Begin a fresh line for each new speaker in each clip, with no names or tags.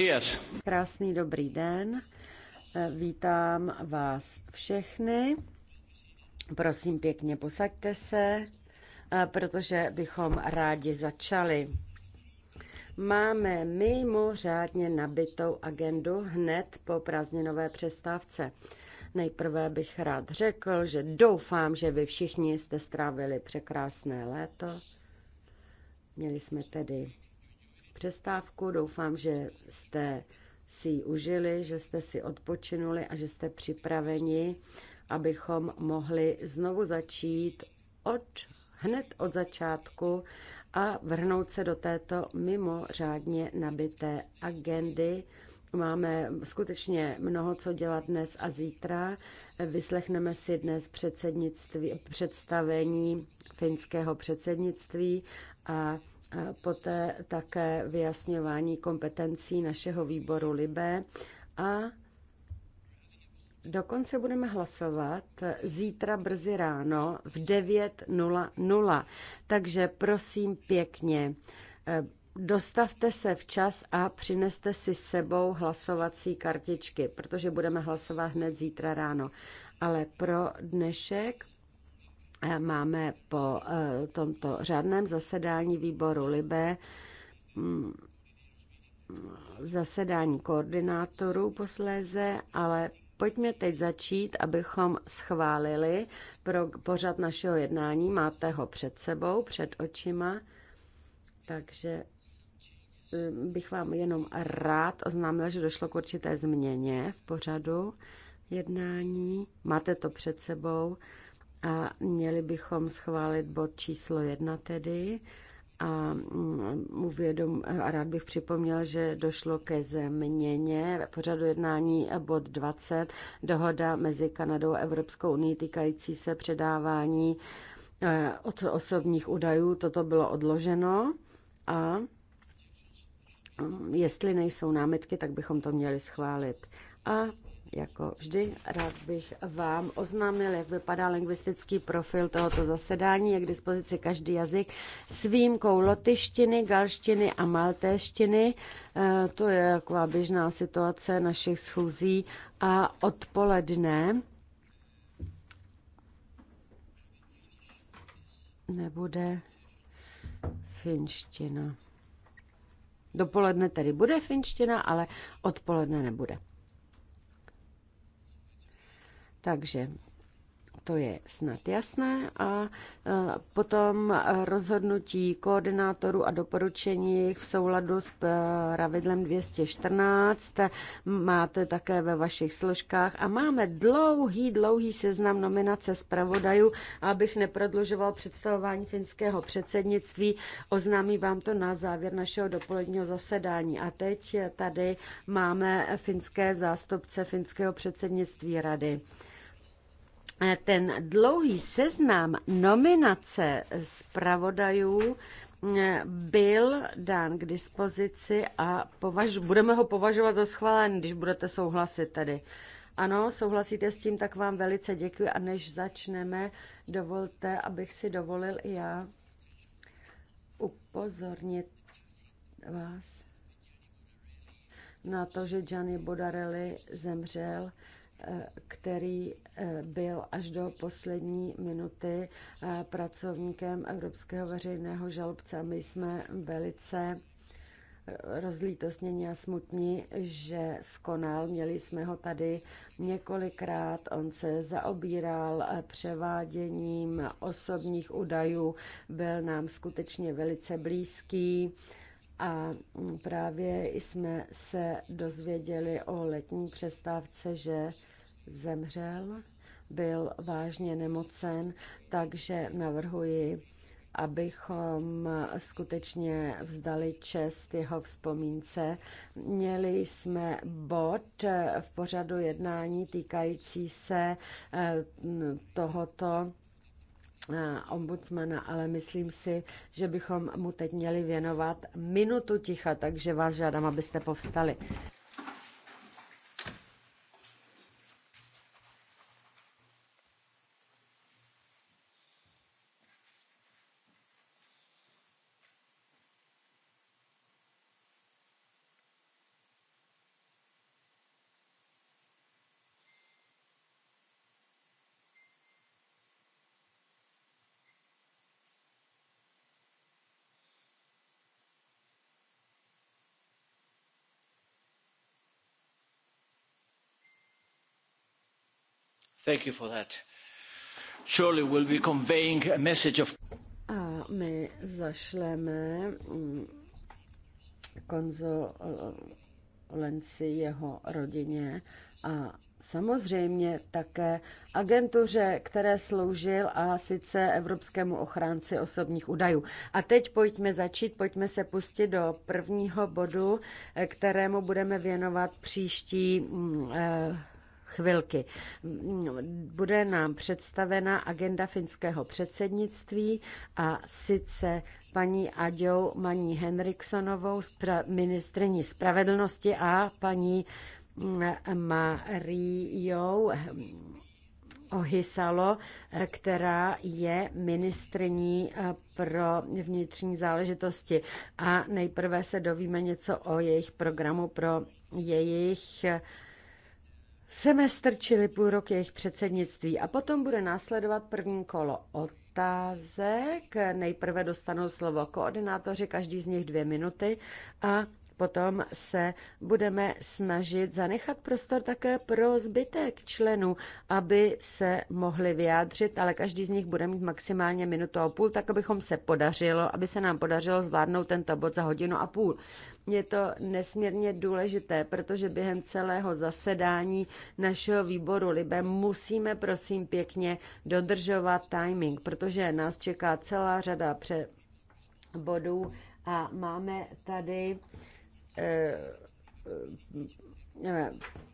Yes. Krásný dobrý den. Eh, vítám vás všechny. Prosím pěkně, posaďte se, eh, protože bychom rádi začali. Máme mimořádně nabitou agendu hned po prázdninové přestávce. Nejprve bych rád řekl, že doufám, že vy všichni jste strávili překrásné léto. Měli jsme tedy přestávku. Doufám, že jste si ji užili, že jste si odpočinuli a že jste připraveni, abychom mohli znovu začít od, hned od začátku a vrhnout se do této mimořádně nabité agendy. Máme skutečně mnoho co dělat dnes a zítra. Vyslechneme si dnes předsednictví, představení finského předsednictví a poté také vyjasňování kompetencí našeho výboru LIBE a Dokonce budeme hlasovat zítra brzy ráno v 9.00. Takže prosím pěkně, eh, dostavte se včas a přineste si sebou hlasovací kartičky, protože budeme hlasovat hned zítra ráno. Ale pro dnešek máme po eh, tomto řádném zasedání výboru Libe mm, zasedání koordinátorů posléze, ale pojďme teď začít, abychom schválili pro pořad našeho jednání. Máte ho před sebou, před očima, takže eh, bych vám jenom rád oznámil, že došlo k určité změně v pořadu jednání. Máte to před sebou. A měli bychom schválit bod číslo jedna tedy. A, mm, uvědom, a rád bych připomněl, že došlo ke změně pořadu jednání bod 20, dohoda mezi Kanadou a Evropskou unii týkající se předávání e, od osobních údajů. Toto bylo odloženo a mm, jestli nejsou námitky, tak bychom to měli schválit. A jako vždy, rád bych vám oznámil, jak vypadá lingvistický profil tohoto zasedání. Je k dispozici každý jazyk s výjimkou lotyštiny, galštiny a maltéštiny. E, to je taková běžná situace našich schůzí a odpoledne nebude finština. Dopoledne tedy bude finština, ale odpoledne nebude. Takže to je snad jasné. A e, potom rozhodnutí koordinátorů a doporučení v souladu s e, pravidlem 214 máte také ve vašich složkách. A máme dlouhý, dlouhý seznam nominace zpravodajů. Abych neprodlužoval představování finského předsednictví, oznámí vám to na závěr našeho dopoledního zasedání. A teď tady máme finské zástupce finského předsednictví rady ten dlouhý seznam nominace zpravodajů mm, byl dán k dispozici a považ, budeme ho považovat za schválen, když budete souhlasit tedy. Ano, souhlasíte s tím, tak vám velice děkuji a než začneme, dovolte, abych si dovolil i já upozornit vás na to, že Gianni Bodarelli zemřel který eh, byl až do poslední minuty eh, pracovníkem Evropského veřejného žalobce. My jsme velice rozlítostnění a smutní, že skonal. Měli jsme ho tady několikrát. On se zaobíral eh, převáděním osobních údajů. Byl nám skutečně velice blízký. A právě jsme se dozvěděli o letní přestávce, že zemřel, byl vážně nemocen, takže navrhuji, abychom skutečně vzdali čest jeho vzpomínce. Měli jsme bod v pořadu jednání týkající se eh, tohoto eh, ombudsmana, ale myslím si, že bychom mu teď měli věnovat minutu ticha, takže vás žádám, abyste povstali.
Thank you for that. Surely we'll be conveying a message of...
A my zašleme mm, konzolenci jeho rodině a samozřejmě také agentuře, které sloužil a sice Evropskému ochránci osobních údajů. A teď pojďme začít, pojďme se pustit do prvního bodu, kterému budeme věnovat příští mm, eh, chvilky. Bude nám představena agenda finského předsednictví a sice paní Aďou Maní Henriksonovou, ministrní spravedlnosti a paní mm, Marijou Ohysalo, která je ministriní eh, pro vnitřní záležitosti. A nejprve se dovíme něco o jejich programu pro jejich eh, semestr, čili půl rok jejich předsednictví. A potom bude následovat první kolo otázek. Nejprve dostanou slovo koordinátoři, každý z nich dvě minuty a Potom se budeme snažit zanechat prostor také pro zbytek členů, aby se mohli vyjádřit, ale každý z nich bude mít maximálně minutu a půl, tak abychom se podařilo, aby se nám podařilo zvládnout tento bod za hodinu a půl. Je to nesmírně důležité, protože během celého zasedání našeho výboru Libe musíme prosím pěkně dodržovat timing, protože nás čeká celá řada pře bodů a máme tady Eh, eh,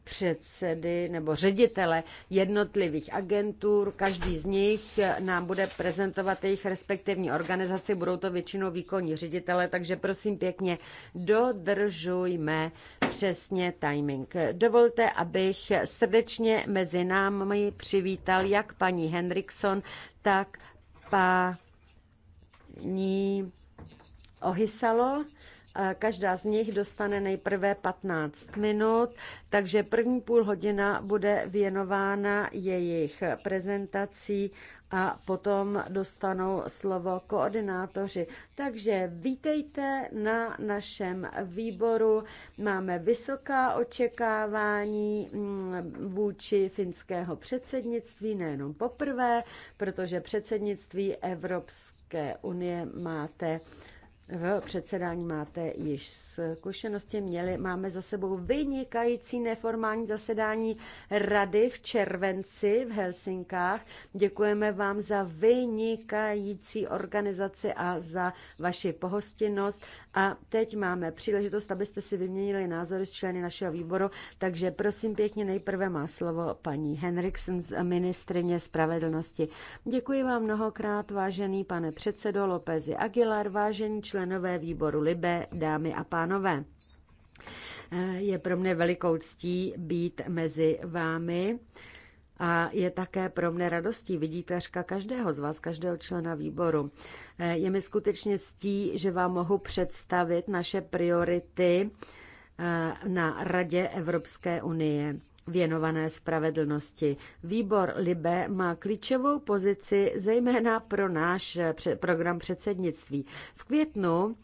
předsedy nebo ředitele jednotlivých agentur. Každý z nich nám bude prezentovat jejich respektivní organizaci, budou to většinou výkonní ředitele, takže prosím pěkně, dodržujme přesně timing. Dovolte, abych srdečně mezi námi přivítal jak paní Henrikson, tak paní Ohysalo Každá z nich dostane nejprve 15 minut, takže první půl hodina bude věnována jejich prezentací a potom dostanou slovo koordinátoři. Takže vítejte na našem výboru. Máme vysoká očekávání mm, vůči finského předsednictví, nejenom poprvé, protože předsednictví Evropské unie máte v předsedání máte již zkušenosti. Měli, máme za sebou vynikající neformální zasedání rady v červenci v Helsinkách. Děkujeme vám za vynikající organizaci a za vaši pohostinnost a teď máme příležitost, abyste si vyměnili názory s členy našeho výboru, takže prosím pěkně, nejprve má slovo paní Henriksen, ministrině spravedlnosti. Děkuji vám mnohokrát, vážený pane předsedo Lopezi Aguilar, vážení členové výboru Libe, dámy a pánové. Eh, je pro mě velikou ctí být mezi vámi. A je také pro mne radostí vidíte každého z vás, každého člena výboru. Eh, je mi skutečně ctí, že vám mohu představit naše priority eh, na Radě Evropské unie věnované spravedlnosti. Výbor Libe má klíčovou pozici zejména pro náš eh, program předsednictví. V květnu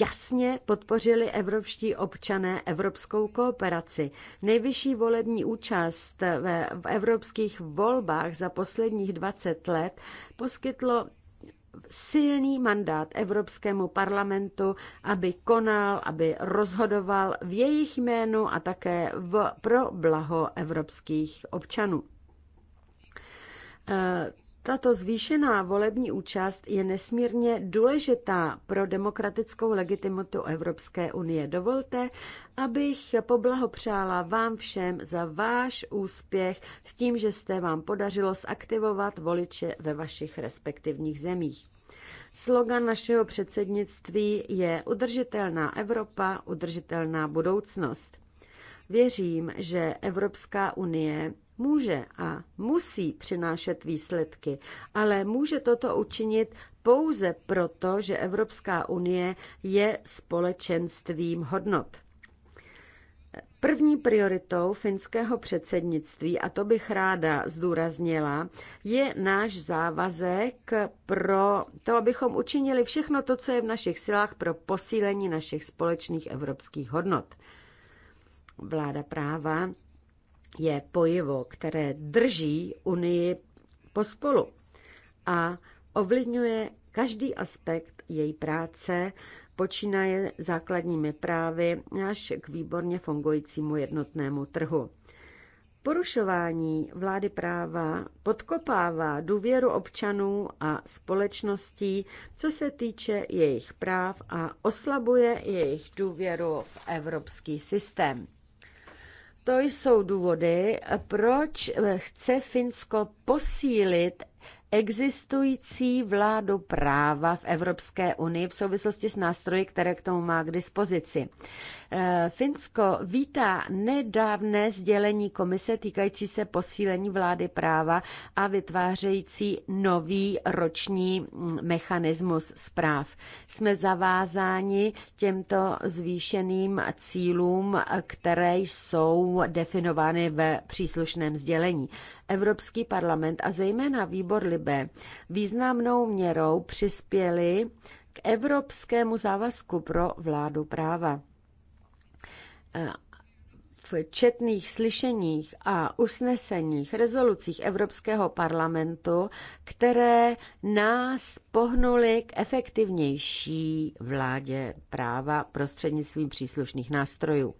jasně podpořili evropští občané evropskou kooperaci. Nejvyšší volební účast v evropských volbách za posledních 20 let poskytlo silný mandát Evropskému parlamentu, aby konal, aby rozhodoval v jejich jménu a také v, pro blaho evropských občanů. Eh, tato zvýšená volební účast je nesmírně důležitá pro demokratickou legitimitu Evropské unie. Dovolte, abych poblahopřála vám všem za váš úspěch v tím, že jste vám podařilo zaktivovat voliče ve vašich respektivních zemích. Slogan našeho předsednictví je Udržitelná Evropa, udržitelná budoucnost. Věřím, že Evropská unie může a musí přinášet výsledky, ale může toto učinit pouze proto, že Evropská unie je společenstvím hodnot. První prioritou finského předsednictví, a to bych ráda zdůraznila, je náš závazek pro to, abychom učinili všechno to, co je v našich silách pro posílení našich společných evropských hodnot. Vláda práva je pojivo, které drží Unii pospolu a ovlivňuje každý aspekt její práce, počínaje základními právy až k výborně fungujícímu jednotnému trhu. Porušování vlády práva podkopává důvěru občanů a společností, co se týče jejich práv a oslabuje jejich důvěru v evropský systém. To jsou důvody, proč chce Finsko posílit existující vládu práva v Evropské unii v souvislosti s nástroji, které k tomu má k dispozici. Eh, Finsko vítá nedávné sdělení komise týkající se posílení vlády práva a vytvářející nový roční mm, mechanismus zpráv. Jsme zavázáni těmto zvýšeným cílům, které jsou definovány ve příslušném sdělení. Evropský parlament a zejména výbor Libe významnou měrou přispěli k evropskému závazku pro vládu práva v četných slyšeních a usneseních, rezolucích Evropského parlamentu, které nás pohnuly k efektivnější vládě práva prostřednictvím příslušných nástrojů.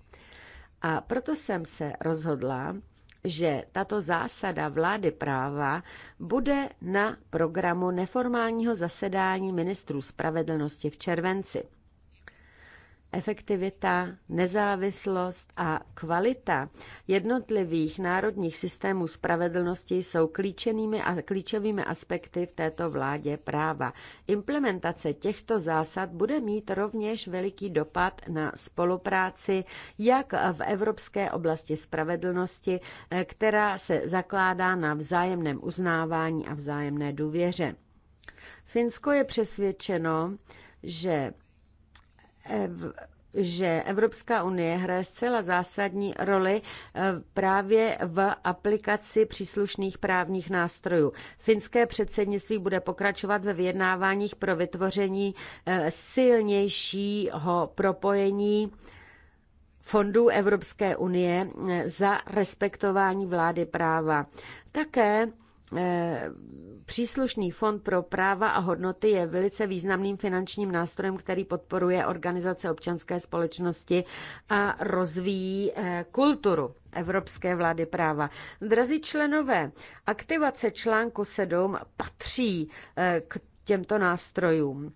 A proto jsem se rozhodla, že tato zásada vlády práva bude na programu neformálního zasedání ministrů spravedlnosti v červenci efektivita, nezávislost a kvalita jednotlivých národních systémů spravedlnosti jsou klíčenými a klíčovými aspekty v této vládě práva. Implementace těchto zásad bude mít rovněž veliký dopad na spolupráci jak v evropské oblasti spravedlnosti, eh, která se zakládá na vzájemném uznávání a vzájemné důvěře. Finsko je přesvědčeno, že že Evropská unie hraje zcela zásadní roli e, právě v aplikaci příslušných právních nástrojů. Finské předsednictví bude pokračovat ve vyjednáváních pro vytvoření e, silnějšího propojení fondů Evropské unie e, za respektování vlády práva. Také Eh, příslušný fond pro práva a hodnoty je velice významným finančním nástrojem, který podporuje organizace občanské společnosti a rozvíjí eh, kulturu Evropské vlády práva. Drazí členové, aktivace článku 7 patří eh, k těmto nástrojům.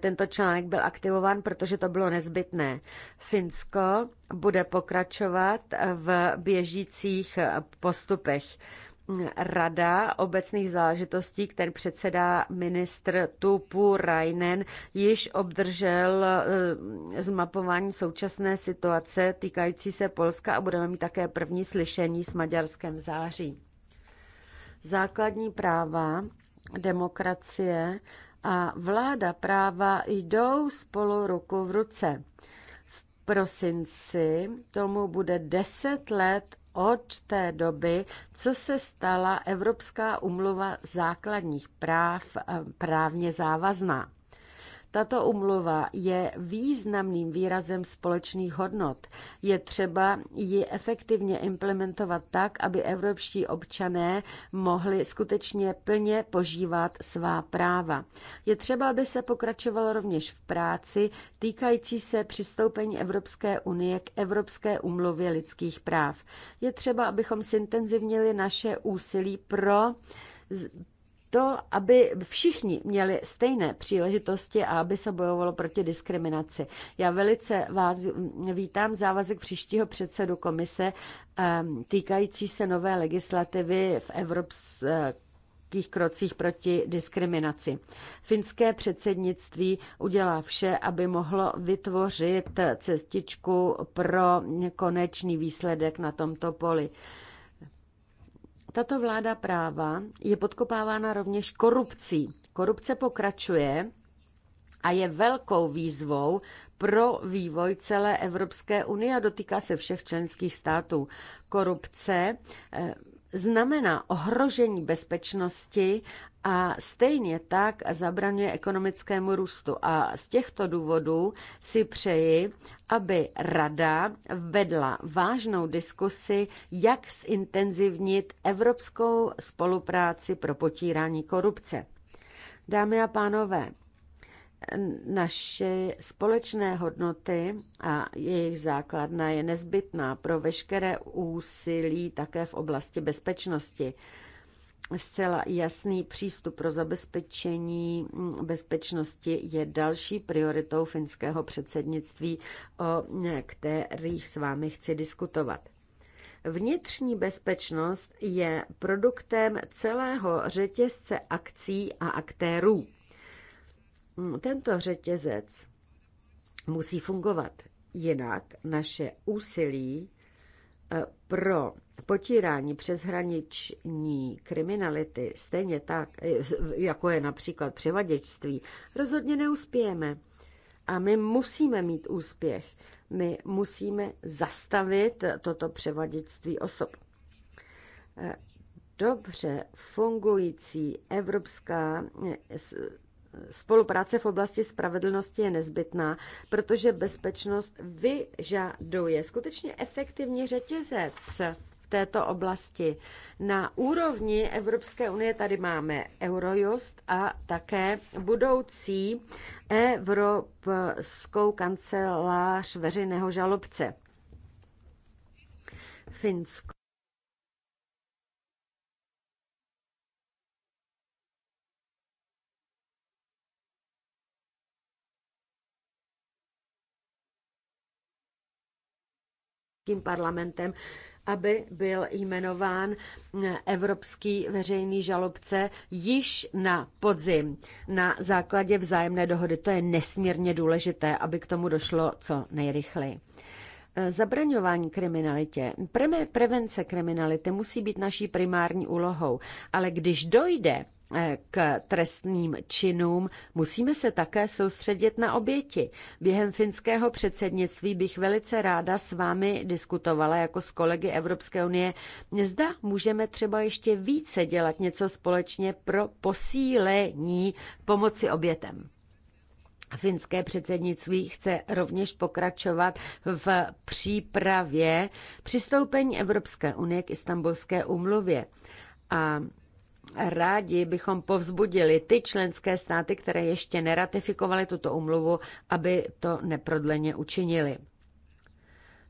Tento článek byl aktivován, protože to bylo nezbytné. Finsko bude pokračovat v běžících postupech. Rada obecných záležitostí, který předsedá ministr Tupu Rajnen, již obdržel eh, zmapování současné situace týkající se Polska a budeme mít také první slyšení s Maďarskem v září. Základní práva, demokracie a vláda práva jdou spolu ruku v ruce prosinci tomu bude 10 let od té doby, co se stala Evropská umluva základních práv eh, právně závazná. Tato umluva je významným výrazem společných hodnot. Je třeba ji efektivně implementovat tak, aby evropští občané mohli skutečně plně požívat svá práva. Je třeba, aby se pokračovalo rovněž v práci týkající se přistoupení Evropské unie k Evropské umluvě lidských práv. Je třeba, abychom intenzivnili naše úsilí pro to, aby všichni měli stejné příležitosti a aby se bojovalo proti diskriminaci. Já velice vás vítám závazek příštího předsedu komise týkající se nové legislativy v Evropské krocích proti diskriminaci. Finské předsednictví udělá vše, aby mohlo vytvořit cestičku pro konečný výsledek na tomto poli. Tato vláda práva je podkopávána rovněž korupcí. Korupce pokračuje a je velkou výzvou pro vývoj celé Evropské unie a dotýká se všech členských států. Korupce eh, znamená ohrožení bezpečnosti a stejně tak zabraňuje ekonomickému růstu. A z těchto důvodů si přeji, aby Rada vedla vážnou diskusi, jak zintenzivnit evropskou spolupráci pro potírání korupce. Dámy a pánové, naše společné hodnoty a jejich základna je nezbytná pro veškeré úsilí také v oblasti bezpečnosti zcela jasný přístup pro zabezpečení bezpečnosti je další prioritou finského předsednictví, o kterých s vámi chci diskutovat. Vnitřní bezpečnost je produktem celého řetězce akcí a aktérů. Tento řetězec musí fungovat, jinak naše úsilí pro potírání přeshraniční kriminality, stejně tak, jako je například převaděčství, rozhodně neuspějeme. A my musíme mít úspěch. My musíme zastavit toto převaděčství osob. Dobře fungující evropská Spolupráce v oblasti spravedlnosti je nezbytná, protože bezpečnost vyžaduje skutečně efektivní řetězec v této oblasti. Na úrovni Evropské unie tady máme Eurojust a také budoucí Evropskou kancelář veřejného žalobce. Finsko tím parlamentem, aby byl jmenován eh, evropský veřejný žalobce již na podzim na základě vzájemné dohody. To je nesmírně důležité, aby k tomu došlo co nejrychleji. Eh, zabraňování kriminalitě, prevence kriminality musí být naší primární úlohou, ale když dojde k trestným činům, musíme se také soustředit na oběti. Během finského předsednictví bych velice ráda s vámi diskutovala jako s kolegy Evropské unie. Zda můžeme třeba ještě více dělat něco společně pro posílení pomoci obětem. Finské předsednictví chce rovněž pokračovat v přípravě přistoupení Evropské unie k Istanbulské úmluvě. A Rádi bychom povzbudili ty členské státy, které ještě neratifikovaly tuto umluvu, aby to neprodleně učinili.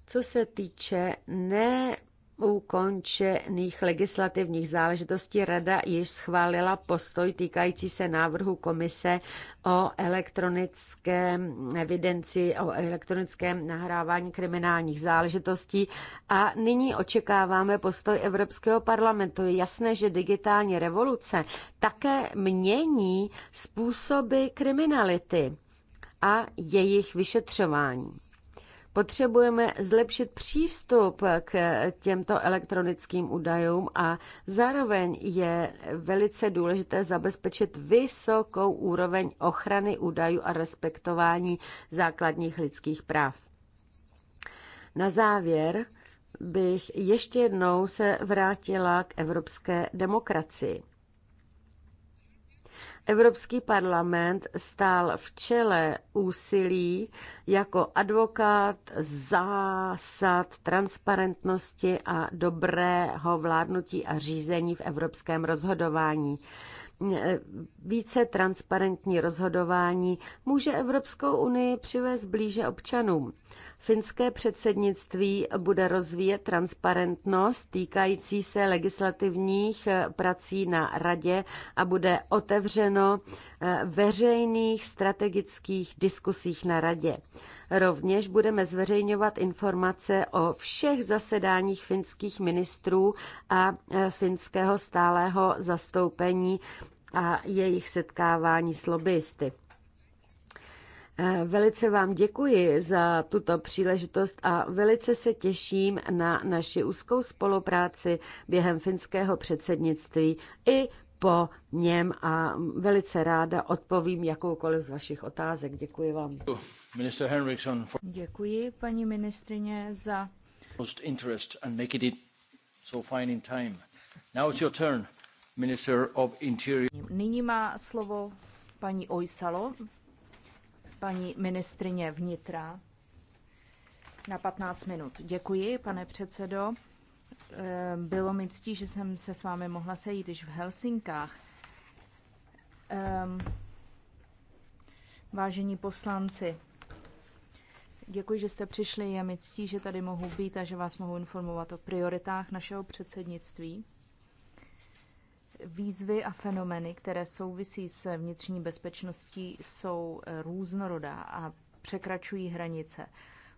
Co se týče ne ukončených legislativních záležitostí Rada již schválila postoj týkající se návrhu komise o elektronické evidenci, o elektronickém nahrávání kriminálních záležitostí a nyní očekáváme postoj Evropského parlamentu. Je jasné, že digitální revoluce také mění způsoby kriminality a jejich vyšetřování. Potřebujeme zlepšit přístup k těmto elektronickým údajům a zároveň je velice důležité zabezpečit vysokou úroveň ochrany údajů a respektování základních lidských práv. Na závěr bych ještě jednou se vrátila k evropské demokracii. Evropský parlament stál v čele úsilí jako advokát zásad transparentnosti a dobrého vládnutí a řízení v evropském rozhodování eh, více transparentní rozhodování může Evropskou unii přivést blíže občanům. Finské předsednictví bude rozvíjet transparentnost týkající se legislativních eh, prací na radě a bude otevřeno eh, veřejných strategických diskusích na radě. Rovněž budeme zveřejňovat informace o všech zasedáních finských ministrů a eh, finského stálého zastoupení a jejich setkávání s lobbyisty. Eh, velice vám děkuji za tuto příležitost a velice se těším na naši úzkou spolupráci během finského předsednictví i po něm a velice ráda odpovím jakoukoliv z vašich otázek. Děkuji vám.
Děkuji, paní
ministrině, za
most interest and make it so fine in time. Now it's your turn, Minister of Interior. Nyní má slovo paní Oysalo,
paní ministrině vnitra na 15 minut. Děkuji, pane předsedo. Eh, bylo mi ctí, že jsem se s vámi mohla sejít již v Helsinkách. Ehm, vážení poslanci, děkuji, že jste přišli. Je mi ctí, že tady mohu být a že vás mohu informovat o prioritách našeho předsednictví. Výzvy a fenomény, které souvisí s vnitřní bezpečností, jsou eh, různorodá a překračují hranice.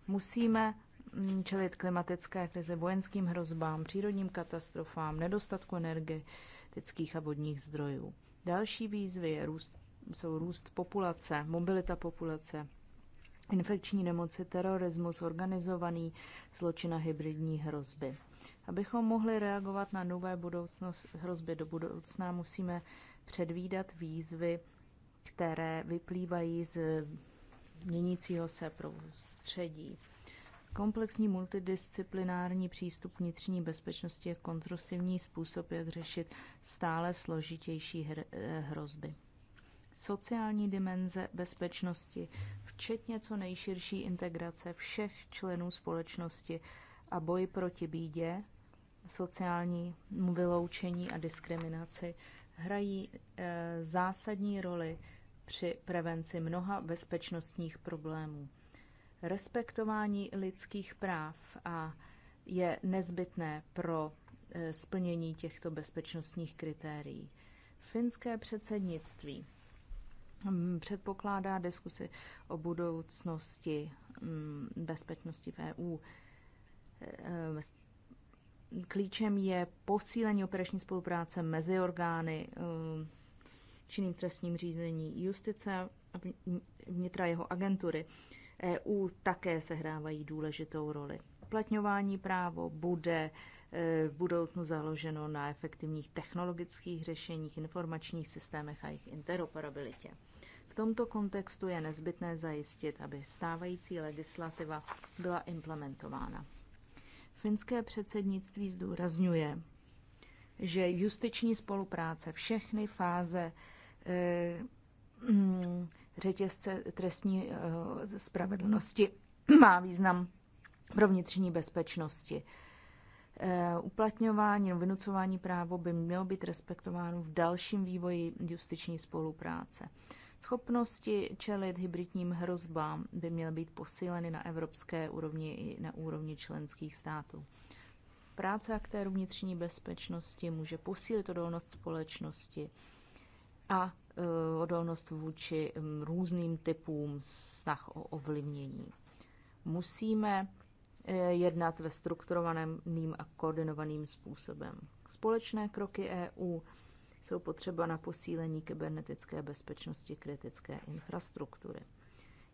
Musíme mm, čelit klimatické krize, vojenským hrozbám, přírodním katastrofám, nedostatku energetických a vodních zdrojů. Další výzvy je růst, jsou růst populace, mobilita populace, infekční nemoci, terorismus, organizovaný zločin a hybridní hrozby. Abychom mohli reagovat na nové budoucnost, hrozby do budoucna, musíme předvídat výzvy, které vyplývají z měnícího se prostředí. Komplexní multidisciplinární přístup vnitřní bezpečnosti je konstruktivní způsob, jak řešit stále složitější eh, hrozby. Sociální dimenze bezpečnosti, včetně co nejširší integrace všech členů společnosti, a boj proti bídě, sociálnímu vyloučení a diskriminaci hrají eh, zásadní roli při prevenci mnoha bezpečnostních problémů. Respektování lidských práv a je nezbytné pro eh, splnění těchto bezpečnostních kritérií. Finské předsednictví hm, předpokládá diskusy o budoucnosti hm, bezpečnosti v EU. Eh, klíčem je posílení operační spolupráce mezi orgány eh, činným trestním řízení justice a vnitra jeho agentury. EU také sehrávají důležitou roli. Uplatňování právo bude eh, v budoucnu založeno na efektivních technologických řešeních, informačních systémech a jejich interoperabilitě. V tomto kontextu je nezbytné zajistit, aby stávající legislativa byla implementována. Finské předsednictví zdůrazňuje, že justiční spolupráce, všechny fáze eh, mm, řetězce trestní eh, spravedlnosti má význam pro vnitřní bezpečnosti. Eh, uplatňování nebo vynucování právo by mělo být respektováno v dalším vývoji justiční spolupráce. Schopnosti čelit hybridním hrozbám by měly být posíleny na evropské úrovni i na úrovni členských států. Práce aktérů vnitřní bezpečnosti může posílit odolnost společnosti a eh, odolnost vůči hm, různým typům snah o ovlivnění. Musíme eh, jednat ve strukturovaném a koordinovaným způsobem. Společné kroky EU jsou potřeba na posílení kybernetické bezpečnosti kritické infrastruktury.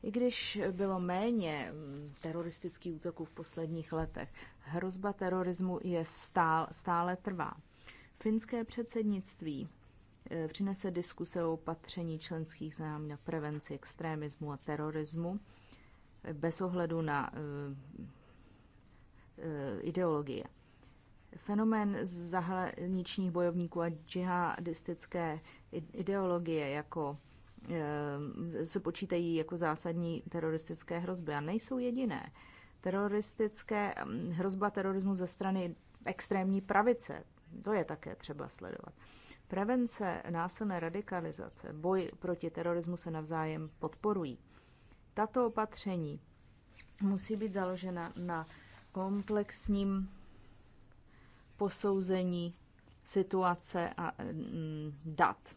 I když bylo méně mm, teroristických útoků v posledních letech, hrozba terorismu je stále, stále trvá. Finské předsednictví e, přinese diskuse o opatření členských zám na prevenci extremismu a terorismu e, bez ohledu na e, ideologie. Fenomén zahraničních bojovníků a džihadistické ideologie jako eh, se počítají jako zásadní teroristické hrozby a nejsou jediné. Teroristické, hm, hrozba terorismu ze strany extrémní pravice, to je také třeba sledovat. Prevence násilné radikalizace, boj proti terorismu se navzájem podporují. Tato opatření musí být založena na komplexním posouzení situace a mm, dat.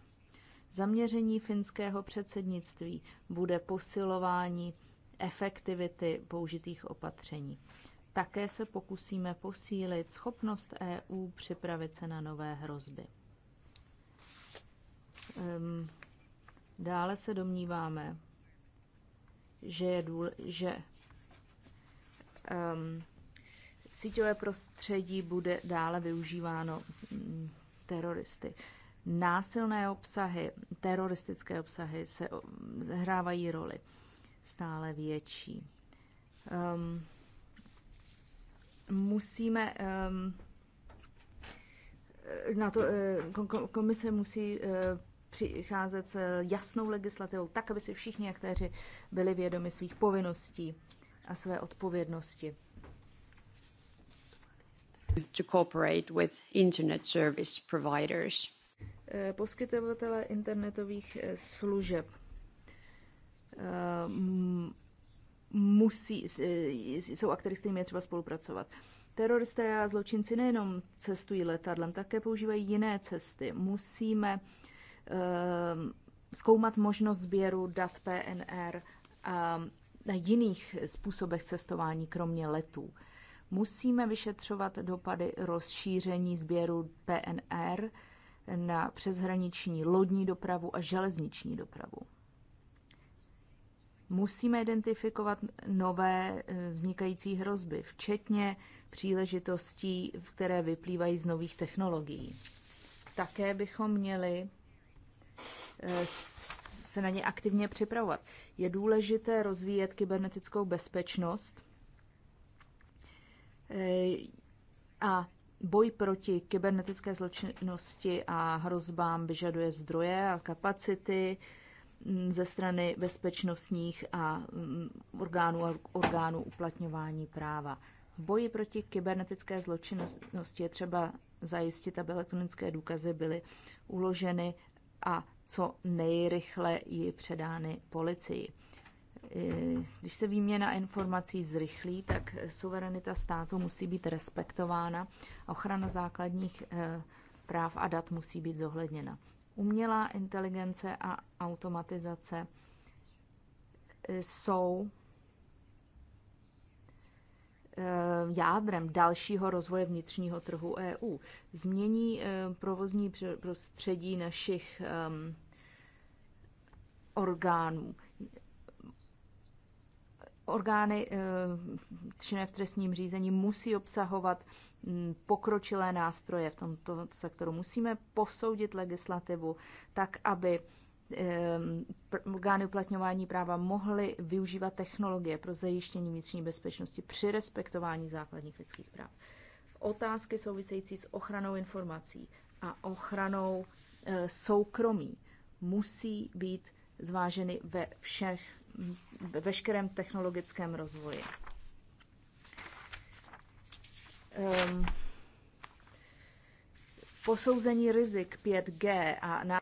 Zaměření finského předsednictví bude posilování efektivity použitých opatření. Také se pokusíme posílit schopnost EU připravit se na nové hrozby. Dále se domníváme, že je důležité že Síťové prostředí bude dále využíváno mm, teroristy. Násilné obsahy, teroristické obsahy se hrávají roli stále větší. Um, musíme um, na to, eh, komise musí eh, přicházet s jasnou legislativou, tak, aby si všichni aktéři byli vědomi svých povinností a své odpovědnosti
to cooperate with internet service providers.
Eh, poskytovatele internetových eh, služeb eh, musí, jsou aktéry, s kterými je třeba spolupracovat. Teroristé a zločinci nejenom cestují letadlem, také používají jiné cesty. Musíme zkoumat možnost sběru dat PNR a na jiných způsobech cestování, kromě letů. Musíme vyšetřovat dopady rozšíření sběru PNR na přeshraniční lodní dopravu a železniční dopravu. Musíme identifikovat nové eh, vznikající hrozby, včetně příležitostí, které vyplývají z nových technologií. Také bychom měli eh, se na ně aktivně připravovat. Je důležité rozvíjet kybernetickou bezpečnost Eh, a boj proti kybernetické zločinnosti a hrozbám vyžaduje zdroje a kapacity mm, ze strany bezpečnostních a mm, orgánů a orgánů uplatňování práva. V boji proti kybernetické zločinnosti je třeba zajistit, aby elektronické důkazy byly uloženy a co nejrychle ji předány policii když se výměna informací zrychlí, tak suverenita státu musí být respektována, ochrana základních eh, práv a dat musí být zohledněna. Umělá inteligence a automatizace eh, jsou eh, jádrem dalšího rozvoje vnitřního trhu EU. Změní provozní prostředí našich ehm, orgánů Orgány eh, činné v trestním řízení musí obsahovat mm, pokročilé nástroje v tomto sektoru. Musíme posoudit legislativu tak, aby eh, orgány uplatňování práva mohly využívat technologie pro zajištění vnitřní bezpečnosti při respektování základních lidských práv. Otázky související s ochranou informací a ochranou eh, soukromí musí být zváženy ve všech ve veškerém technologickém rozvoji. Um, posouzení rizik 5G a na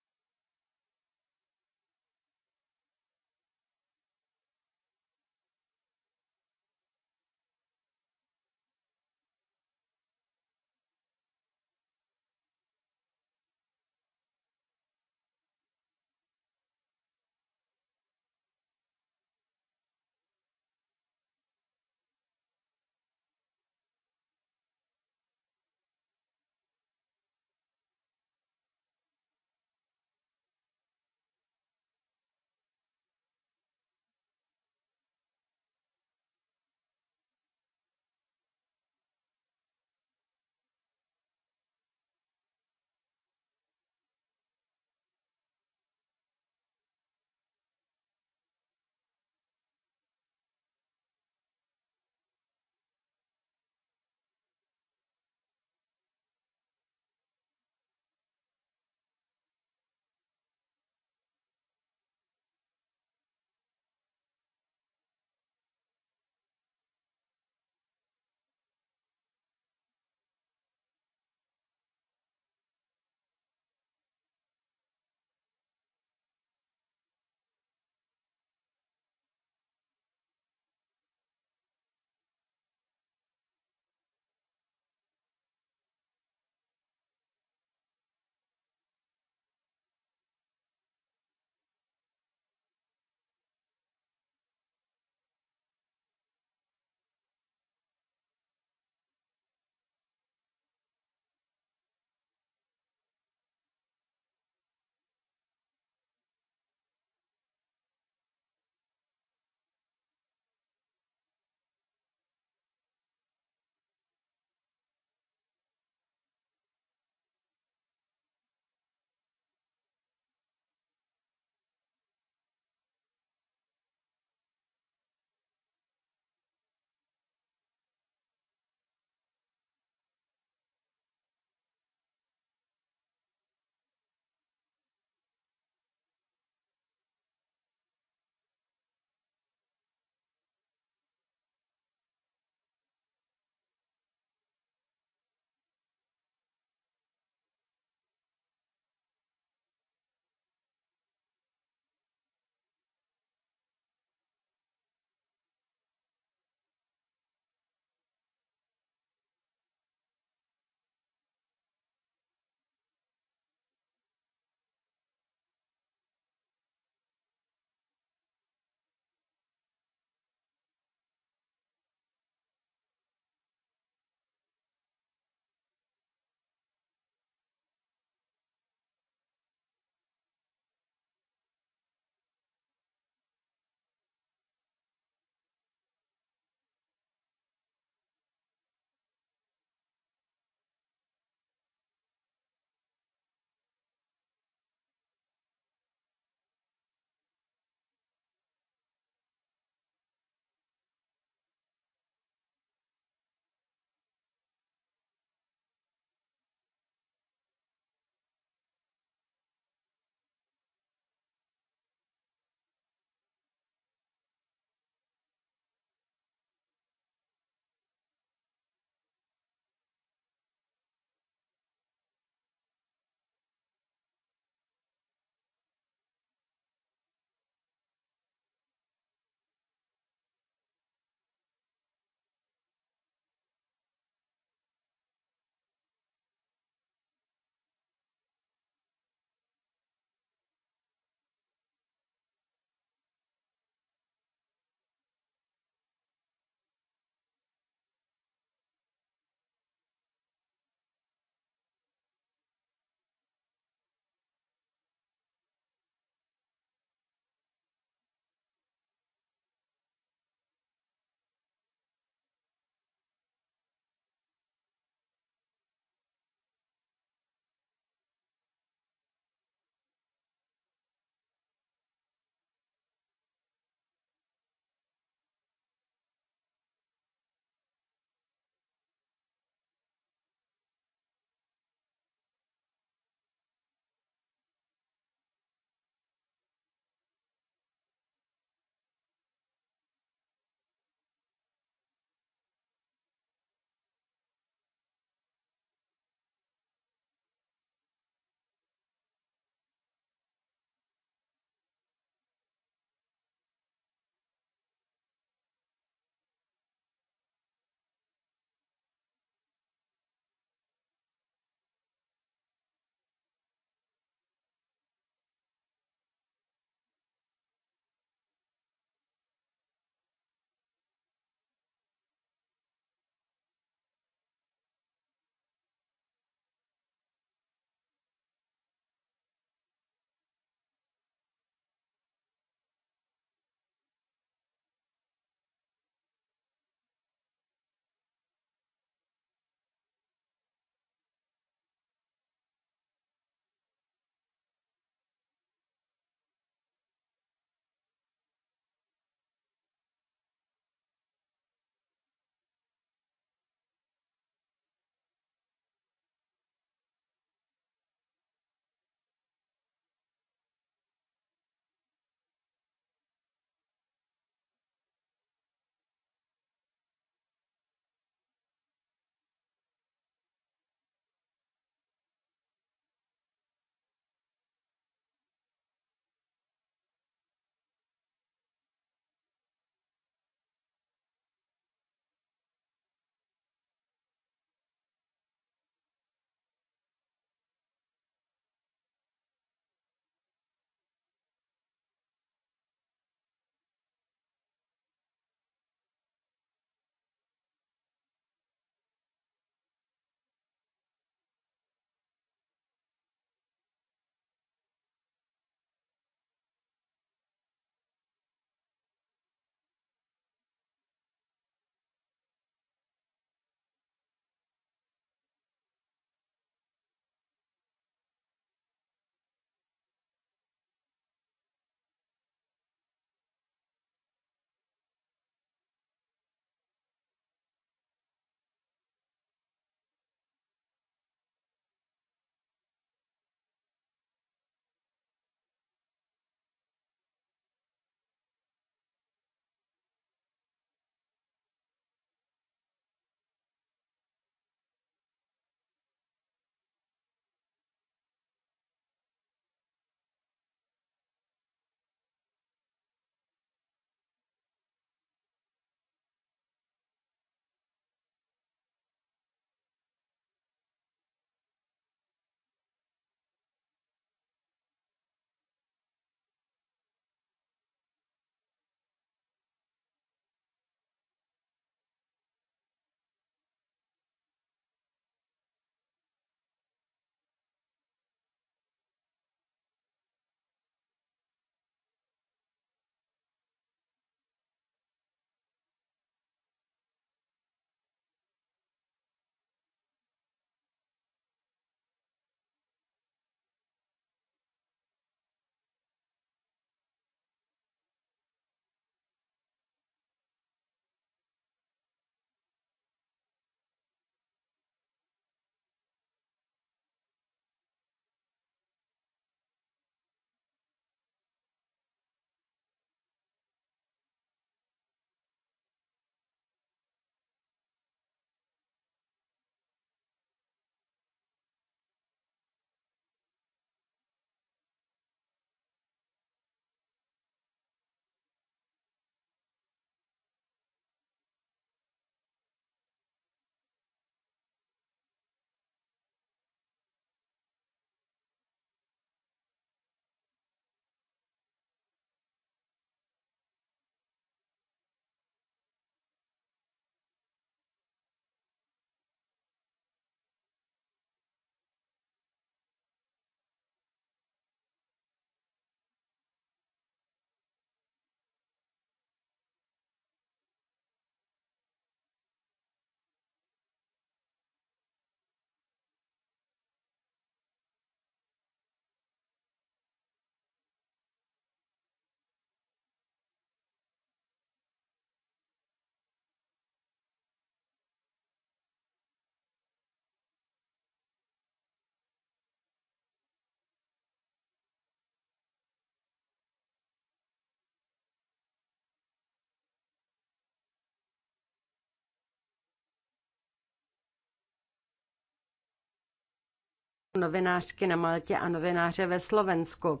novinářky na Maltě a novináře ve Slovensku.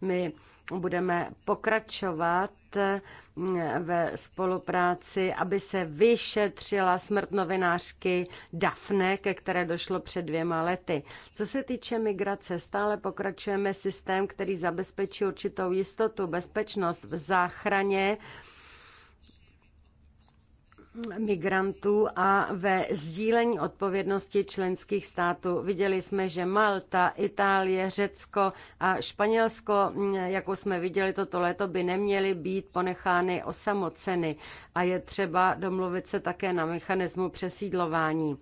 My budeme pokračovat mm, ve spolupráci, aby se vyšetřila smrt novinářky Dafne, ke které došlo před dvěma lety. Co se týče migrace, stále pokračujeme systém, který zabezpečí určitou jistotu, bezpečnost v záchraně migrantů a ve sdílení odpovědnosti členských států. Viděli jsme, že Malta, Itálie, Řecko a Španělsko, jako jsme viděli toto léto, by neměly být ponechány osamoceny a je třeba domluvit se také na mechanismu přesídlování.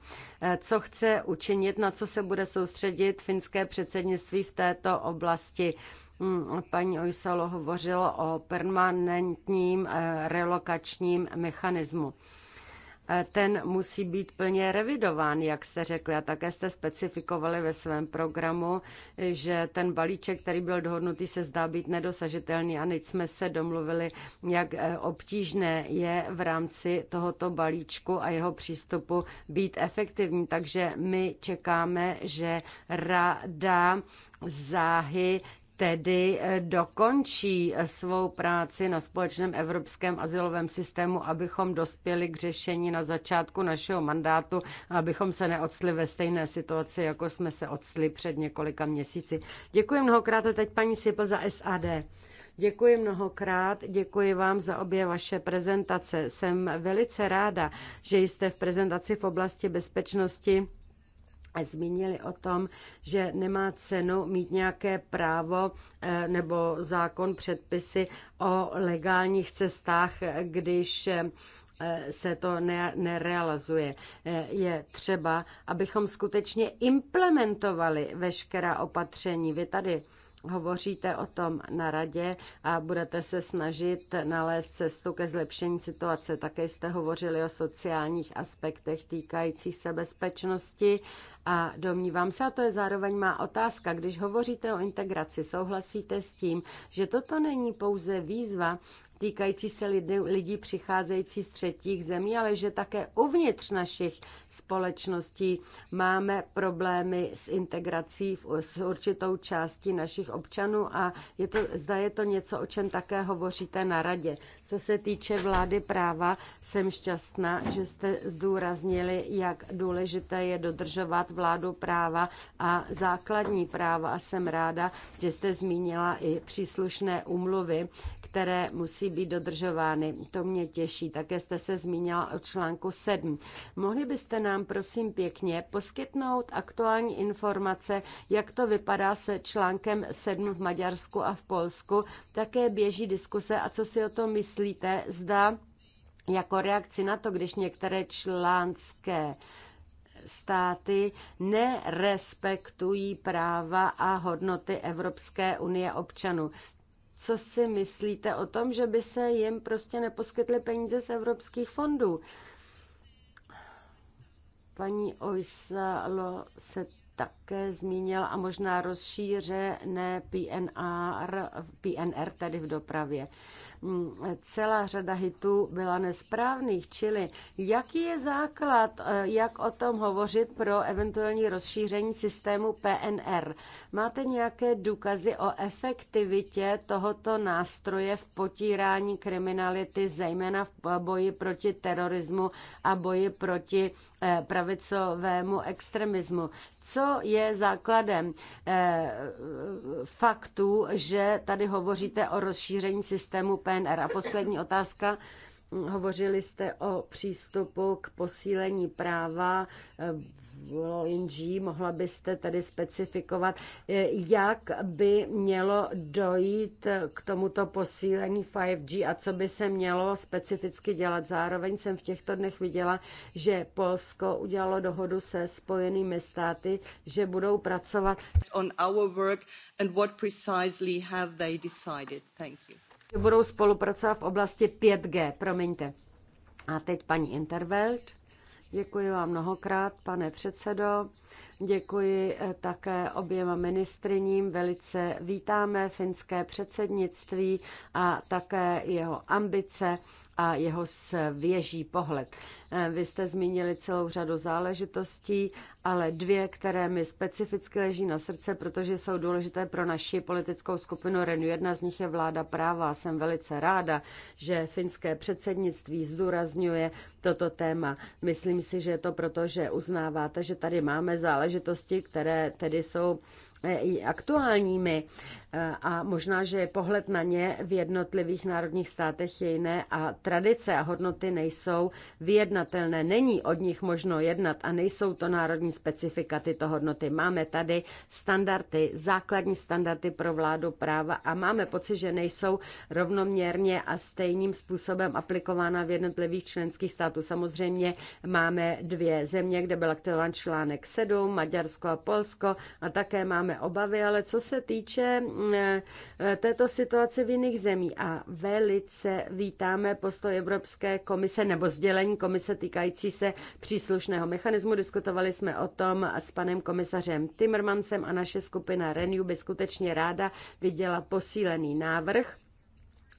Co chce učinit, na co se bude soustředit finské předsednictví v této oblasti? paní Ojsalo hovořilo o permanentním eh, relokačním mechanismu ten musí být plně revidován, jak jste řekli. A také jste specifikovali ve svém programu, že ten balíček, který byl dohodnutý, se zdá být nedosažitelný a teď jsme se domluvili, jak eh, obtížné je v rámci tohoto balíčku a jeho přístupu být efektivní. Takže my čekáme, že rada záhy tedy eh, dokončí eh, svou práci na společném evropském asilovém systému, abychom dospěli k řešení na začátku našeho mandátu, abychom se neodstli ve stejné situaci, jako jsme se odstli před několika měsíci. Děkuji mnohokrát a teď paní Sipa za SAD. Děkuji mnohokrát, děkuji vám za obě vaše prezentace. Jsem velice ráda, že jste v prezentaci v oblasti bezpečnosti zmínili o tom, že nemá cenu mít nějaké právo eh, nebo zákon předpisy o legálních cestách, když eh, se to ne, nerealizuje. Eh, je třeba, abychom skutečně implementovali veškerá opatření. Vy tady hovoříte o tom na radě a budete se snažit nalézt cestu ke zlepšení situace. Také jste hovořili o sociálních aspektech týkajících se bezpečnosti a domnívám se, a to je zároveň má otázka, když hovoříte o integraci, souhlasíte s tím, že toto není pouze výzva, týkající se lidí, lidí přicházející z třetích zemí, ale že také uvnitř našich společností máme problémy s integrací v, s určitou částí našich občanů a je to, zda je to něco, o čem také hovoříte na radě. Co se týče vlády práva, jsem šťastná, že jste zdůraznili, jak důležité je dodržovat vládu práva a základní práva a jsem ráda, že jste zmínila i příslušné umluvy, které musí být dodržovány. To mě těší. Také jste se zmínila o článku 7. Mohli byste nám, prosím pěkně, poskytnout aktuální informace, jak to vypadá se článkem 7 v Maďarsku a v Polsku? Také běží diskuse a co si o tom myslíte? Zda jako reakci na to, když některé článské státy nerespektují práva a hodnoty Evropské unie občanů co si myslíte o tom, že by se jim prostě neposkytly peníze z evropských fondů. Paní Oysalo se tak také zmínil a možná rozšířené PNR, PNR tedy v dopravě. Mm, celá řada hitů byla nesprávných, čili jaký je základ, eh, jak o tom hovořit pro eventuální rozšíření systému PNR? Máte nějaké důkazy o efektivitě tohoto nástroje v potírání kriminality, zejména v boji proti terorismu a boji proti eh, pravicovému extremismu? Co je je základem eh, faktu, že tady hovoříte o rozšíření systému PNR. A poslední otázka. Hovořili jste o přístupu k posílení práva eh, ONG, mohla byste tady specifikovat, eh, jak by mělo dojít k tomuto posílení 5G a co by se mělo specificky dělat. Zároveň jsem v těchto dnech viděla, že Polsko udělalo dohodu se spojenými státy, že budou pracovat on our work and what precisely have they decided. Thank you. Budou spolupracovat v oblasti 5G, promiňte. A teď paní Intervelt. Děkuji vám mnohokrát, pane předsedo. Děkuji eh, také oběma ministriním. Velice vítáme finské předsednictví a také jeho ambice a jeho svěží pohled. Eh, vy jste zmínili celou řadu záležitostí, ale dvě, které mi specificky leží na srdce, protože jsou důležité pro naši politickou skupinu Renu. Jedna z nich je vláda práva. Jsem velice ráda, že finské předsednictví zdůrazňuje toto téma. Myslím si, že je to proto, že uznáváte, že tady máme záležitost záležitosti, které tedy jsou aktuálními e, a možná, že pohled na ně v jednotlivých národních státech je jiné a tradice a hodnoty nejsou vyjednatelné. Není od nich možno jednat a nejsou to národní specifika tyto hodnoty. Máme tady standardy, základní standardy pro vládu práva a máme pocit, že nejsou rovnoměrně a stejným způsobem aplikována v jednotlivých členských států. Samozřejmě máme dvě země, kde byl aktivován článek 7, Maďarsko a Polsko a také máme máme obavy, ale co se týče mm, eh, této situace v jiných zemí a velice vítáme postoj Evropské komise nebo sdělení komise týkající se příslušného mechanismu. Diskutovali jsme o tom s panem komisařem Timmermansem a naše skupina Renew by skutečně ráda viděla posílený návrh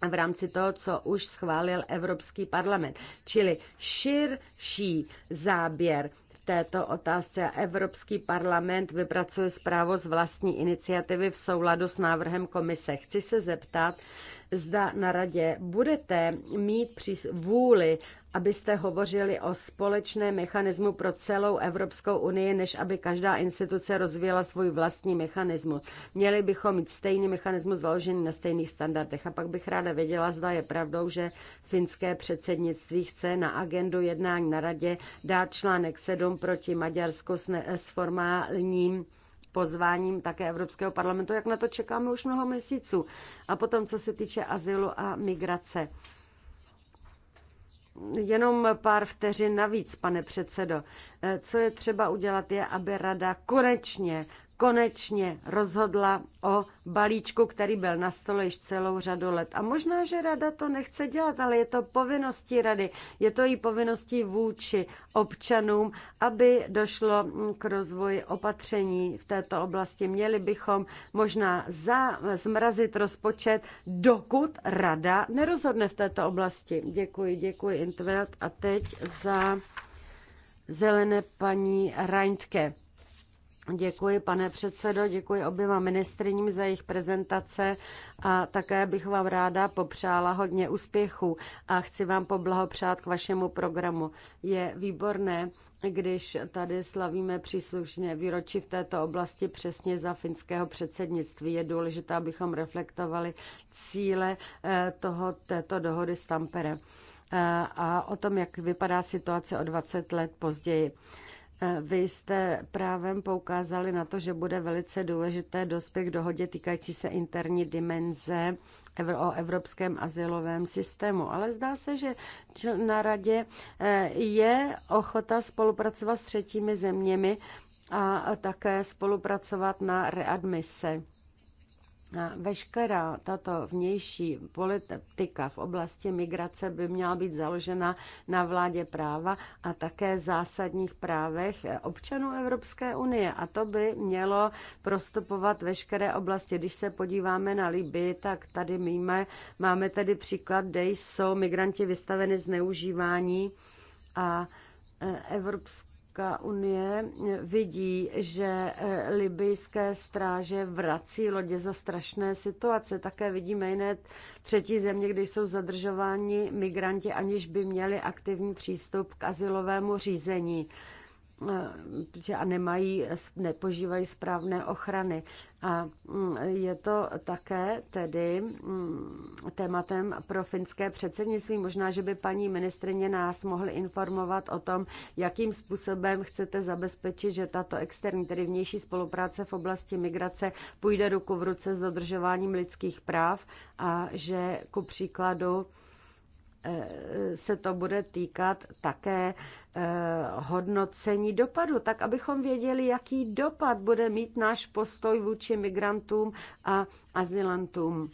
v rámci toho, co už schválil Evropský parlament. Čili širší záběr této otázce a Evropský parlament vypracuje zprávu z vlastní iniciativy v souladu s návrhem komise. Chci se zeptat, zda na radě budete mít vůli, abyste hovořili o společném mechanismu pro celou Evropskou unii, než aby každá instituce rozvíjela svůj vlastní mechanismus. Měli bychom mít stejný mechanismus založený na stejných standardech. A pak bych ráda věděla, zda je pravdou, že finské předsednictví chce na agendu jednání na radě dát článek 7 proti Maďarsku s, ne- s formálním pozváním také Evropského parlamentu, jak na to čekáme už mnoho měsíců. A potom, co se týče azylu a migrace. Jenom pár vteřin navíc, pane předsedo. Eh, co je třeba udělat, je, aby rada konečně konečně rozhodla o balíčku, který byl na stole již celou řadu let. A možná, že rada to nechce dělat, ale je to povinností rady, je to i povinností vůči občanům, aby došlo k rozvoji opatření v této oblasti. Měli bychom možná za, zmrazit rozpočet, dokud rada nerozhodne v této oblasti. Děkuji, děkuji Intverat a teď za zelené paní Reintke. Děkuji, pane předsedo, děkuji oběma ministriním za jejich prezentace a také bych vám ráda popřála hodně úspěchů a chci vám poblahopřát k vašemu programu. Je výborné, když tady slavíme příslušně výročí v této oblasti přesně za finského předsednictví. Je důležité, abychom reflektovali cíle eh, toho, této dohody s Tampere eh, a o tom, jak vypadá situace o 20 let později. Eh, vy jste právem poukázali na to, že bude velice důležité dospěch dohodě týkající se interní dimenze o evropském asilovém systému. Ale zdá se, že na radě eh, je ochota spolupracovat s třetími zeměmi a také spolupracovat na readmise. Veškerá tato vnější politika v oblasti migrace by měla být založena na vládě práva a také zásadních právech občanů Evropské unie. A to by mělo prostupovat veškeré oblasti. Když se podíváme na Libii, tak tady míme, máme tady příklad, kde jsou migranti vystaveni zneužívání a e, Evropská Evropská unie vidí, že eh, libijské stráže vrací lodě za strašné situace. Také vidíme jiné třetí země, kde jsou zadržováni migranti, aniž by měli aktivní přístup k asilovému řízení a nemají, nepožívají správné ochrany. A mm, je to také tedy mm, tématem pro finské předsednictví. Možná, že by paní ministrině nás mohly informovat o tom, jakým způsobem chcete zabezpečit, že tato externí, tedy vnější spolupráce v oblasti migrace půjde ruku v ruce s dodržováním lidských práv a že ku příkladu Eh, se to bude týkat také eh, hodnocení dopadu, tak abychom věděli, jaký dopad bude mít náš postoj vůči migrantům a azylantům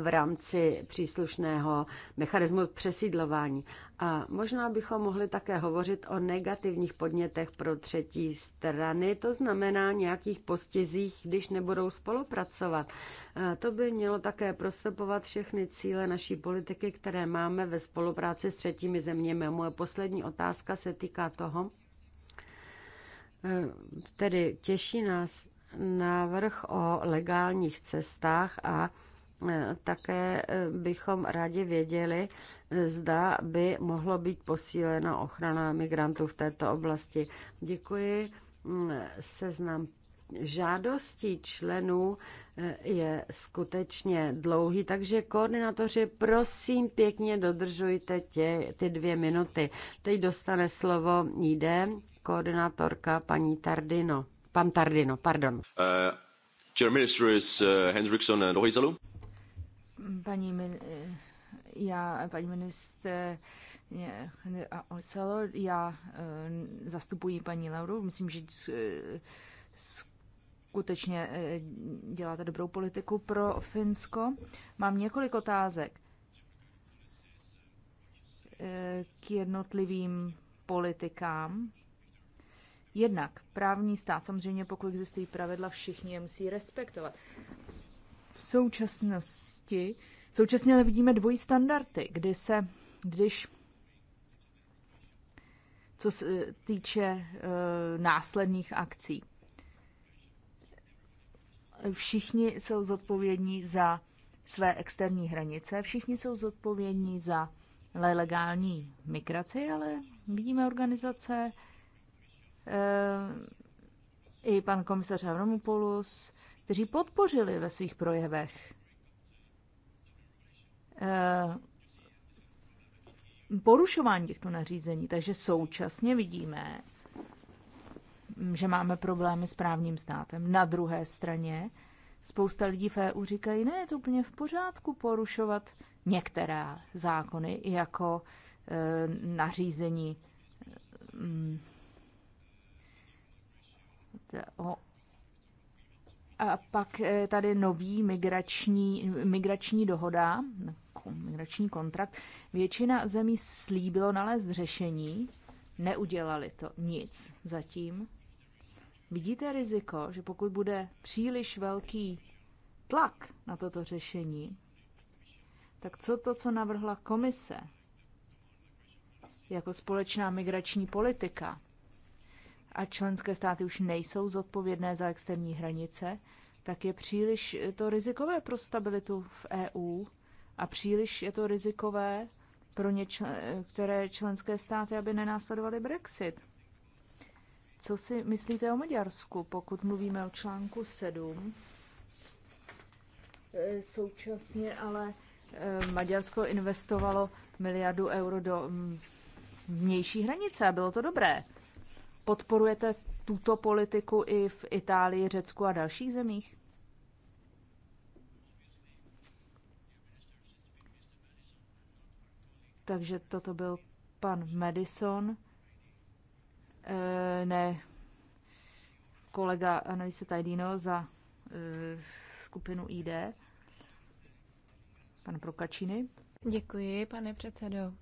v rámci příslušného mechanismu přesídlování. A možná bychom mohli také hovořit o negativních podnětech pro třetí strany, to znamená nějakých postězích, když nebudou spolupracovat. A to by mělo také prostupovat všechny cíle naší politiky, které máme ve spolupráci s třetími zeměmi. Moje poslední otázka se týká toho, e, tedy těší nás návrh o legálních cestách a Eh, také eh, bychom rádi věděli, eh, zda by mohlo být posílena ochrana migrantů v této oblasti. Děkuji. Mm, seznam žádostí členů je skutečně dlouhý, takže koordinatoři, prosím pěkně dodržujte tě, ty dvě minuty. Teď dostane slovo jde koordinátorka paní Tardino. Pan Tardino, pardon. Uh,
Chair Minister is uh, and
Paní,
eh, já, paní ministr Oselo, já eh, zastupuji paní Lauru. Myslím, že eh, skutečně děláte dobrou politiku pro Finsko. Mám několik otázek k jednotlivým politikám. Jednak právní stát, samozřejmě pokud existují pravidla, všichni je musí respektovat v současnosti, současně ale vidíme dvojí standardy, kdy se, když co se týče uh, následných akcí. Všichni jsou zodpovědní za své externí hranice, všichni jsou zodpovědní za legální migraci, ale vidíme organizace, uh, i pan komisař Avramopoulos, kteří podpořili ve svých projevech eh, porušování těchto nařízení. Takže současně vidíme, že máme problémy s právním státem. Na druhé straně spousta lidí v EU říkají, ne, je to úplně v pořádku porušovat některé zákony, jako e, nařízení mm, o a pak e, tady nový migrační, migrační dohoda, migrační kontrakt. Většina zemí slíbilo nalézt řešení, neudělali to nic zatím. Vidíte riziko, že pokud bude příliš velký tlak na toto řešení, tak co to, co navrhla komise jako společná migrační politika? a členské státy už nejsou zodpovědné za externí hranice, tak je příliš to rizikové pro stabilitu v EU a příliš je to rizikové pro ně, které členské státy, aby nenásledovaly Brexit. Co si myslíte o Maďarsku, pokud mluvíme o článku 7? Eh, současně ale eh, Maďarsko investovalo miliardu euro do mm, vnější hranice a bylo to dobré. Podporujete tuto politiku i v Itálii, Řecku a dalších zemích? Takže toto byl pan Madison, e, ne kolega Annalise Tajdino za e, skupinu ID, pan Prokačiny.
Děkuji, pane předsedo.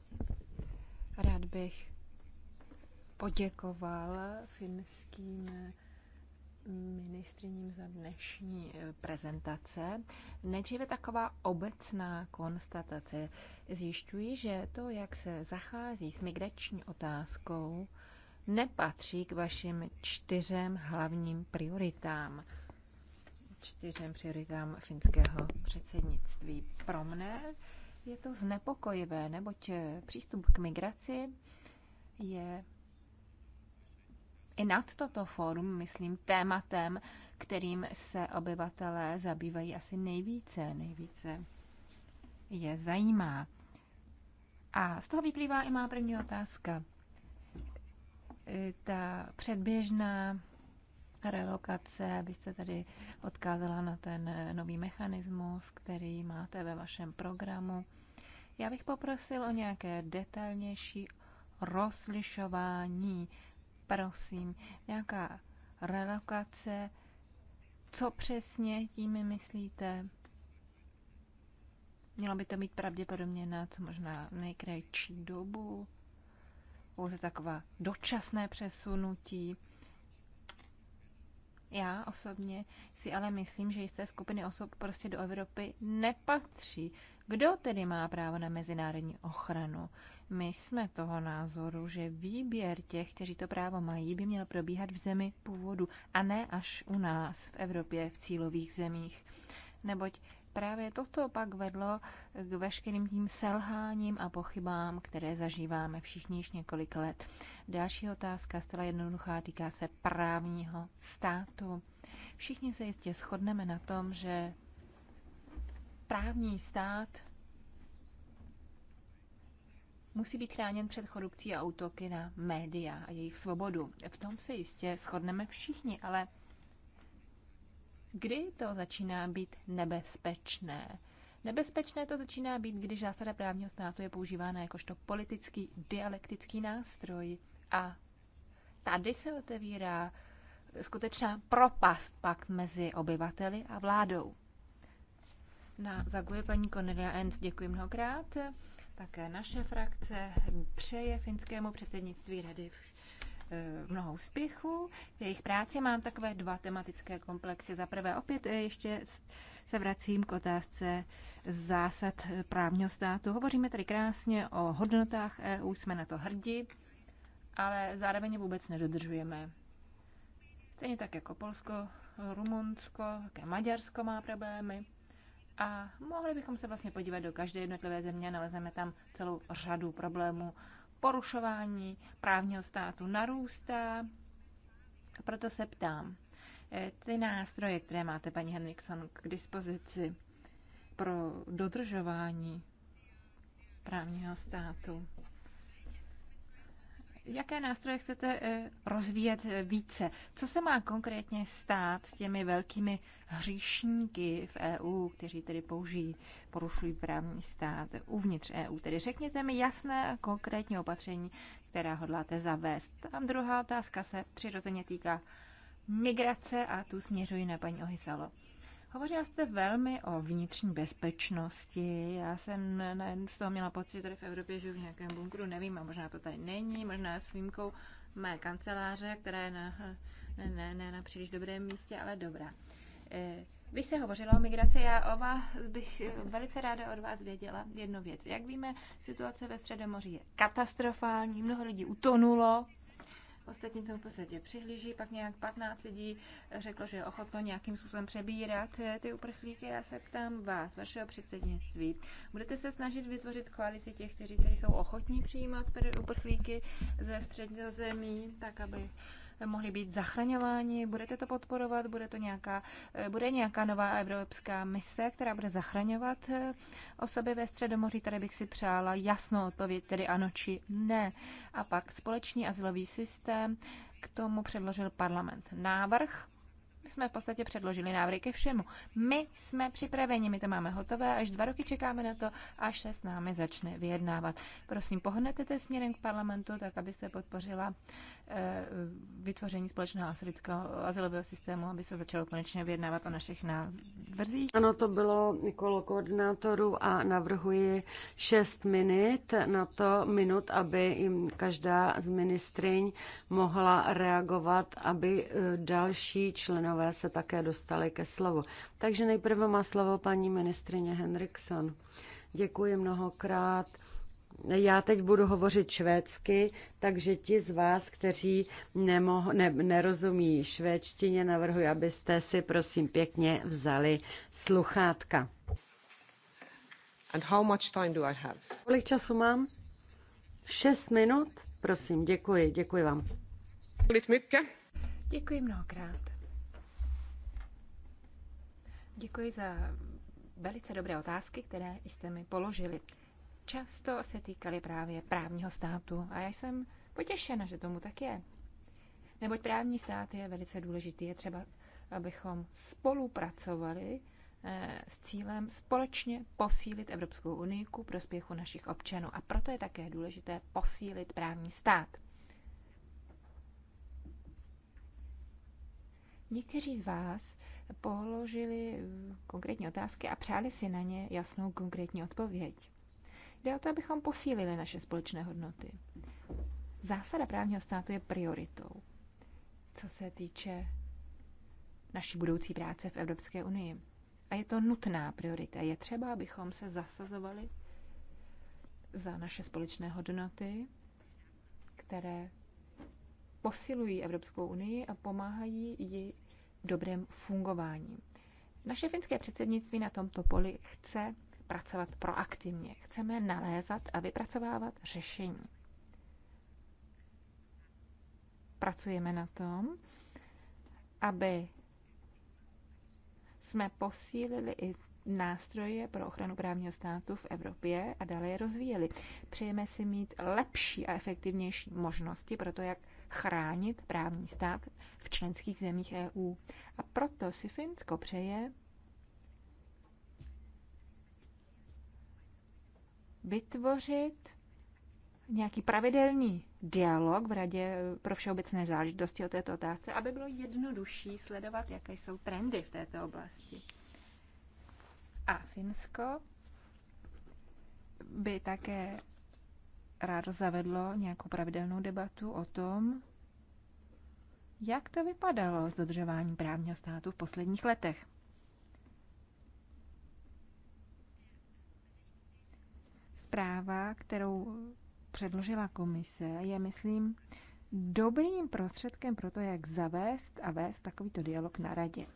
Rád bych poděkoval finským ministriním za dnešní eh, prezentace. Nejdříve taková obecná konstatace. Zjišťuji, že to, jak se zachází s migrační otázkou, nepatří k vašim čtyřem hlavním prioritám. Čtyřem prioritám finského předsednictví. Pro mne je to znepokojivé, neboť eh, přístup k migraci je i nad toto fórum, myslím, tématem, kterým se obyvatelé zabývají asi nejvíce, nejvíce je zajímá. A z toho vyplývá i má první otázka. E, ta předběžná relokace, byste tady odkázala na ten nový mechanismus, který máte ve vašem programu. Já bych poprosil o nějaké detailnější rozlišování prosím, nějaká relokace, co přesně tím myslíte? Mělo by to být pravděpodobně na co možná nejkratší dobu, pouze taková dočasné přesunutí. Já osobně si ale myslím, že jisté skupiny osob prostě do Evropy nepatří. Kdo tedy má právo na mezinárodní ochranu? My jsme toho názoru, že výběr těch, kteří to právo mají, by měl probíhat v zemi původu a ne až u nás v Evropě, v cílových zemích. Neboť právě toto pak vedlo k veškerým tím selháním a pochybám, které zažíváme všichni již několik let. Další otázka, zcela jednoduchá, týká se právního státu. Všichni se jistě shodneme na tom, že právní stát musí být chráněn před korupcí a útoky na média a jejich svobodu. V tom se jistě shodneme všichni, ale kdy to začíná být nebezpečné? Nebezpečné to začíná být, když zásada právního státu je používána jakožto politický dialektický nástroj. A tady se otevírá skutečná propast pak mezi obyvateli a vládou. Na zaguje paní Cornelia Enz děkuji mnohokrát. Také naše frakce přeje finskému předsednictví rady e, mnoho úspěchů. V jejich práci mám takové dva tematické komplexy. Za prvé opět e, ještě se vracím k otázce zásad právního státu. Hovoříme tady krásně o hodnotách EU, jsme na to hrdí, ale zároveň vůbec nedodržujeme. Stejně tak jako Polsko, Rumunsko, také Maďarsko má problémy. A mohli bychom se vlastně podívat do každé jednotlivé země, nalezeme tam celou řadu problémů. Porušování právního státu narůstá, proto se ptám, eh, ty nástroje, které máte, paní Henriksson, k dispozici pro dodržování právního státu, jaké nástroje chcete eh, rozvíjet eh, více? Co se má konkrétně stát s těmi velkými hříšníky v EU, kteří tedy použijí, porušují právní stát uvnitř EU? Tedy řekněte mi jasné a konkrétní opatření, která hodláte zavést. A druhá otázka se přirozeně týká migrace a tu směřuji na paní Ohisalo. Hovořila jste velmi o vnitřní bezpečnosti. Já jsem najednou z toho měla pocit, že tady v Evropě žiju v nějakém bunkru, nevím, a možná to tady není, možná s výjimkou mé kanceláře, která je na, ne, ne, ne na příliš dobrém místě, ale dobrá. Eh, vy jste hovořila o migraci, já o vás bych eh, velice ráda od vás věděla jednu věc. Jak víme, situace ve Středomoří je katastrofální, mnoho lidí utonulo, ostatní tomu v podstatě přihlíží, pak nějak 15 lidí řeklo, že je ochotno nějakým způsobem přebírat eh, ty uprchlíky. Já se ptám vás, vašeho předsednictví, budete se snažit vytvořit koalici těch, kteří, kteří jsou ochotní přijímat uprchlíky ze středního zemí, tak aby mohli být zachraňováni? Budete to podporovat? Bude to nějaká, eh, bude nějaká nová evropská mise, která bude zachraňovat eh, osoby ve Středomoří? Tady bych si přála jasnou odpověď, tedy ano či ne. A pak společný azylový systém, k tomu předložil parlament návrh. My jsme v podstatě předložili návrhy ke všemu. My jsme připraveni, my to máme hotové, až dva roky čekáme na to, až se s námi začne vyjednávat. Prosím, pohnete směrem k parlamentu, tak aby se podpořila Eh, vytvoření společného asilického azylového systému, aby se začalo konečně vyjednávat o našich návrzích.
Ano, to bylo kolo koordinátorů a navrhuji 6 minut na to minut, aby jim každá z ministryň mohla reagovat, aby eh, další členové se také dostali ke slovu. Takže nejprve má slovo paní ministrině Henriksson. Děkuji mnohokrát já teď budu hovořit švédsky, takže ti z vás, kteří nemoh, ne, nerozumí švédštině, navrhuji, abyste si prosím pěkně vzali sluchátka. And how much time do I have? Kolik času mám? Šest minut? Prosím, děkuji, děkuji vám.
Děkuji mnohokrát. Děkuji za velice dobré otázky, které jste mi položili často se týkaly právě právního státu a já jsem potěšena, že tomu tak je. Neboť právní stát je velice důležitý, je třeba, abychom spolupracovali eh, s cílem společně posílit Evropskou unii ku prospěchu našich občanů. A proto je také důležité posílit právní stát. Někteří z vás položili konkrétní otázky a přáli si na ně jasnou konkrétní odpověď. Jde o to, abychom posílili naše společné hodnoty. Zásada právního státu je prioritou, co se týče naší budoucí práce v Evropské unii. A je to nutná priorita. Je třeba, abychom se zasazovali za naše společné hodnoty, které posilují Evropskou unii a pomáhají ji dobrém fungování. Naše finské předsednictví na tomto poli chce pracovat proaktivně. Chceme nalézat a vypracovávat řešení. Pracujeme na tom, aby jsme posílili i nástroje pro ochranu právního státu v Evropě a dále je rozvíjeli. Přejeme si mít lepší a efektivnější možnosti pro to, jak chránit právní stát v členských zemích EU. A proto si Finsko přeje vytvořit nějaký pravidelný dialog v Radě pro všeobecné záležitosti o této otázce, aby bylo jednodušší sledovat, jaké jsou trendy v této oblasti. A Finsko by také rádo zavedlo nějakou pravidelnou debatu o tom, jak to vypadalo s dodržováním právního státu v posledních letech. Zpráva, kterou předložila komise, je, myslím, dobrým prostředkem pro to, jak zavést a vést takovýto dialog na radě.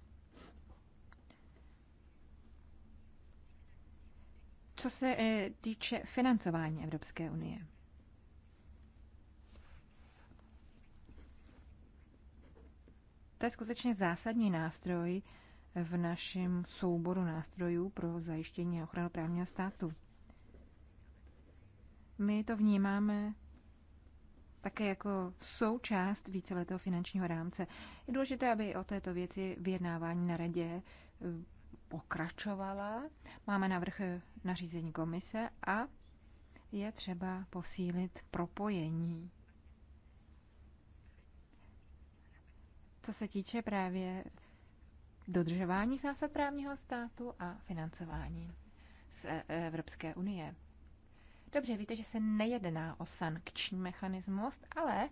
Co se eh, týče financování Evropské unie. To je skutečně zásadní nástroj v našem souboru nástrojů pro zajištění a ochranu právního státu. My to vnímáme také jako součást víceletého finančního rámce. Je důležité, aby o této věci vyjednávání na radě eh, pokračovala. Máme navrh eh, nařízení komise a je třeba posílit propojení. Co se týče právě dodržování zásad právního státu a financování z eh, Evropské unie. Dobře, víte, že se nejedná o sankční mechanismus, ale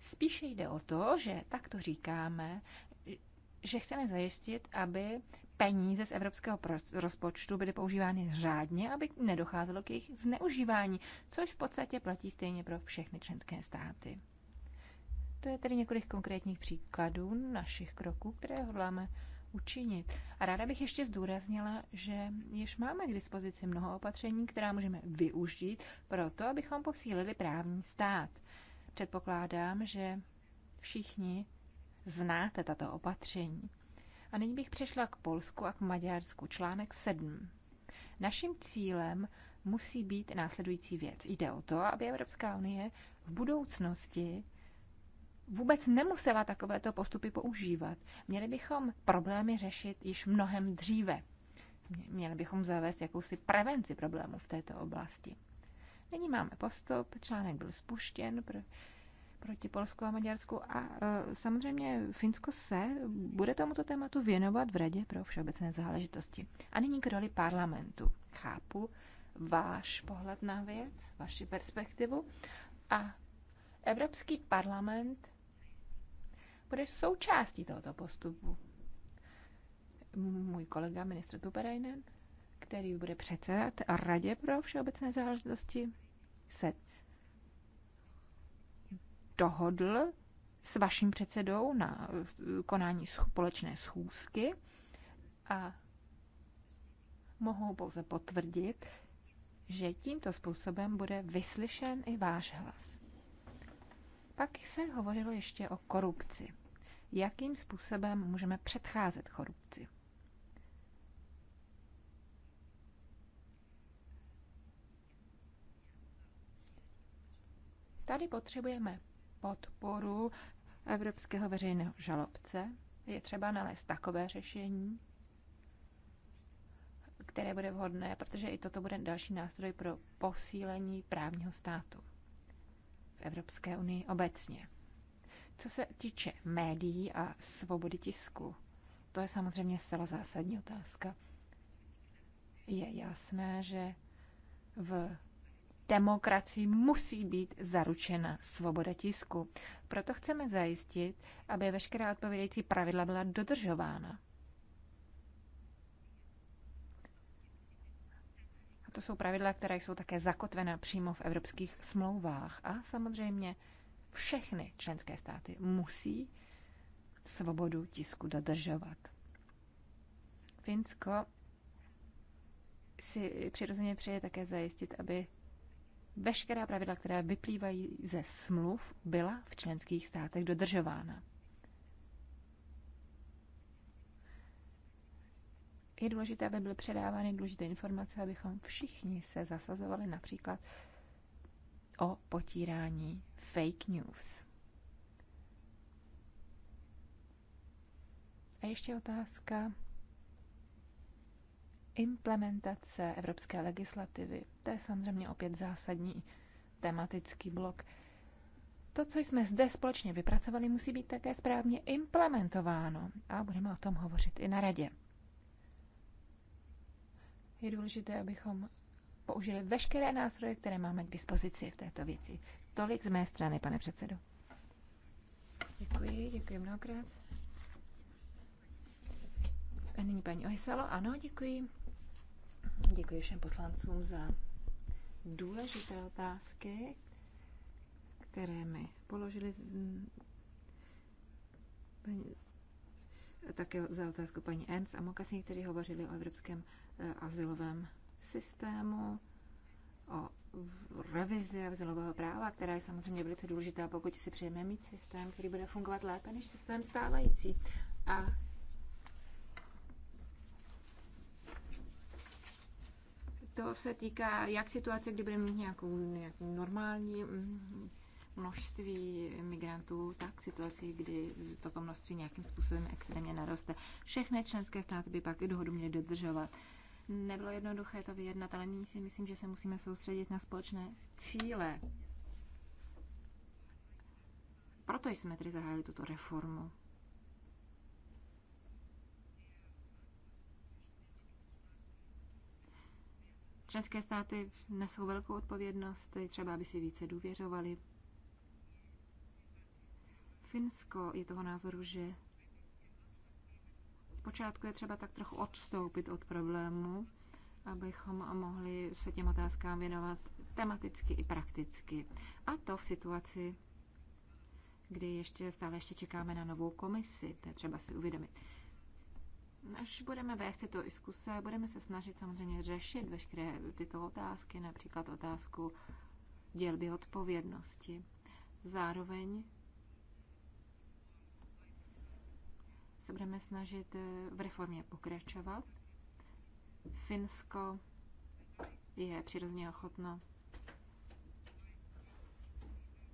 spíše jde o to, že tak to říkáme, že chceme zajistit, aby peníze z evropského rozpočtu byly používány řádně, aby nedocházelo k jejich zneužívání, což v podstatě platí stejně pro všechny členské státy. To je tedy několik konkrétních příkladů našich kroků, které hodláme učinit. A ráda bych ještě zdůraznila, že již máme k dispozici mnoho opatření, která můžeme využít pro to, abychom posílili právní stát. Předpokládám, že všichni znáte tato opatření. A nyní bych přešla k Polsku a k Maďarsku. Článek 7. Naším cílem musí být následující věc. Jde o to, aby Evropská unie v budoucnosti vůbec nemusela takovéto postupy používat. Měli bychom problémy řešit již mnohem dříve. Měli bychom zavést jakousi prevenci problémů v této oblasti. Nyní máme postup, článek byl spuštěn pro, proti Polsku a Maďarsku a e, samozřejmě Finsko se bude tomuto tématu věnovat v Radě pro všeobecné záležitosti. A nyní k roli parlamentu. Chápu váš pohled na věc, vaši perspektivu a Evropský parlament budeš součástí tohoto postupu. Můj kolega, ministr Tuperajnen, který bude předsedat Radě pro všeobecné záležitosti, se dohodl s vaším předsedou na konání společné schůzky a mohu pouze potvrdit, že tímto způsobem bude vyslyšen i váš hlas. Pak se hovořilo ještě o korupci. Jakým způsobem můžeme předcházet korupci? Tady potřebujeme podporu evropského veřejného žalobce. Je třeba nalézt takové řešení, které bude vhodné, protože i toto bude další nástroj pro posílení právního státu v Evropské unii obecně. Co se týče médií a svobody tisku, to je samozřejmě zcela zásadní otázka. Je jasné, že v demokracii musí být zaručena svoboda tisku. Proto chceme zajistit, aby veškerá odpovědající pravidla byla dodržována. to jsou pravidla, která jsou také zakotvena přímo v evropských smlouvách. A samozřejmě všechny členské státy musí svobodu tisku dodržovat. Finsko si přirozeně přeje také zajistit, aby veškerá pravidla, která vyplývají ze smluv, byla v členských státech dodržována. je důležité, aby byly předávány důležité informace, abychom všichni se zasazovali například o potírání fake news. A ještě otázka implementace evropské legislativy. To je samozřejmě opět zásadní tematický blok. To, co jsme zde společně vypracovali, musí být také správně implementováno a budeme o tom hovořit i na radě je důležité, abychom použili veškeré nástroje, které máme k dispozici v této věci. Tolik z mé strany, pane předsedo. Děkuji, děkuji mnohokrát. A nyní paní Ohisalo, ano, děkuji. Děkuji všem poslancům za důležité otázky, které mi položili paní, také za otázku paní Enz a Mokasí, kteří hovořili o Evropském Eh, azylovém systému, o revizi azylového práva, která je samozřejmě velice důležitá, pokud si přejeme mít systém, který bude fungovat lépe než systém stávající. A to se týká jak situace, kdy budeme mít nějakou, nějak normální mm, množství migrantů, tak situaci, kdy toto množství nějakým způsobem extrémně naroste. Všechny členské státy by pak dohodu měly dodržovat. Nebylo jednoduché to vyjednat, ale nyní si myslím, že se musíme soustředit na společné cíle. Proto jsme tedy zahájili tuto reformu. Členské státy nesou velkou odpovědnost, třeba aby si více důvěřovali. Finsko je toho názoru, že počátku je třeba tak trochu odstoupit od problému, abychom mohli se těm otázkám věnovat tematicky i prakticky. A to v situaci, kdy ještě stále ještě čekáme na novou komisi. To je třeba si uvědomit. Až budeme vést tyto diskuse, budeme se snažit samozřejmě řešit veškeré tyto otázky, například otázku dělby odpovědnosti. Zároveň se budeme snažit eh, v reformě pokračovat. Finsko je přirozeně ochotno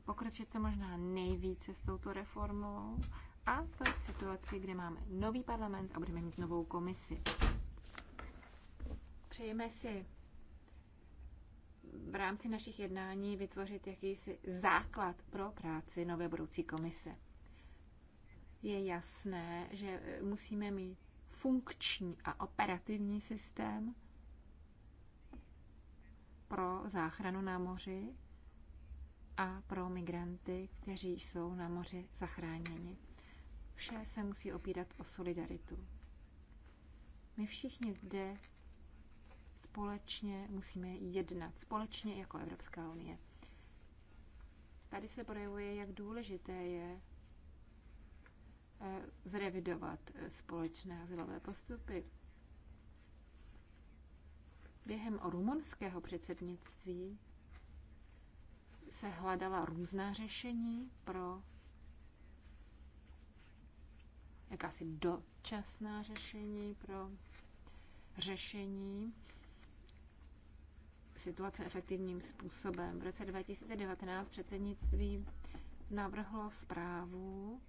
pokročit co možná nejvíce s touto reformou a to je v situaci, kde máme nový parlament a budeme mít novou komisi. Přejeme si v rámci našich jednání vytvořit jakýsi základ pro práci nové budoucí komise je jasné, že musíme mít funkční a operativní systém pro záchranu na moři a pro migranty, kteří jsou na moři zachráněni. Vše se musí opírat o solidaritu. My všichni zde společně musíme jednat, společně jako Evropská unie. Tady se projevuje, jak důležité je Eh, zrevidovat eh, společné azylové postupy. Během rumunského předsednictví se hledala různá řešení pro jakási dočasná řešení pro řešení situace efektivním způsobem. V roce 2019 předsednictví navrhlo zprávu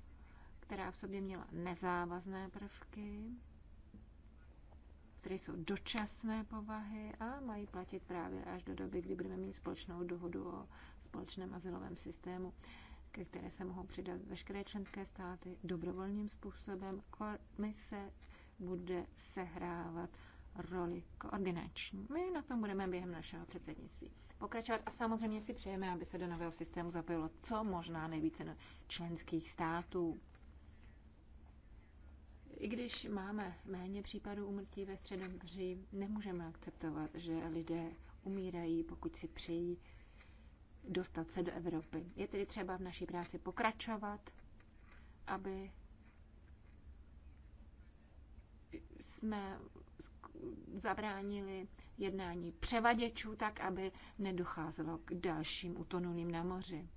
která v sobě měla nezávazné prvky, které jsou dočasné povahy a mají platit právě až do doby, kdy budeme mít společnou dohodu o společném azylovém systému, ke které se mohou přidat veškeré členské státy dobrovolným způsobem. Komise bude sehrávat roli koordinační. My na tom budeme během našeho předsednictví pokračovat a samozřejmě si přejeme, aby se do nového systému zapojilo co možná nejvíce členských států. I když máme méně případů umrtí ve Středomoří, nemůžeme akceptovat, že lidé umírají, pokud si přejí dostat se do Evropy. Je tedy třeba v naší práci pokračovat, aby jsme zabránili jednání převaděčů tak, aby nedocházelo k dalším utonulým na moři.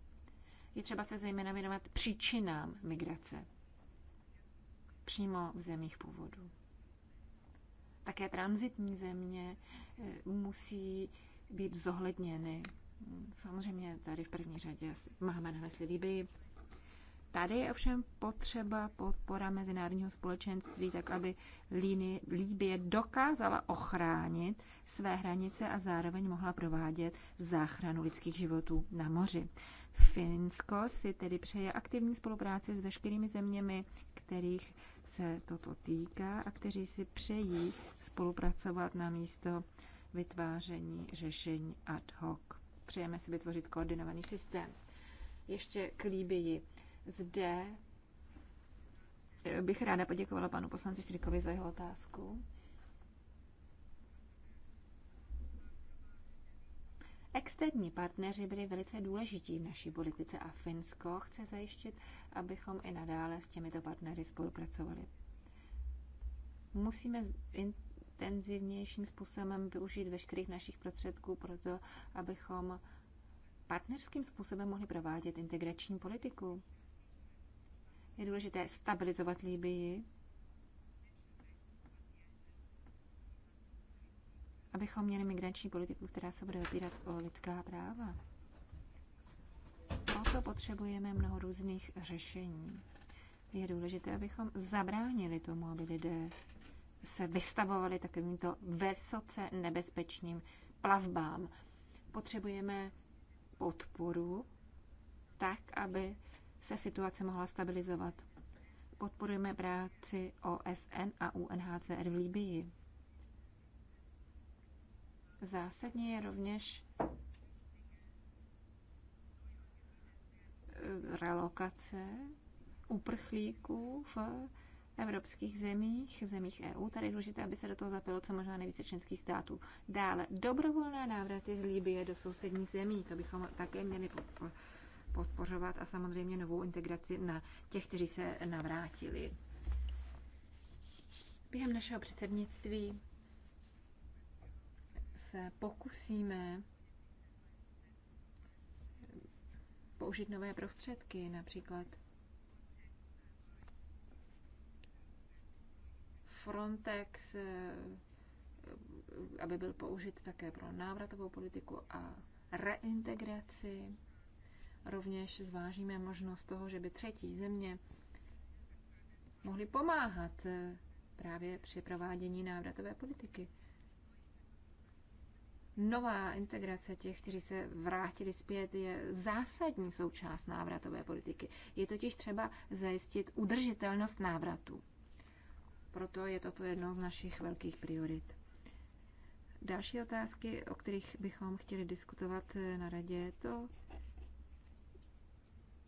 Je třeba se zejména věnovat příčinám migrace přímo v zemích původu. Také transitní země eh, musí být zohledněny. Samozřejmě tady v první řadě máme na mysli Libii. Tady je ovšem potřeba podpora mezinárodního společenství, tak aby Líbie dokázala ochránit své hranice a zároveň mohla provádět záchranu lidských životů na moři. Finsko si tedy přeje aktivní spolupráci s veškerými zeměmi, kterých se toto týká a kteří si přejí spolupracovat na místo vytváření řešení ad hoc. Přejeme si vytvořit koordinovaný systém. Ještě k líběji. Zde bych ráda poděkovala panu poslanci Strikovi za jeho otázku. Externí partneři byli velice důležití v naší politice a Finsko chce zajištit, abychom i nadále s těmito partnery spolupracovali. Musíme intenzivnějším způsobem využít veškerých našich prostředků pro to, abychom partnerským způsobem mohli provádět integrační politiku. Je důležité stabilizovat Libii, abychom měli migrační politiku, která se bude opírat o lidská práva. Proto potřebujeme mnoho různých řešení. Je důležité, abychom zabránili tomu, aby lidé se vystavovali takovýmto vysoce nebezpečným plavbám. Potřebujeme podporu tak, aby se situace mohla stabilizovat. Podporujeme práci OSN a UNHCR v Libii. Zásadní je rovněž eh, relokace uprchlíků v evropských zemích, v zemích EU. Tady je důležité, aby se do toho zapilo co možná nejvíce členských států. Dále dobrovolné návraty z Líbie do sousedních zemí. To bychom také měli podpořovat a samozřejmě novou integraci na těch, kteří se navrátili. Během našeho předsednictví se pokusíme použít nové prostředky, například Frontex, eh, aby byl použit také pro návratovou politiku a reintegraci. Rovněž zvážíme možnost toho, že by třetí země mohly pomáhat eh, právě při provádění návratové politiky nová integrace těch, kteří se vrátili zpět, je zásadní součást návratové politiky. Je totiž třeba zajistit udržitelnost návratu. Proto je toto jednou z našich velkých priorit. Další otázky, o kterých bychom chtěli diskutovat na radě, to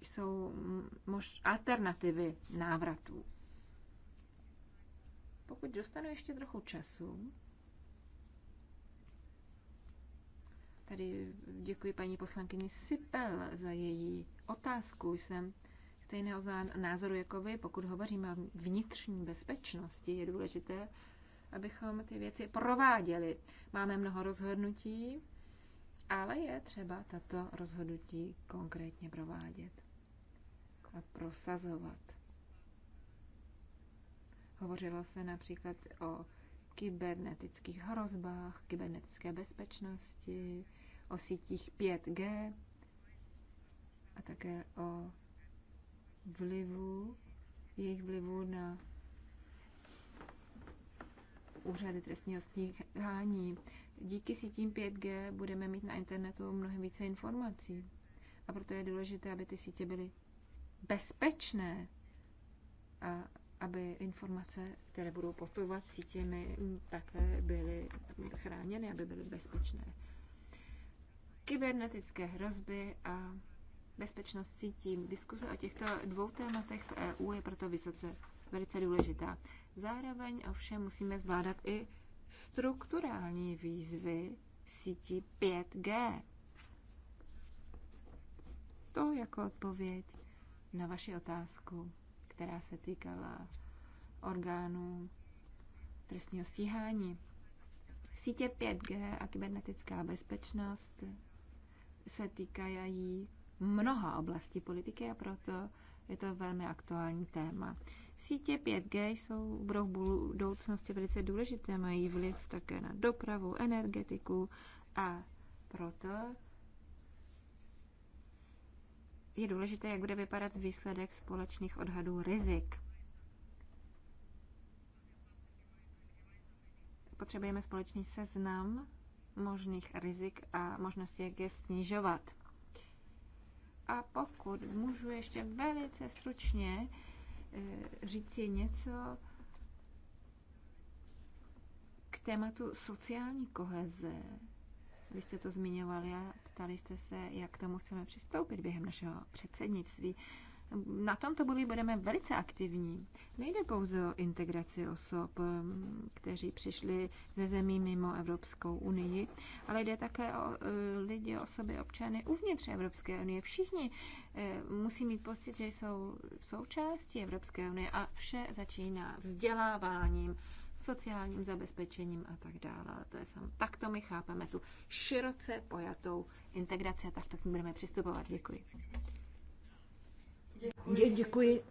jsou mož- alternativy návratů. Pokud dostanu ještě trochu času, Tady děkuji paní poslankyni Sipel za její otázku. Jsem stejného názoru jako vy. Pokud hovoříme o vnitřní bezpečnosti, je důležité, abychom ty věci prováděli. Máme mnoho rozhodnutí, ale je třeba tato rozhodnutí konkrétně provádět a prosazovat. Hovořilo se například o kybernetických hrozbách, kybernetické bezpečnosti, o sítích 5G a také o vlivu, jejich vlivu na úřady trestního stíhání. Díky sítím 5G budeme mít na internetu mnohem více informací. A proto je důležité, aby ty sítě byly bezpečné a aby informace, které budou potovat sítěmi, také byly chráněny, aby byly bezpečné kybernetické hrozby a bezpečnost sítí. Diskuse o těchto dvou tématech v EU je proto vysoce velice důležitá. Zároveň ovšem musíme zvládat i strukturální výzvy sítí 5G. To jako odpověď na vaši otázku, která se týkala orgánů trestního stíhání. Sítě 5G a kybernetická bezpečnost se týkají mnoha oblastí politiky a proto je to velmi aktuální téma. Sítě 5G jsou v budoucnosti velice důležité, mají vliv také na dopravu, energetiku a proto je důležité, jak bude vypadat výsledek společných odhadů rizik. Potřebujeme společný seznam možných rizik a možností, jak je snižovat. A pokud můžu ještě velice stručně eh, říct si něco k tématu sociální koheze, vy jste to zmiňovali a ptali jste se, jak k tomu chceme přistoupit během našeho předsednictví. Na tomto bodě budeme velice aktivní. Nejde pouze o integraci osob, um, kteří přišli ze zemí mimo Evropskou unii, ale jde také o uh, lidi, osoby, občany uvnitř Evropské unie. Všichni uh, musí mít pocit, že jsou součástí Evropské unie a vše začíná vzděláváním, sociálním zabezpečením a tak dále. To je sam. Takto my chápeme tu široce pojatou integraci a takto k ní budeme přistupovat. Děkuji. Děkuji. Děkuji.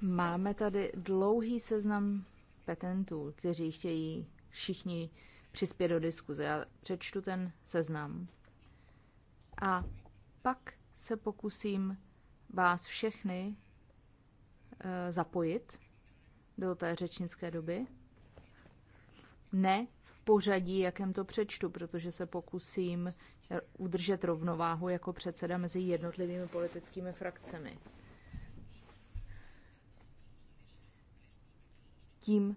Máme
tady dlouhý seznam petentů, kteří chtějí všichni přispět do diskuze. Já přečtu ten seznam a pak se pokusím vás všechny eh, zapojit do té řečnické doby. Ne pořadí, jakém to přečtu, protože se pokusím udržet rovnováhu jako předseda mezi jednotlivými politickými frakcemi. Tím,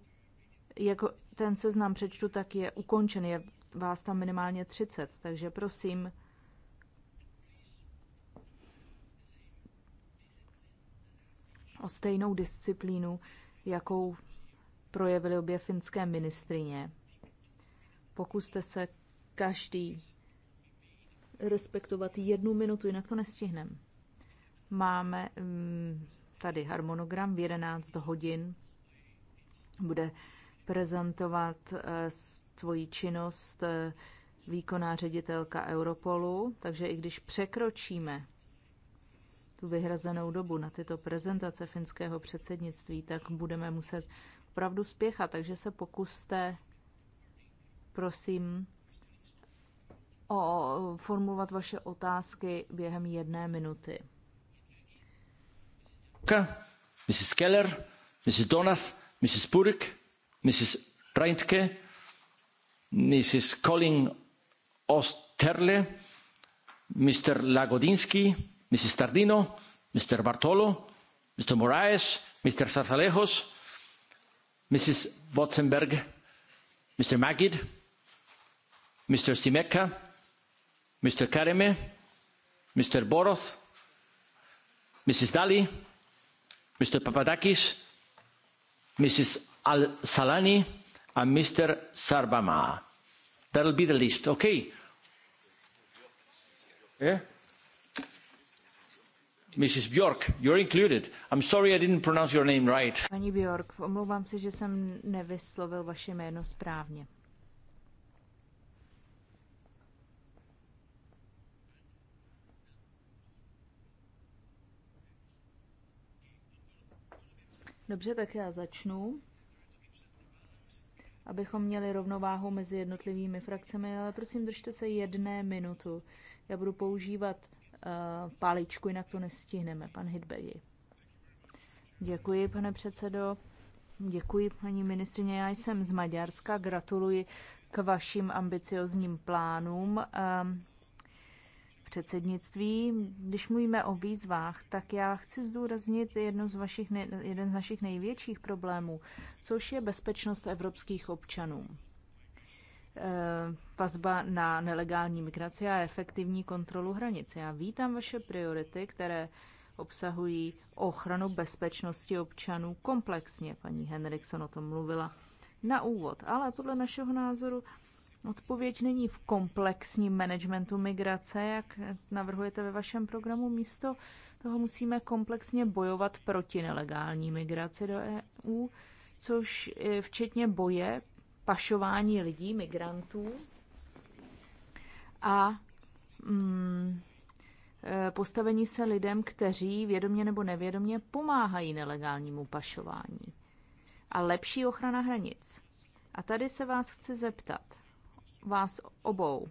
jako ten seznam přečtu, tak je ukončen. Je vás tam minimálně 30, takže prosím, o stejnou disciplínu, jakou projevily obě finské ministrině Pokuste se každý respektovat jednu minutu, jinak to nestihneme. Máme mm, tady harmonogram v 11 hodin. Bude prezentovat eh, svoji činnost eh, výkonná ředitelka Europolu, takže i když překročíme tu vyhrazenou dobu na tyto prezentace finského předsednictví, tak budeme muset opravdu spěchat, takže se pokuste prosím o, formulovat vaše otázky během jedné minuty.
Mrs. Keller, Mrs. Donath, Mrs. Burek, Mrs. Reintke, Mrs. Colin Osterle, Mr. Lagodinsky, Mrs. Tardino, Mr. Bartolo, Mr. Moraes, Mr. Sarsalejos, Mrs. Wotzenberg, Mr. Magid, Mr. Simeka, Mr. Kareme, Mr. Borov, Mrs. Dalli, Mr. Papadakis, Mrs. Al Salani, and Mr. That will be the list, okay? Yeah? Mrs. Bjork, you're included. I'm sorry I didn't pronounce your name right.
Paní Bjork, omlouvám se, že jsem nevyslovil vaše jméno správně. Dobře, tak já začnu. Abychom měli rovnováhu mezi jednotlivými frakcemi, ale prosím, držte se jedné minutu. Já budu používat uh, paličku, jinak to nestihneme. Pan Hitbegi. Děkuji, pane předsedo. Děkuji, paní ministrině. Já jsem z Maďarska. Gratuluji k vašim ambiciozním plánům. Uh, předsednictví. Když mluvíme o výzvách, tak já chci zdůraznit jedno z vašich, jeden z našich největších problémů, což je bezpečnost evropských občanů. Pazba e, na nelegální migraci a efektivní kontrolu hranic. Já vítám vaše priority, které obsahují ochranu bezpečnosti občanů komplexně. Paní Henriksson o tom mluvila na úvod, ale podle našeho názoru Odpověď není v komplexním managementu migrace, jak navrhujete ve vašem programu. Místo toho musíme komplexně bojovat proti nelegální migraci do EU, což e, včetně boje, pašování lidí, migrantů a mm, e, postavení se lidem, kteří vědomě nebo nevědomě pomáhají nelegálnímu pašování. A lepší ochrana hranic. A tady se vás chci zeptat vás obou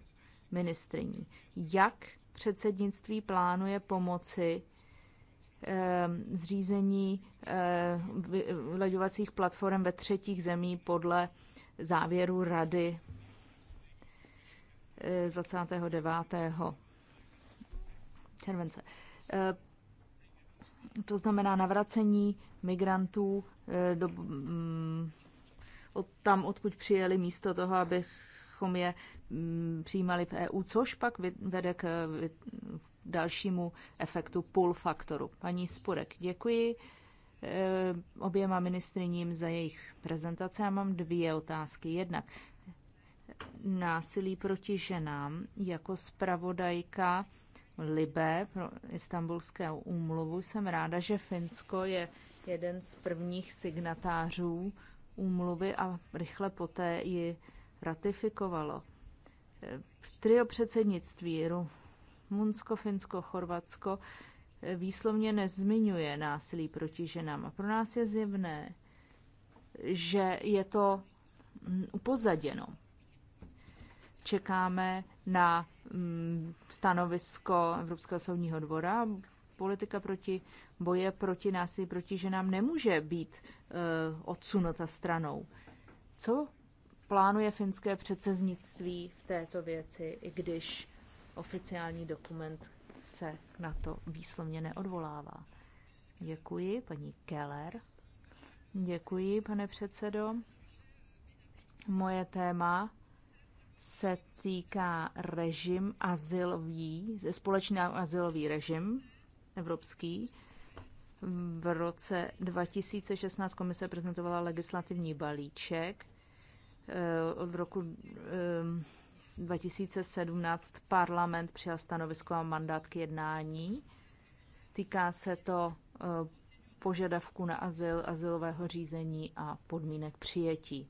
ministriní. Jak předsednictví plánuje pomoci ehm, zřízení ehm, vyleďovacích platform ve třetích zemí podle závěru rady eh, z 29. července. Ehm, to znamená navracení migrantů eh, do, mm, od tam, odkud přijeli, místo toho, abych abychom je mm, přijímali v EU, což pak vede k dalšímu efektu pull faktoru. Paní Spurek, děkuji eh, oběma ministriním za jejich prezentace. Já mám dvě otázky. Jednak násilí proti ženám jako spravodajka Libe pro istambulské úmluvu. Jsem ráda, že Finsko je jeden z prvních signatářů úmluvy a rychle poté ji ratifikovalo. Trio předsednictví Rumunsko, Finsko, Chorvatsko výslovně nezmiňuje násilí proti ženám. A pro nás je zjevné, že je to upozaděno. Čekáme na mm, stanovisko Evropského soudního dvora. Politika proti boje proti násilí proti ženám nemůže být eh, odsunuta stranou. Co plánuje finské předseznictví v této věci, i když oficiální dokument se na to výslovně neodvolává. Děkuji, paní Keller. Děkuji, pane předsedo. Moje téma se týká režim azylový, společný azylový režim evropský. V roce 2016 komise prezentovala legislativní balíček, Eh, od roku 2017 eh, parlament přijal stanovisko a mandát k jednání. Týká se to eh, požadavku na azyl, azylového řízení a podmínek přijetí.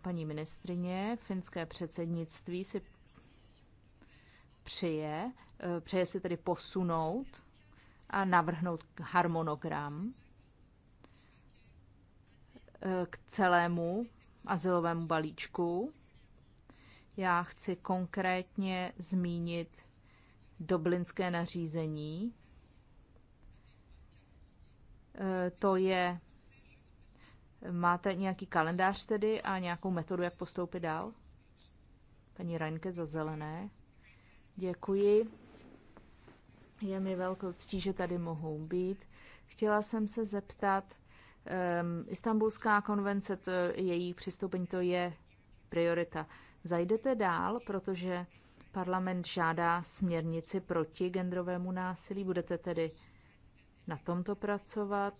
Paní ministrině, finské předsednictví si přeje, přeje si tedy posunout a navrhnout harmonogram k celému azylovému balíčku. Já chci konkrétně zmínit dublinské nařízení. E, to je, máte nějaký kalendář tedy a nějakou metodu, jak postoupit dál? Paní Reinke za zelené. Děkuji. Je mi velkou ctí, že tady mohou být. Chtěla jsem se zeptat, Ehm, Istanbulská konvence, to, její přistoupení, to je priorita. Zajdete dál, protože parlament žádá směrnici proti genderovému násilí. Budete tedy na tomto pracovat.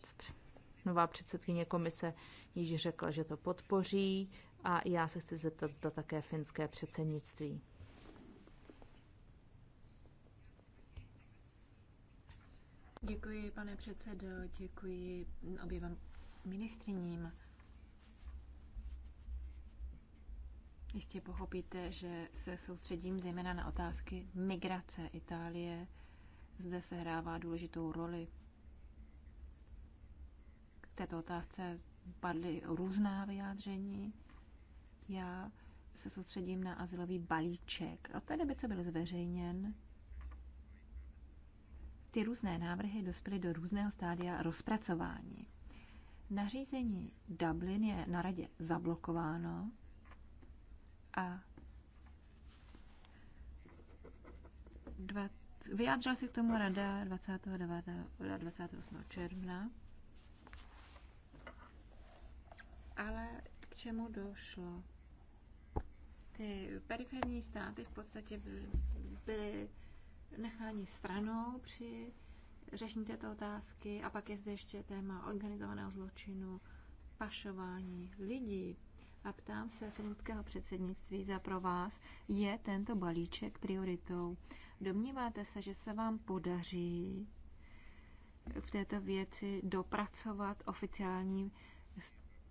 Nová předsedkyně komise již řekla, že to podpoří a já se chci zeptat, zda také finské předsednictví.
Děkuji, pane předsedo, děkuji oběma ministriním. Jistě pochopíte, že se soustředím zejména na otázky migrace Itálie. Zde se hrává důležitou roli. K této otázce padly různá vyjádření. Já se soustředím na azylový balíček. Od té doby, co byl zveřejněn, ty různé návrhy dospěly do různého stádia rozpracování. Nařízení Dublin je na radě zablokováno a vyjádřila se k tomu rada 29. 28. června, ale k čemu došlo? Ty periferní státy v podstatě byly, byly necháni stranou při řešení této otázky. A pak je zde ještě téma organizovaného zločinu, pašování lidí. A ptám se finského předsednictví, za pro vás je tento balíček prioritou. Domníváte se, že se vám podaří v této věci dopracovat oficiální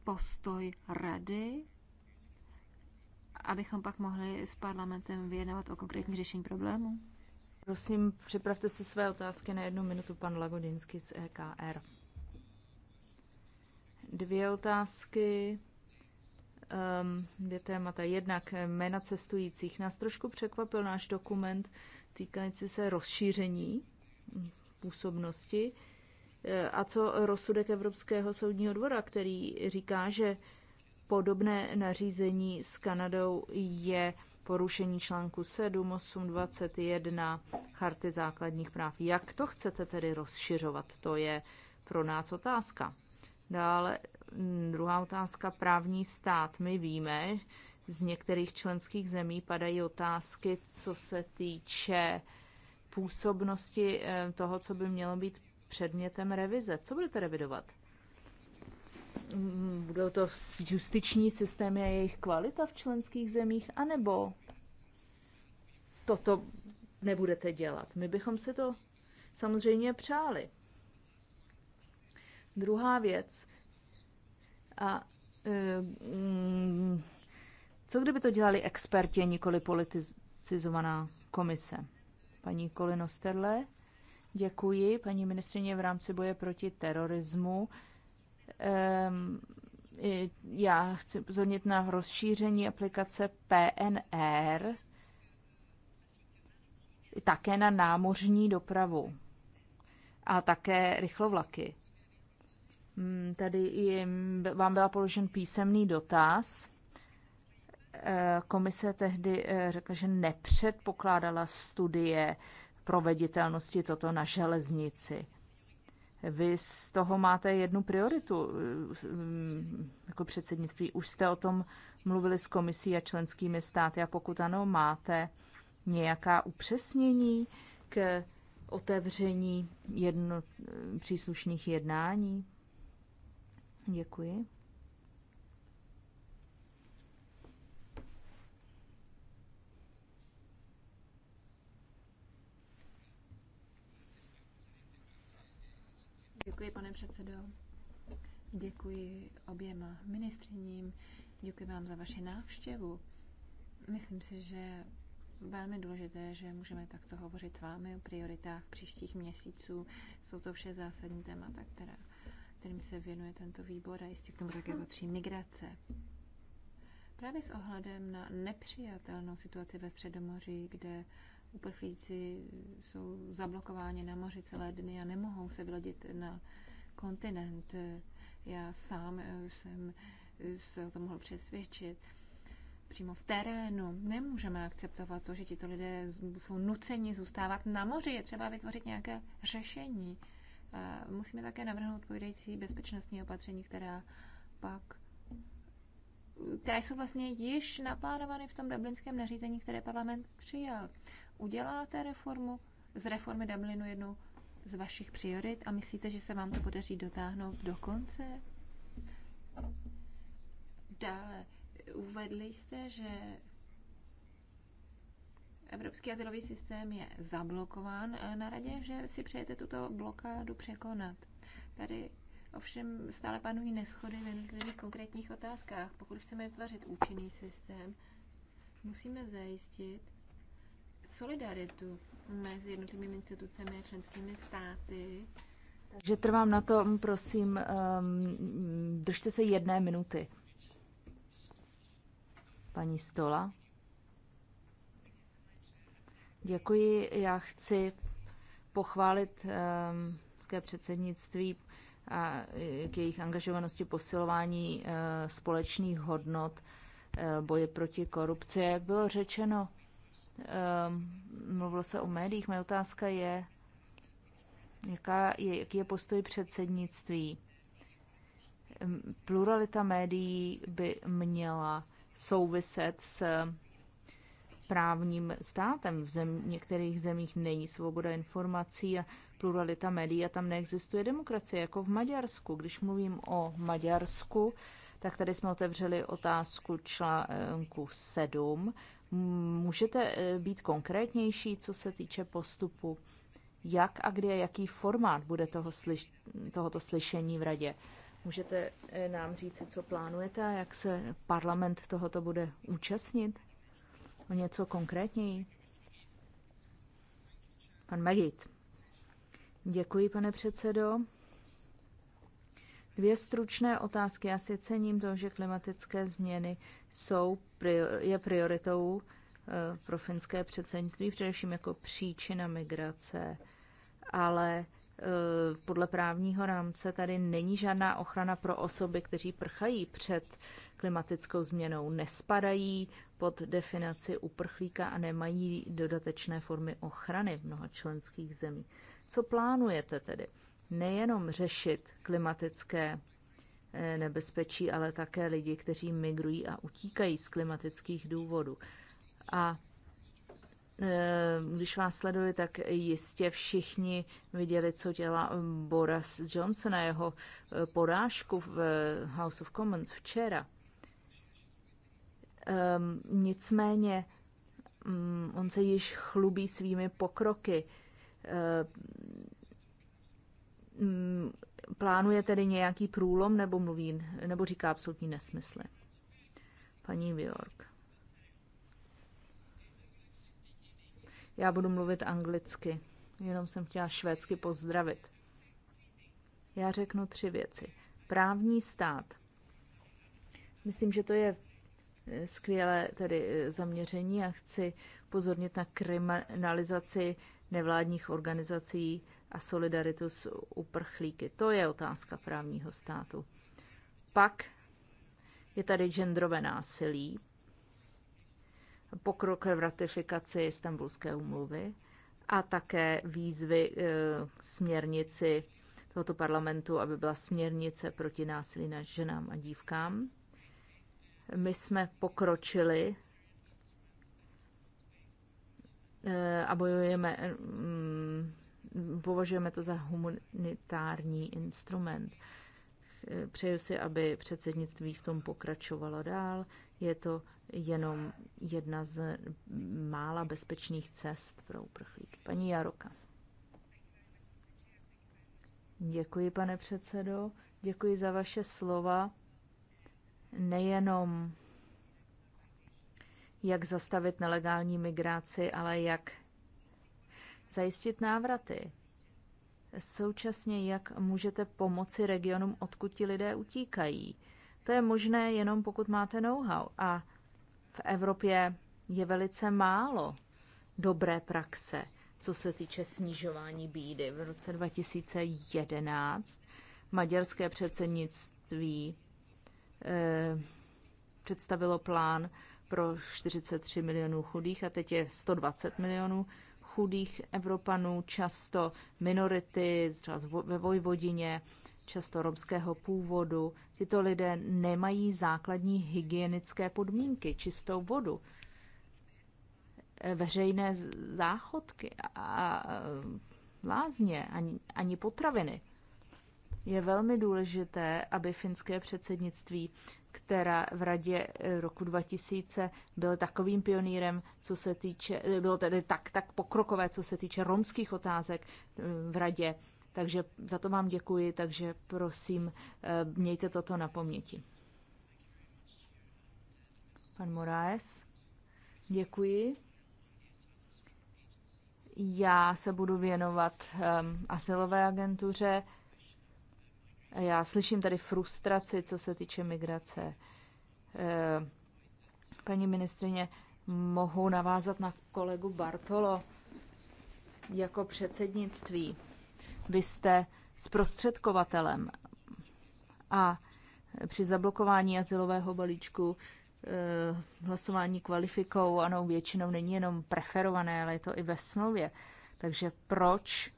postoj rady, abychom pak mohli s parlamentem vyjednávat o konkrétní řešení problému? Prosím,
připravte si své otázky na jednu minutu, pan Lagodinsky z EKR. Dvě otázky, um, dvě témata. Jednak jména cestujících. Nás trošku překvapil náš dokument týkající se rozšíření působnosti eh, a co rozsudek Evropského soudního dvora, který říká, že podobné nařízení s Kanadou je porušení článku 7, 8, 21 Charty základních práv. Jak to chcete tedy rozšiřovat? To je pro nás otázka. Dále mm, druhá otázka, právní stát. My víme, z některých členských zemí padají otázky, co se týče působnosti eh, toho, co by mělo být předmětem revize. Co budete revidovat? Mm, budou to justiční systémy a jejich kvalita v členských zemích, anebo toto nebudete dělat. My bychom si to samozřejmě přáli. Druhá věc. A e, mm, co kdyby to dělali experti nikoli politizovaná komise? Paní Kolino Sterle, děkuji. Paní ministrině v rámci boje proti terorismu Ehm, já chci pozornit na rozšíření aplikace PNR také na námořní dopravu a také rychlovlaky. Hmm, tady vám byl položen písemný dotaz. Ehm, komise tehdy eh, řekla, že nepředpokládala studie proveditelnosti toto na železnici. Vy z toho máte jednu prioritu jako předsednictví. Už jste o tom mluvili s komisí a členskými státy a pokud ano, máte nějaká upřesnění k otevření jedno, příslušných jednání? Děkuji.
Děkuji, pane předsedo. Děkuji oběma ministrním. Děkuji vám za vaši návštěvu. Myslím si, že velmi důležité, že můžeme takto hovořit s vámi o prioritách příštích měsíců. Jsou to vše zásadní témata, která, kterým se věnuje tento výbor a jistě k tomu také patří migrace. Právě s ohledem na nepřijatelnou situaci ve Středomoří, kde uprchlíci jsou zablokováni na moři celé dny a nemohou se vlodit na kontinent. Já sám eh, jsem eh, se o tom mohl přesvědčit přímo v terénu. Nemůžeme akceptovat to, že tito lidé jsou nuceni zůstávat na moři. Je třeba vytvořit nějaké řešení. Musíme také navrhnout odpovídající bezpečnostní opatření, která pak které jsou vlastně již naplánovány v tom dublinském nařízení, které parlament přijal uděláte reformu z reformy Dublinu jednu z vašich priorit a myslíte, že se vám to podaří dotáhnout do konce? Dále, uvedli jste, že Evropský asilový systém je zablokován na radě, že si přejete tuto blokádu překonat. Tady ovšem stále panují neschody v jednotlivých konkrétních otázkách. Pokud chceme vytvořit účinný systém, musíme zajistit, solidaritu mezi jednotlivými institucemi a členskými státy. Takže trvám
na tom, prosím, um, držte se jedné minuty. Paní Stola. Děkuji. Já chci pochválit um, předsednictví a k jejich angažovanosti posilování uh, společných hodnot uh, boje proti korupci. Jak bylo řečeno, Ehm, mluvilo se o médiích. Moje otázka je, jaká je, jaký je postoj předsednictví. Ehm, pluralita médií by měla souviset s právním státem. V, zem, v některých zemích není svoboda informací a pluralita médií a tam neexistuje demokracie, jako v Maďarsku. Když mluvím o Maďarsku, tak tady jsme otevřeli otázku článku 7. Můžete eh, být konkrétnější, co se týče postupu, jak a kde, jaký formát bude toho slyš- tohoto slyšení v radě? Můžete eh, nám říci, co plánujete a jak se parlament tohoto bude účastnit? O něco konkrétněji? Pan Magit. Děkuji, pane předsedo. Dvě stručné otázky. Já si cením to, že klimatické změny jsou, je prioritou eh, pro finské předsednictví, především jako příčina migrace, ale eh, podle právního rámce tady není žádná ochrana pro osoby, kteří prchají před klimatickou změnou, nespadají pod definaci uprchlíka a nemají dodatečné formy ochrany v mnoha členských zemí. Co plánujete tedy? nejenom řešit klimatické eh, nebezpečí, ale také lidi, kteří migrují a utíkají z klimatických důvodů. A eh, když vás sleduji, tak jistě všichni viděli, co dělá eh, Boris Johnson a jeho porážku v House of Commons včera. Ehm, nicméně mm, on se již chlubí svými pokroky ehm, Mm, plánuje tedy nějaký průlom nebo mluví, nebo říká absolutní nesmysly. Paní Bjork. Já budu mluvit anglicky, jenom jsem chtěla švédsky pozdravit. Já řeknu tři věci. Právní stát. Myslím, že to je eh, skvělé tedy eh, zaměření a chci pozornit na kriminalizaci nevládních organizací a solidaritu s uprchlíky. To je otázka právního státu. Pak je tady genderové násilí, pokrok v ratifikaci Istanbulské umluvy a také výzvy e, směrnici tohoto parlamentu, aby byla směrnice proti násilí na ženám a dívkám. My jsme pokročili e, a bojujeme mm, považujeme to za humanitární instrument. Přeju si, aby předsednictví v tom pokračovalo dál. Je to jenom jedna z mála bezpečných cest pro uprchlíky. Paní Jaroka. Děkuji, pane předsedo. Děkuji za vaše slova. Nejenom jak zastavit nelegální migraci, ale jak Zajistit návraty. Současně, jak můžete pomoci regionům, odkud ti lidé utíkají. To je možné jenom pokud máte know-how. A v Evropě je velice málo dobré praxe, co se týče snižování bídy. V roce 2011 maďarské předsednictví eh, představilo plán pro 43 milionů chudých a teď je 120 milionů chudých Evropanů, často minority, třeba ve Vojvodině, často romského původu. Tito lidé nemají základní hygienické podmínky, čistou vodu, eh, veřejné záchodky a lázně, ani, ani potraviny. Je velmi důležité, aby finské předsednictví která v radě eh, roku 2000 byl takovým pionýrem, co se týče, eh, bylo tedy tak, tak pokrokové, co se týče romských otázek eh, v radě. Takže za to vám děkuji, takže prosím, mějte toto na paměti. Pan Moraes, děkuji. Já se budu věnovat um, asilové agentuře. Já slyším tady frustraci, co se týče migrace. Eh, paní ministrině, mohu navázat na kolegu Bartolo jako předsednictví. Vy jste zprostředkovatelem a při zablokování asilového balíčku eh, hlasování kvalifikou, ano, většinou není jenom preferované, ale je to i ve smlouvě. Takže proč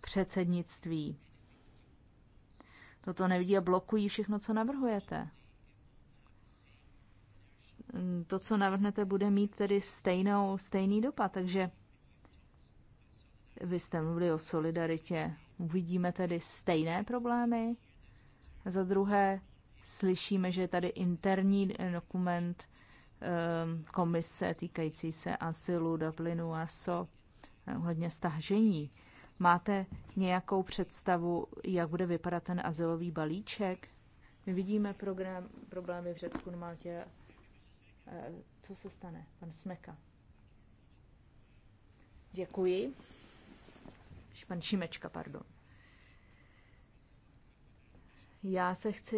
předsednictví toto nevidí a blokují všechno, co navrhujete. To, co navrhnete, bude mít tedy stejnou, stejný dopad, takže vy jste mluvili o solidaritě. Uvidíme tedy stejné problémy. Za druhé, slyšíme, že je tady interní dokument ehm, komise týkající se asilu, Dublinu a SO, eh, ohledně stažení. Máte nějakou představu, jak bude vypadat ten asilový balíček? My vidíme program, problémy v Řecku, na Maltě. Eh, co se stane? Pan Smeka. Děkuji. Pan Šimečka, pardon. Já se chci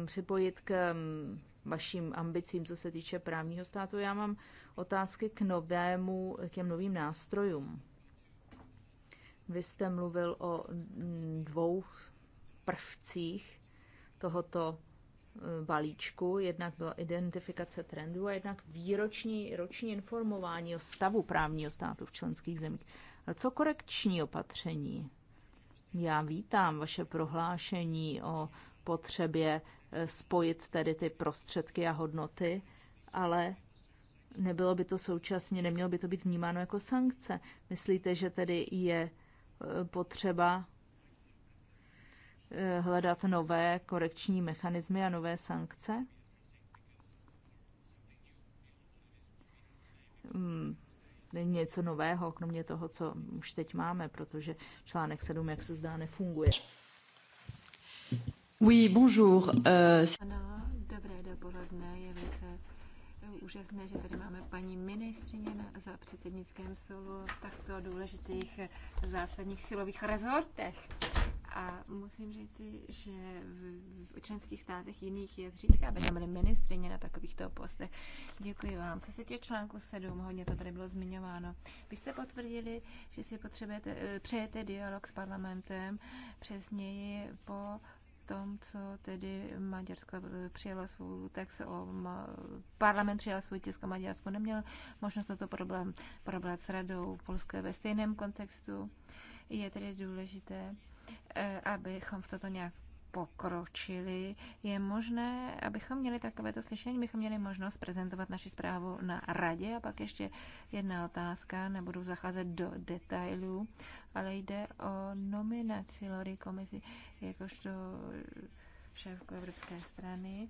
um, připojit k um, vašim ambicím, co se týče právního státu. Já mám otázky k novému, k těm novým nástrojům vy jste mluvil o mm, dvou prvcích tohoto e, balíčku. Jednak byla identifikace trendů a jednak výroční roční informování o stavu právního státu v členských zemích. Ale co korekční opatření? Já vítám vaše prohlášení o potřebě e, spojit tedy ty prostředky a hodnoty, ale nebylo by to současně, nemělo by to být vnímáno jako sankce. Myslíte, že tedy je E, potřeba e, hledat nové korekční mechanismy a nové sankce? Hmm, není něco nového, kromě toho, co už teď máme, protože článek 7, jak se zdá, nefunguje.
Oui, bonjour. Uh... Ano, dobré dopoledne,
je velice úžasné, že tady máme paní ministrině na, za předsednickém stolu v takto důležitých zásadních silových rezortech. A musím říci, že v, v členských státech jiných je zřídka, aby tam byly ministrině na takovýchto postech. Děkuji vám. Co se tě článku 7, hodně to tady bylo zmiňováno. Vy jste potvrdili, že si potřebujete, eh, přejete dialog s parlamentem přesněji po tom, co tedy Maďarsko přijalo svůj text o parlament přijal svůj tisk a Maďarsko neměl možnost toto problém probrat s radou. Polsko je ve stejném kontextu. Je tedy důležité, eh, abychom v toto nějak pokročili. Je možné, abychom měli takovéto slyšení, bychom měli možnost prezentovat naši zprávu na radě. A pak ještě jedna otázka, nebudu zacházet do detailů ale jde o nominaci Lori komisi jakožto šéfku Evropské strany.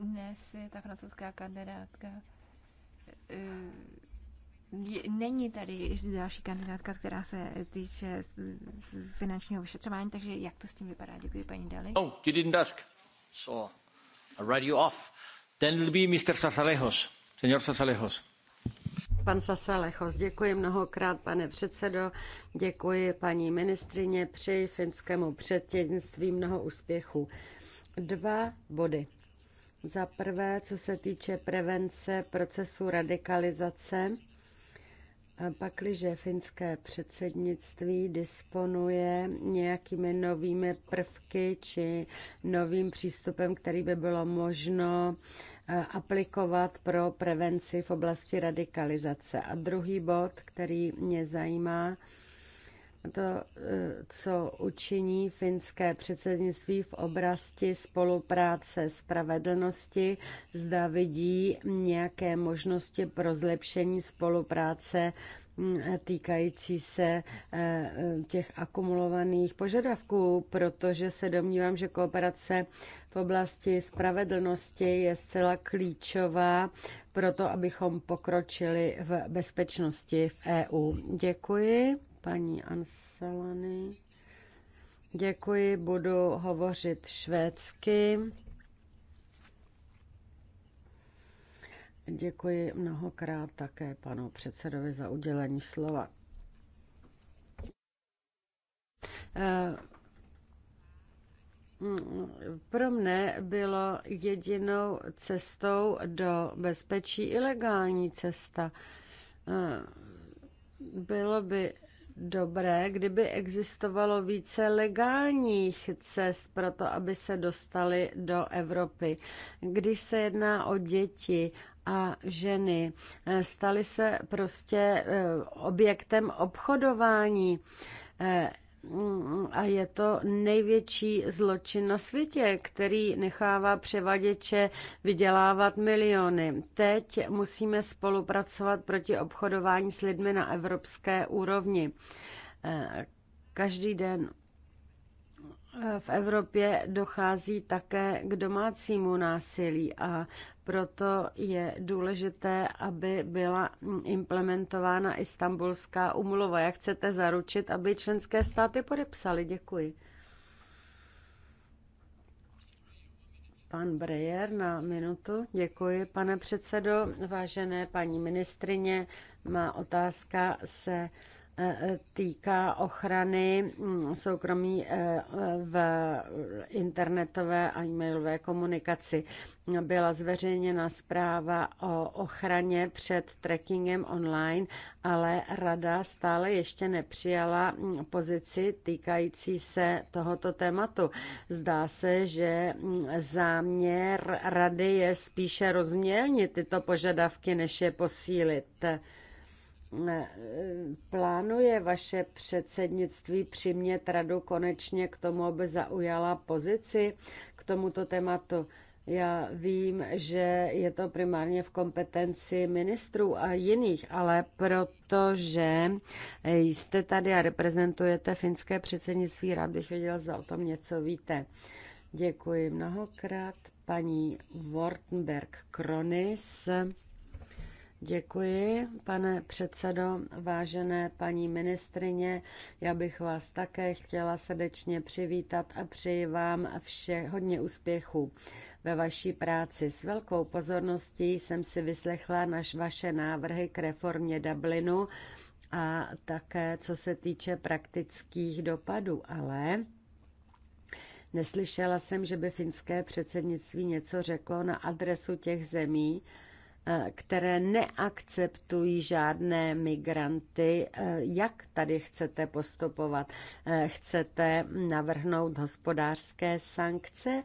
Dnes je ta francouzská kandidátka eh, Není tady další kandidátka, která se týče finančního vyšetřování, takže jak to s tím vypadá? Děkuji, paní Dali.
No, you didn't ask, so I'll write you off. Then it'll be Mr. Sarsalejos.
Pan Sasalechos, děkuji mnohokrát, pane předsedo, děkuji paní ministryni přeji finskému předsednictví mnoho úspěchů. Dva body. Za prvé, co se týče prevence procesu radikalizace, pakliže finské předsednictví disponuje nějakými novými prvky či novým přístupem, který by bylo možno Eh, aplikovat pro prevenci v oblasti radikalizace. A druhý bod, který mě zajímá, to, eh, co učiní finské předsednictví v oblasti spolupráce spravedlnosti, zda vidí nějaké možnosti pro zlepšení spolupráce týkající se eh, eh, těch akumulovaných požadavků, protože se domnívám, že kooperace v oblasti spravedlnosti je zcela klíčová pro to, abychom pokročili v bezpečnosti v EU. Děkuji, paní Anselany. Děkuji, budu hovořit švédsky. Děkuji mnohokrát také panu předsedovi za udělení slova. Eh, pro mne bylo jedinou cestou do bezpečí ilegální cesta. Eh, bylo by dobré, kdyby existovalo více legálních cest pro to, aby se dostali do Evropy. Když se jedná o děti, a ženy e, staly se prostě e, objektem obchodování e, a je to největší zločin na světě, který nechává převaděče vydělávat miliony. Teď musíme spolupracovat proti obchodování s lidmi na evropské úrovni. Každý den v Evropě dochází také k domácímu násilí a proto je důležité, aby byla implementována istambulská umluva. Jak chcete zaručit, aby členské státy podepsaly? Děkuji. Pan Breyer na minutu. Děkuji, pane předsedo. Vážené paní ministrině, má otázka se E, e, týká ochrany mm, soukromí e, v internetové a e-mailové komunikaci. Byla zveřejněna zpráva o ochraně před trackingem online, ale rada stále ještě nepřijala mm, pozici týkající se tohoto tématu. Zdá se, že mm, záměr rady je spíše rozmělnit tyto požadavky, než je posílit. Eh, plánuje vaše předsednictví přimět radu konečně k tomu, aby zaujala pozici k tomuto tématu? Já vím, že je to primárně v kompetenci ministrů a jiných, ale protože jste tady a reprezentujete finské předsednictví, rád bych věděl, zda o tom něco víte. Děkuji mnohokrát paní Wortenberg Kronis. Děkuji, pane předsedo, vážené paní ministrině. Já bych vás také chtěla srdečně přivítat a přeji vám vše hodně úspěchů ve vaší práci. S velkou pozorností jsem si vyslechla naš, vaše návrhy k reformě Dublinu a také co se týče praktických dopadů, ale neslyšela jsem, že by finské předsednictví něco řeklo na adresu těch zemí, Eh, které neakceptují žádné migranty. Eh, jak tady chcete postupovat? Eh, chcete navrhnout hospodářské sankce?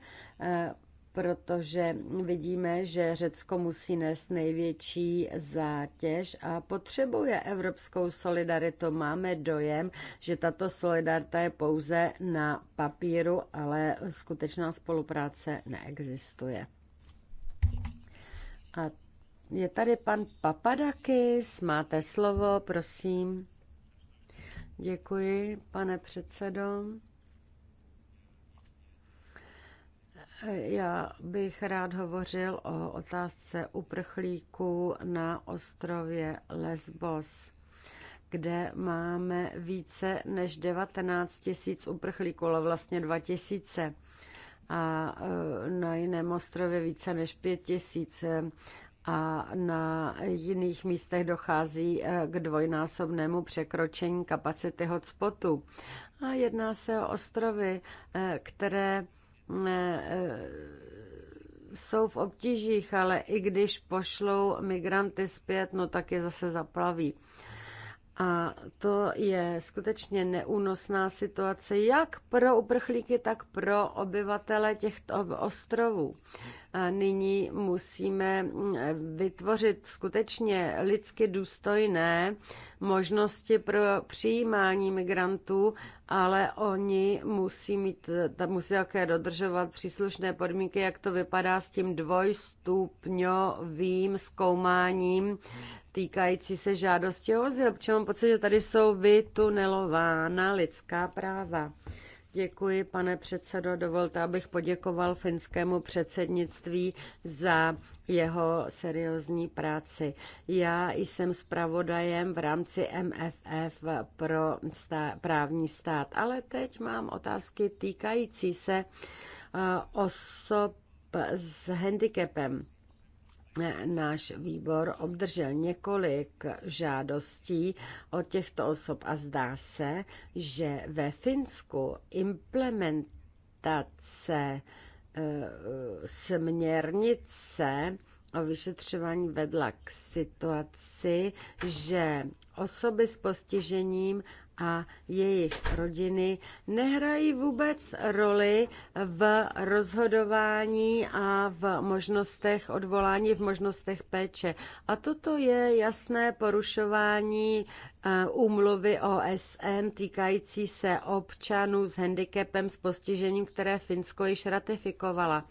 protože vidíme, že Řecko musí nést největší zátěž a potřebuje evropskou solidaritu. Máme dojem, že tato solidarita je pouze na papíru, ale skutečná spolupráce neexistuje. A je tady pan Papadakis, máte slovo, prosím. Děkuji, pane předsedo. Já bych rád hovořil o otázce uprchlíků na ostrově Lesbos, kde máme více než 19 tisíc uprchlíků, ale vlastně 2 tisíce a e, na jiném ostrově více než 5 tisíc a na jiných místech dochází eh, k dvojnásobnému překročení kapacity hotspotu. A jedná se o ostrovy, eh, které mm, eh, jsou v obtížích, ale i když pošlou migranty zpět, no tak je zase zaplaví. A to je skutečně neúnosná situace jak pro uprchlíky, tak pro obyvatele těchto ostrovů nyní musíme mm, vytvořit skutečně lidsky důstojné možnosti pro přijímání migrantů, ale oni musí, mít, musí také dodržovat příslušné podmínky, jak to vypadá s tím dvojstupňovým zkoumáním týkající se žádosti o azyl, protože mám pocit, že tady jsou vytunelována lidská práva. Děkuji, pane předsedo. Dovolte, abych poděkoval finskému předsednictví za jeho seriózní práci. Já jsem zpravodajem v rámci MFF pro stá- právní stát, ale teď mám otázky týkající se eh, osob s handicapem náš výbor obdržel několik žádostí od těchto osob a zdá se, že ve Finsku implementace e, směrnice o vyšetřování vedla k situaci, že osoby s postižením a jejich rodiny nehrají vůbec roli v rozhodování a v možnostech odvolání, v možnostech péče. A toto je jasné porušování eh, úmluvy OSN týkající se občanů s handicapem, s postižením, které Finsko již ratifikovala.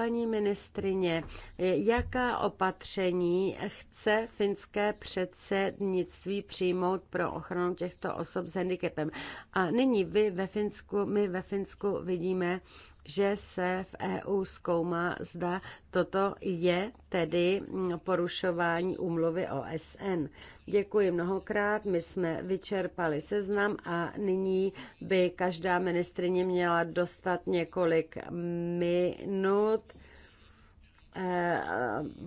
Paní ministrině, jaká opatření chce finské předsednictví přijmout pro ochranu těchto osob s handicapem? A nyní vy ve Finsku, my ve Finsku vidíme, že se v EU zkoumá, zda toto je tedy porušování úmluvy OSN. Děkuji mnohokrát, my jsme vyčerpali seznam a nyní by každá ministrině měla dostat několik minut Eh,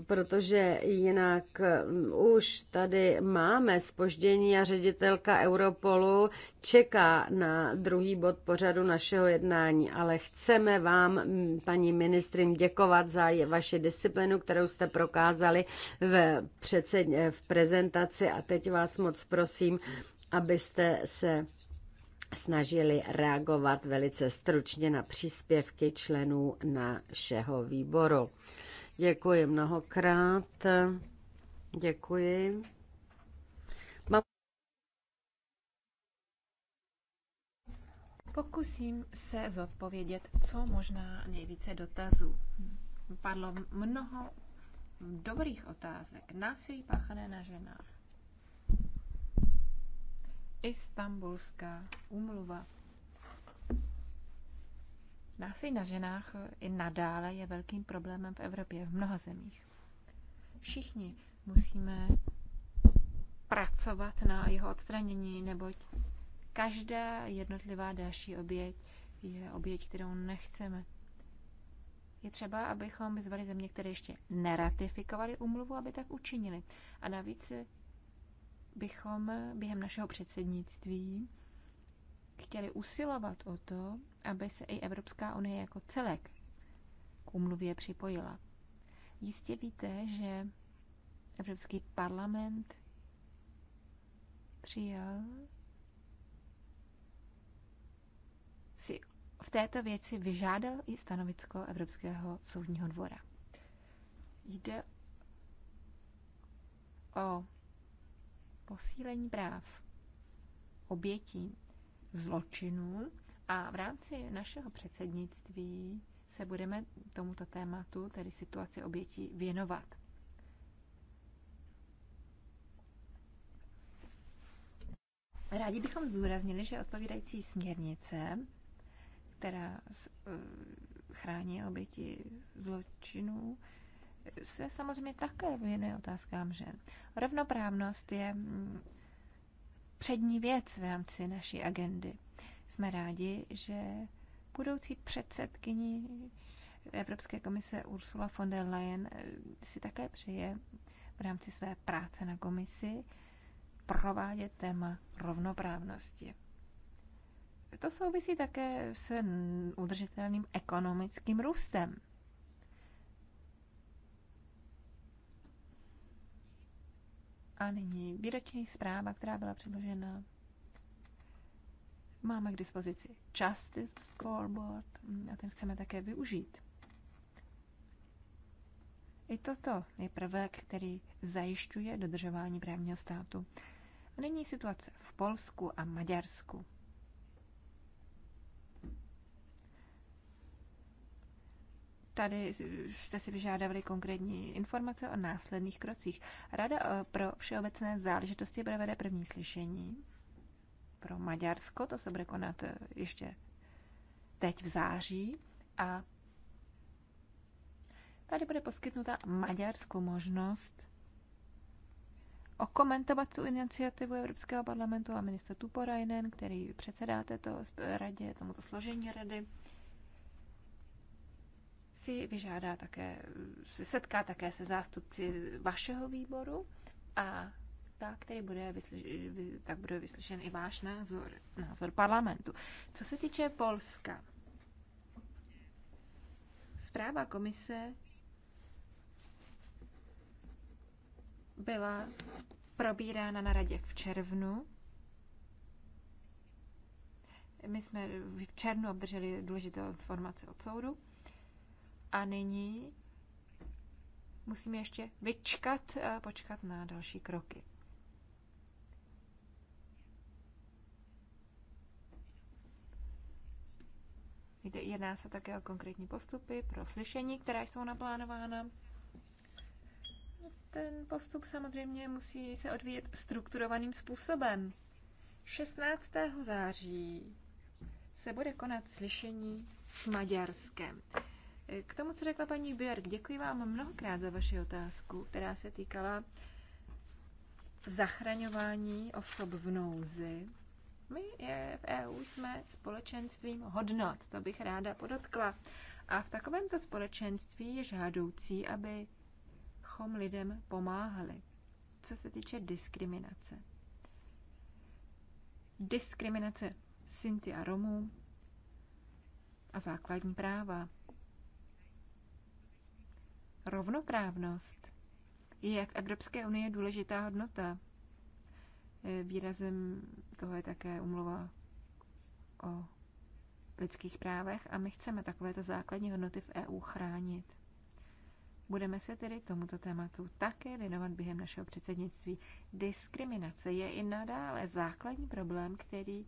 protože jinak mm, už tady máme spoždění a ředitelka Europolu čeká na druhý bod pořadu našeho jednání, ale chceme vám, mm, paní ministrím, děkovat za vaši disciplinu, kterou jste prokázali v, předsed, v prezentaci a teď vás moc prosím, abyste se snažili reagovat velice stručně na příspěvky členů našeho výboru. Děkuji mnohokrát. Děkuji.
Pokusím se zodpovědět co možná nejvíce dotazů. Padlo mnoho dobrých otázek. Násilí páchané na ženách. Istanbulská umluva. Násilí na ženách i nadále je velkým problémem v Evropě, v mnoha zemích. Všichni musíme pracovat na jeho odstranění, neboť každá jednotlivá další oběť je oběť, kterou nechceme. Je třeba, abychom vyzvali země, které ještě neratifikovaly umluvu, aby tak učinili. A navíc bychom během našeho předsednictví chtěli usilovat o to, aby se i Evropská unie jako celek k umluvě připojila. Jistě víte, že Evropský parlament přijal si v této věci vyžádal i stanovisko Evropského soudního dvora. Jde o posílení práv obětí zločinů. A v rámci našeho předsednictví se budeme tomuto tématu, tedy situaci obětí, věnovat. Rádi bychom zdůraznili, že odpovídající směrnice, která e, chrání oběti zločinů, se samozřejmě také věnuje otázkám žen. Rovnoprávnost je mm, přední věc v rámci naší agendy. Jsme rádi, že budoucí předsedkyni Evropské komise Ursula von der Leyen eh, si také přeje v rámci své práce na komisi provádět téma rovnoprávnosti. To souvisí také s udržitelným ekonomickým růstem. A nyní výroční zpráva, která byla předložena. Máme k dispozici Justice Scoreboard a ten chceme také využít. I toto je prvek, který zajišťuje dodržování právního státu. nyní situace v Polsku a Maďarsku. Tady jste si vyžádali konkrétní informace o následných krocích. Rada eh, pro všeobecné záležitosti provede první slyšení pro Maďarsko, to se bude konat eh, ještě teď v září a tady bude poskytnuta Maďarsku možnost okomentovat tu iniciativu Evropského parlamentu a ministra Tuporajnen, který předsedá této radě, tomuto složení rady si vyžádá také, setká také se zástupci vašeho výboru a tak, který bude vyslyš, tak bude vyslyšen i váš názor, názor parlamentu. Co se týče Polska, zpráva komise byla probírána na radě v červnu. My jsme v červnu obdrželi důležité informace od soudu. A nyní musíme ještě vyčkat a eh, počkat na další kroky. Jedná se také o konkrétní postupy pro slyšení, která jsou naplánována. Ten postup samozřejmě musí se odvíjet strukturovaným způsobem. 16. září se bude konat slyšení s Maďarskem. K tomu, co řekla paní Björk, děkuji vám mnohokrát za vaši otázku, která se týkala zachraňování osob v nouzi. My je v EU jsme společenstvím hodnot, to bych ráda podotkla. A v takovémto společenství je žádoucí, aby chom lidem pomáhali. Co se týče diskriminace. Diskriminace Sinti a Romů a základní práva. Rovnoprávnost je v Evropské unii důležitá hodnota. E, výrazem toho je také umluva o lidských právech a my chceme takovéto základní hodnoty v EU chránit. Budeme se tedy tomuto tématu také věnovat během našeho předsednictví. Diskriminace je i nadále základní problém, který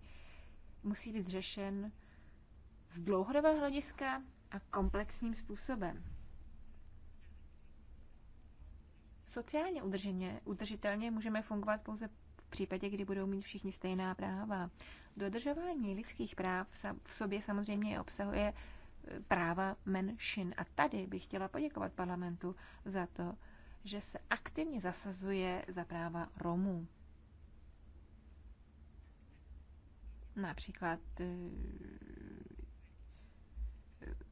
musí být řešen z dlouhodobého hlediska a komplexním způsobem. Sociálně udrženě, udržitelně můžeme fungovat pouze v případě, kdy budou mít všichni stejná práva. Dodržování lidských práv v sobě samozřejmě obsahuje eh, práva menšin. A tady bych chtěla poděkovat parlamentu za to, že se aktivně zasazuje za práva Romů. Například eh,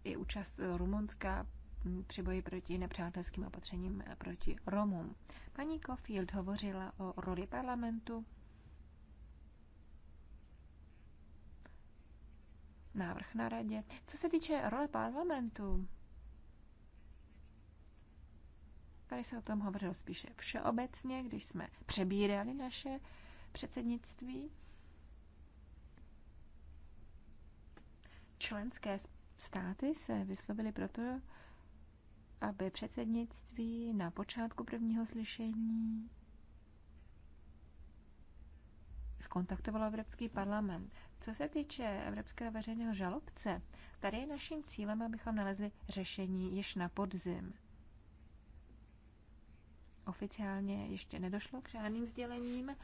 je účast Rumunska při boji proti nepřátelským opatřením proti Romům. Paní Cofield hovořila o roli parlamentu. Návrh na radě. Co se týče role parlamentu, tady se o tom hovořilo spíše všeobecně, když jsme přebírali naše předsednictví. Členské státy se vyslovily proto, aby předsednictví na počátku prvního slyšení skontaktovalo Evropský parlament. Co se týče Evropského veřejného žalobce, tady je naším cílem, abychom nalezli řešení již na podzim. Oficiálně ještě nedošlo k žádným sdělením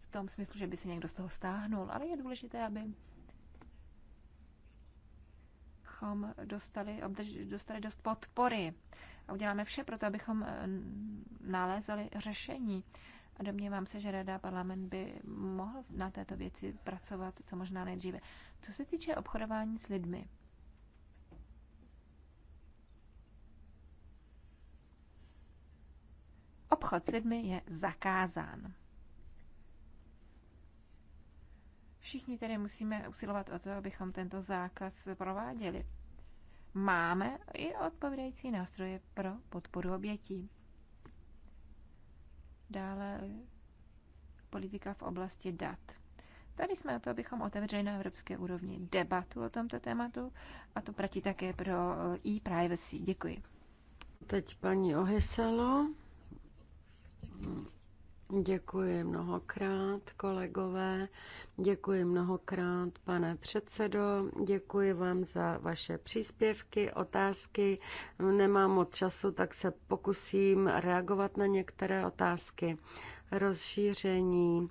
v tom smyslu, že by se někdo z toho stáhnul, ale je důležité, aby abychom dostali, obdrž, dostali dost podpory. A uděláme vše pro to, abychom eh, nalézali řešení. A domnívám se, že Rada parlament by mohl na této věci pracovat co možná nejdříve. Co se týče obchodování s lidmi, obchod s lidmi je zakázán. Všichni tedy musíme usilovat o to, abychom tento zákaz prováděli. Máme i odpovídající nástroje pro podporu obětí. Dále politika v oblasti dat. Tady jsme o to, abychom otevřeli na evropské úrovni debatu o tomto tématu a to platí také pro
eh, e-privacy. Děkuji. Teď paní Ohyselo. Děkuji mnohokrát, kolegové. Děkuji mnohokrát, pane předsedo. Děkuji vám za vaše příspěvky, otázky. Nemám moc času, tak se pokusím reagovat na některé otázky. Rozšíření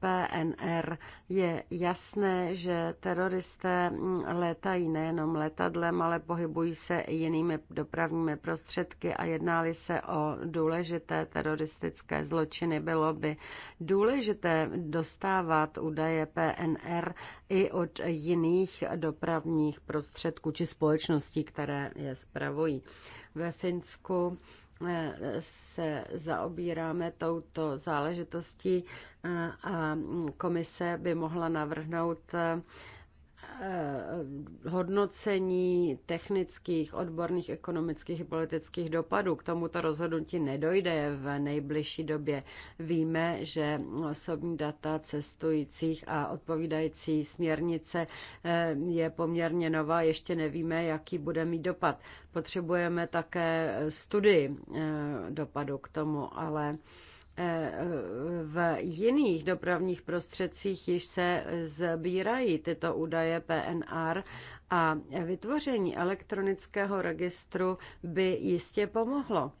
PNR, je jasné, že teroristé létají nejenom letadlem, ale pohybují se i jinými dopravními prostředky a jednáli se o důležité teroristické zločiny. Bylo by důležité dostávat údaje PNR i od jiných dopravních prostředků či společností, které je spravují. Ve Finsku se zaobíráme touto záležitostí eh, a komise by mohla navrhnout eh, Eh, hodnocení technických, odborných, ekonomických i politických dopadů. K tomuto rozhodnutí nedojde v nejbližší době. Víme, že osobní data cestujících a odpovídající směrnice eh, je poměrně nová, ještě nevíme, jaký bude mít dopad. Potřebujeme také studii eh, dopadu k tomu, ale Eh, eh, v jiných dopravních prostředcích již se sbírají tyto údaje PNR a vytvoření elektronického registru by jistě pomohlo.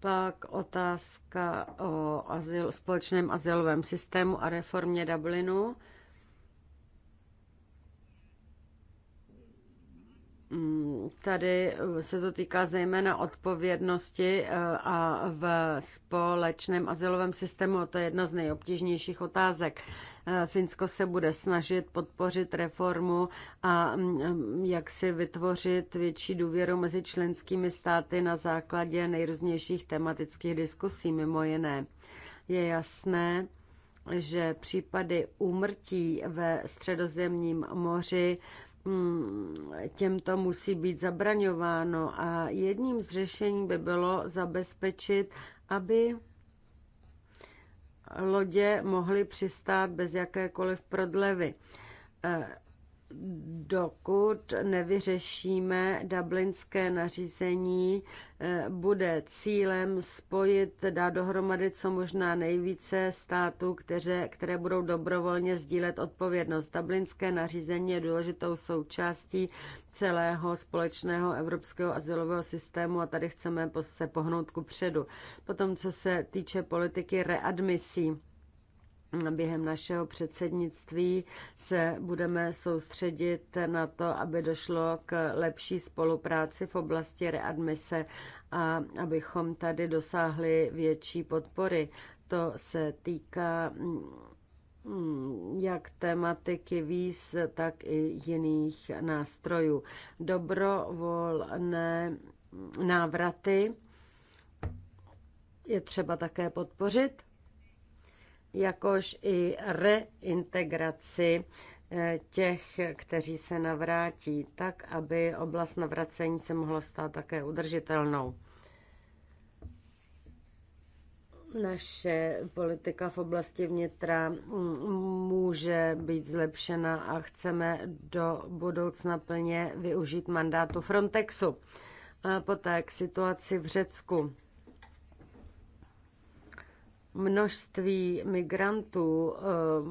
Pak otázka o azyl, společném azylovém systému a reformě Dublinu. Mm, tady eh, se to týká zejména odpovědnosti eh, a v společném asilovém systému. To je jedna z nejobtížnějších otázek. Eh, Finsko se bude snažit podpořit reformu a mm, mm, jak si vytvořit větší důvěru mezi členskými státy na základě nejrůznějších tematických diskusí, mimo jiné. Je jasné, že případy úmrtí ve středozemním moři Mm, těmto musí být zabraňováno a jedním z řešení by bylo zabezpečit, aby lodě mohly přistát bez jakékoliv prodlevy. Eh, dokud nevyřešíme dublinské nařízení, eh, bude cílem spojit, dát dohromady co možná nejvíce států, které, které budou dobrovolně sdílet odpovědnost. Dublinské nařízení je důležitou součástí celého společného evropského asilového systému a tady chceme se pohnout ku předu. Potom, co se týče politiky readmisí, během našeho předsednictví se budeme soustředit na to, aby došlo k lepší spolupráci v oblasti readmise a abychom tady dosáhli větší podpory. To se týká mm, jak tematiky víz, tak i jiných nástrojů. Dobrovolné návraty je třeba také podpořit jakož i reintegraci eh, těch, kteří se navrátí, tak, aby oblast navracení se mohla stát také udržitelnou. Naše politika v oblasti vnitra mm, může být zlepšena a chceme do budoucna plně využít mandátu Frontexu. Poté k situaci v Řecku množství migrantů eh,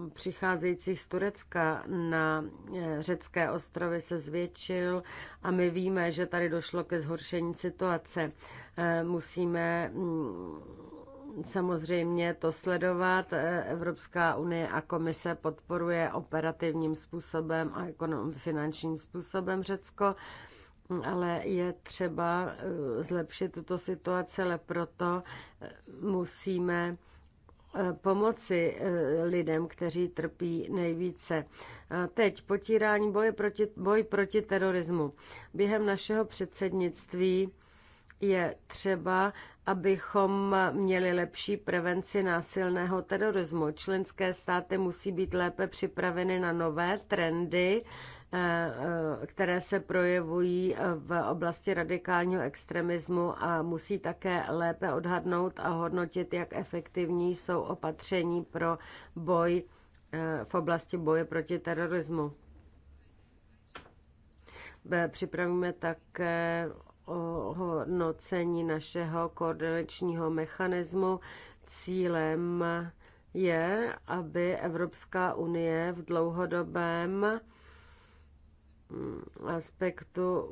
přicházejících z Turecka na eh, řecké ostrovy se zvětšil a my víme, že tady došlo ke zhoršení situace. Eh, musíme mm, samozřejmě to sledovat. Evropská unie a komise podporuje operativním způsobem a finančním způsobem Řecko, ale je třeba zlepšit tuto situaci, ale proto musíme Eh, pomoci eh, lidem, kteří trpí nejvíce. teď potírání boje proti, boj proti terorismu. Během našeho předsednictví je třeba, abychom měli lepší prevenci násilného terorismu. Členské státy musí být lépe připraveny na nové trendy Eh, eh, které se projevují eh, v oblasti radikálního extremismu a musí také lépe odhadnout a hodnotit, jak efektivní jsou opatření pro boj v oblasti boje proti terorismu. Připravíme také hodnocení našeho koordinačního mechanismu. Cílem je, aby Evropská unie v dlouhodobém aspektu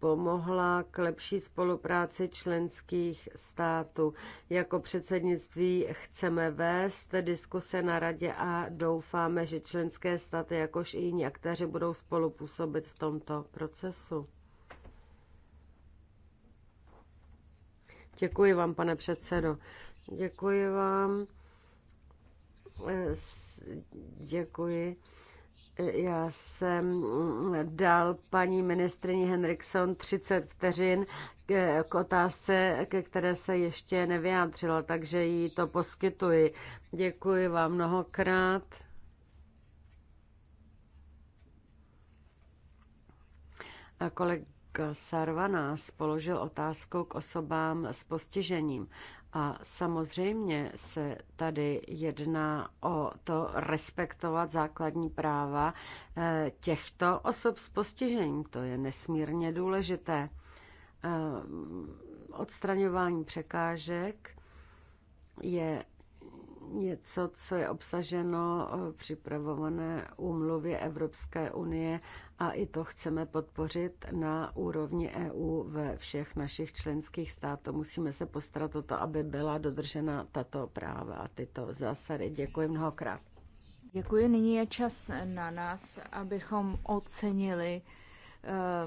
pomohla k lepší spolupráci členských států. Jako předsednictví chceme vést diskuse na radě a doufáme, že členské státy, jakož i někteří, budou spolupůsobit v tomto procesu. Děkuji vám, pane předsedo. Děkuji vám. Děkuji. Já jsem dal paní ministrině Henriksson 30 vteřin k, otázce, ke které se ještě nevyjádřila, takže jí to poskytuji. Děkuji vám mnohokrát. A kolega Sarva nás položil otázku k osobám s postižením. A samozřejmě se tady jedná o to respektovat základní práva eh, těchto osob s postižením. To je nesmírně důležité. Eh, odstraňování překážek je něco, co je obsaženo v eh, připravované úmluvě Evropské unie a i to chceme podpořit na úrovni EU ve všech našich členských států. Musíme se postarat o to, aby byla dodržena tato práva a tyto zásady. Děkuji mnohokrát.
Děkuji. Nyní je čas na nás, abychom ocenili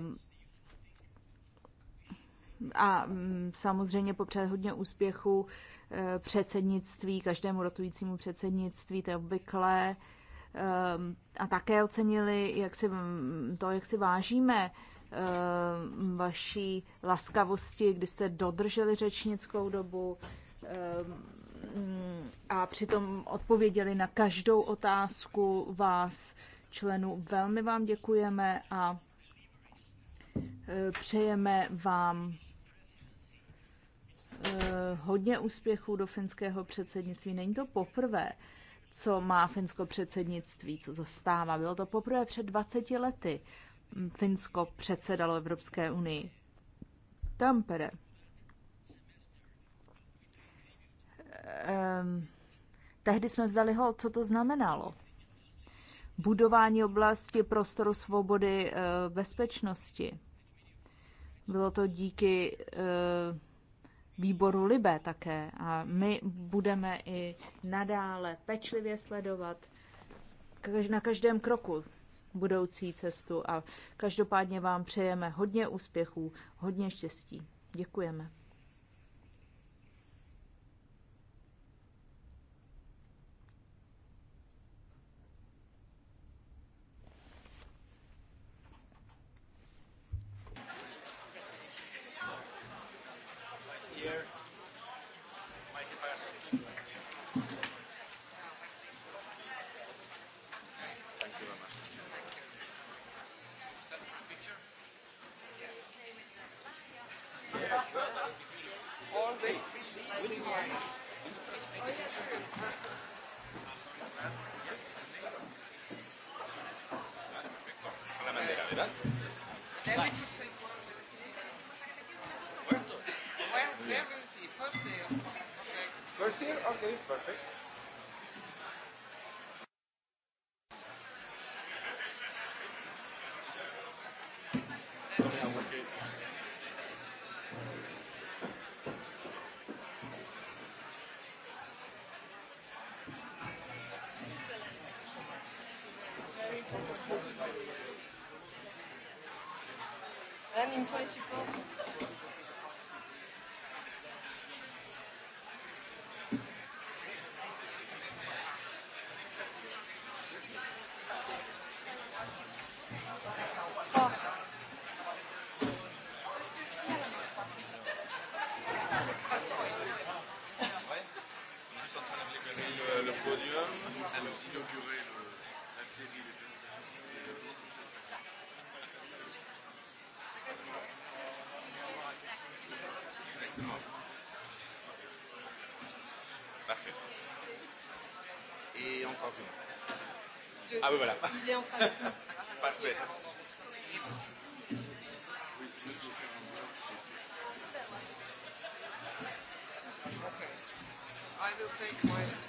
um, a mm, samozřejmě popřát hodně úspěchu předsednictví, každému rotujícímu předsednictví, to je obvyklé. Um, a také ocenili jak si, to, jak si vážíme um, vaší laskavosti, kdy jste dodrželi řečnickou dobu um, a přitom odpověděli na každou otázku vás, členů. Velmi vám děkujeme a eh, přejeme vám Eh, hodně úspěchů do finského předsednictví. Není to poprvé, co má finsko předsednictví, co zastává. Bylo to poprvé před 20 lety. Hm, finsko předsedalo Evropské unii. Tampere. Um, tehdy jsme vzdali ho, co to znamenalo. Budování oblasti prostoru svobody, eh, bezpečnosti. Bylo to díky eh, výboru Libé také. A my budeme i nadále pečlivě sledovat na každém kroku budoucí cestu a každopádně vám přejeme hodně úspěchů, hodně štěstí. Děkujeme.
Anne, il me faut
en train De ah oui, voilà. Il est en train de Parfait. I will take my...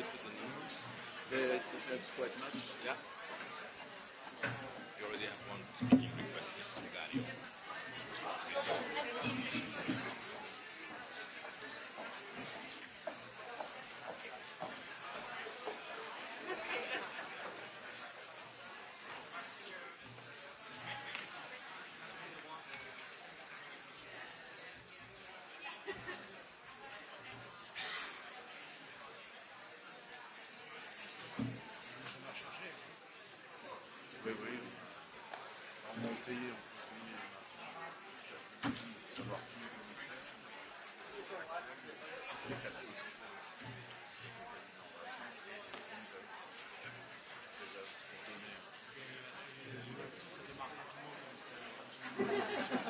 bit with the numbers? Uh, it helps quite much, yeah. You already have one speaking. essayer. Thank
you.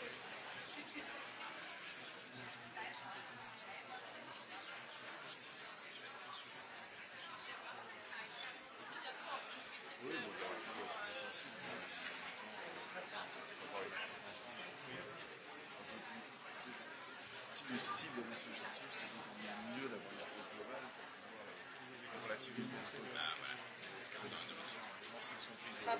difficile d'aller sur l'objectif, c'est beaucoup mieux d'avoir une globale pour relativiser un peu. Bah, voilà. Dans une dimension, je pense qu'ils sont dans une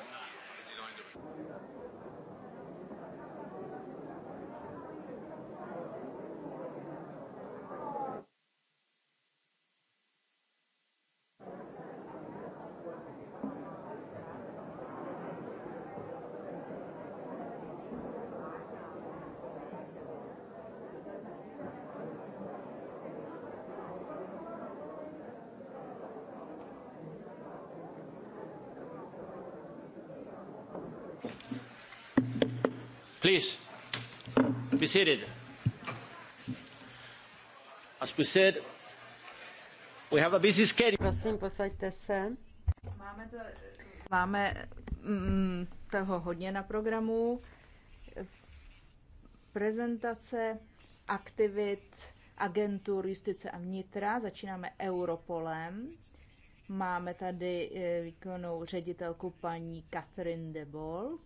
Prosím, posaďte se. Máme, to, máme
mm, toho hodně na programu. Prezentace aktivit agentur justice a vnitra. Začínáme Europolem. Máme tady eh, výkonnou ředitelku paní Catherine de Boll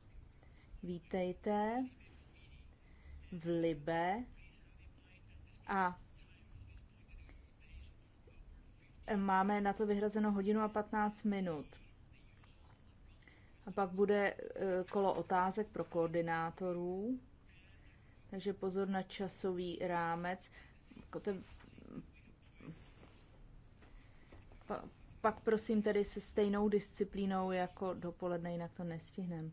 Vítejte v Libe a máme na to vyhrazeno hodinu a 15 minut. A pak bude e, kolo otázek pro koordinátorů, takže pozor na časový rámec. Jako pak prosím tedy se stejnou disciplínou jako dopoledne, jinak to nestihneme.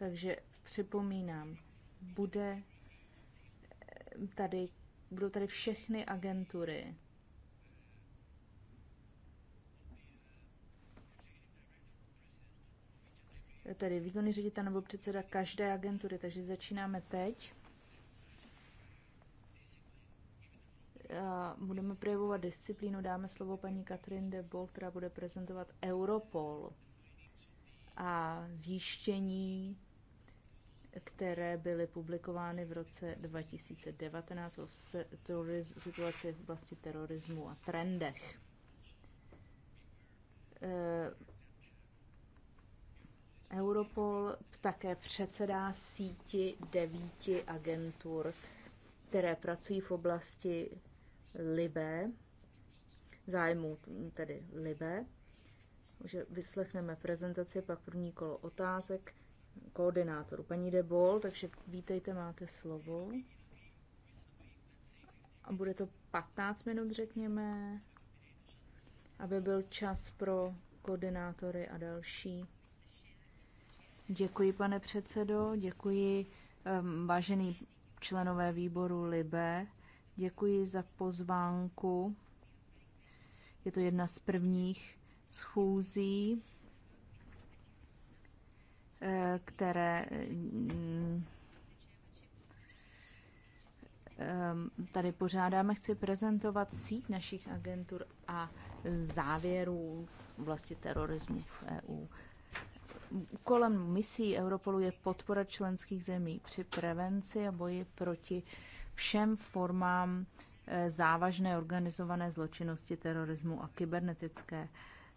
Takže připomínám, bude eh, tady, budou tady všechny agentury. Tady výkonný ředitel nebo předseda každé agentury, takže začínáme teď. A budeme projevovat disciplínu. Dáme slovo paní Katrin de Bol, která bude prezentovat Europol a zjištění které byly publikovány v roce 2019 o situaci v oblasti terorismu a trendech. Eh, Europol také předsedá síti devíti agentur, které pracují v oblasti Libé, zájmu tedy Libé. vyslechneme prezentaci, pak první kolo otázek Koordinátoru, Paní Debol, takže vítejte, máte slovo. A bude to 15 minut, řekněme, aby byl čas pro koordinátory a další. Děkuji, pane předsedo, děkuji, um, ehm, vážený členové výboru LIBE, děkuji za pozvánku. Je to jedna z prvních schůzí které eh, tady pořádáme. Chci prezentovat síť našich agentur a závěrů oblasti terorismu v EU. Úkolem misí Europolu je podpora členských zemí při prevenci a boji proti všem formám eh, závažné organizované zločinnosti, terorismu a kybernetické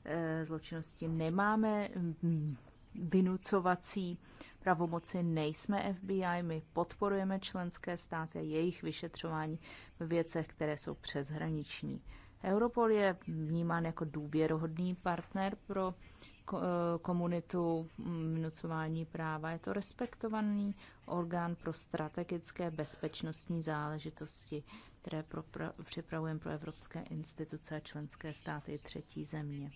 eh, zločinnosti. Nemáme hm, vynucovací pravomoci nejsme FBI, my podporujeme členské státy a jejich vyšetřování v věcech, které jsou přeshraniční. Europol je vnímán jako důvěrohodný partner pro eh, komunitu vnucování práva. Je to respektovaný orgán pro strategické bezpečnostní záležitosti, které pro, pro, připravujeme pro evropské instituce a členské státy třetí země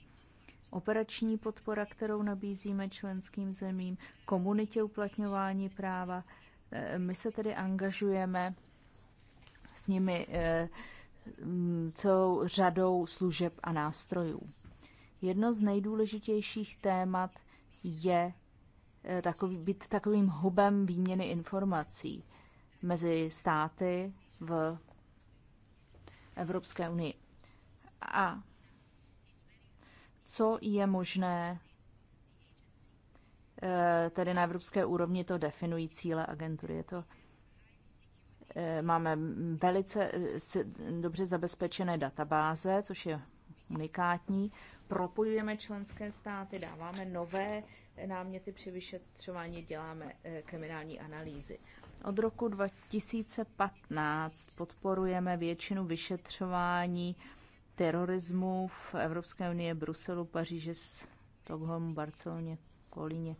operační podpora, kterou nabízíme členským zemím, komunitě uplatňování práva. Eh, my se tedy angažujeme s nimi eh, mm, celou řadou služeb a nástrojů. Jedno z nejdůležitějších témat je eh, takový, být takovým hubem výměny informací mezi státy v Evropské unii. A co je možné eh, tedy na evropské úrovni to definují cíle agentury. Je to, eh, máme velice eh, dobře zabezpečené databáze, což je unikátní. Propojujeme členské státy, dáváme nové náměty při vyšetřování, děláme kriminální analýzy. Od roku 2015 podporujeme většinu vyšetřování terorismu v Evropské unii, Bruselu, Paříži, Stockholmu, Barceloně, Kolíně.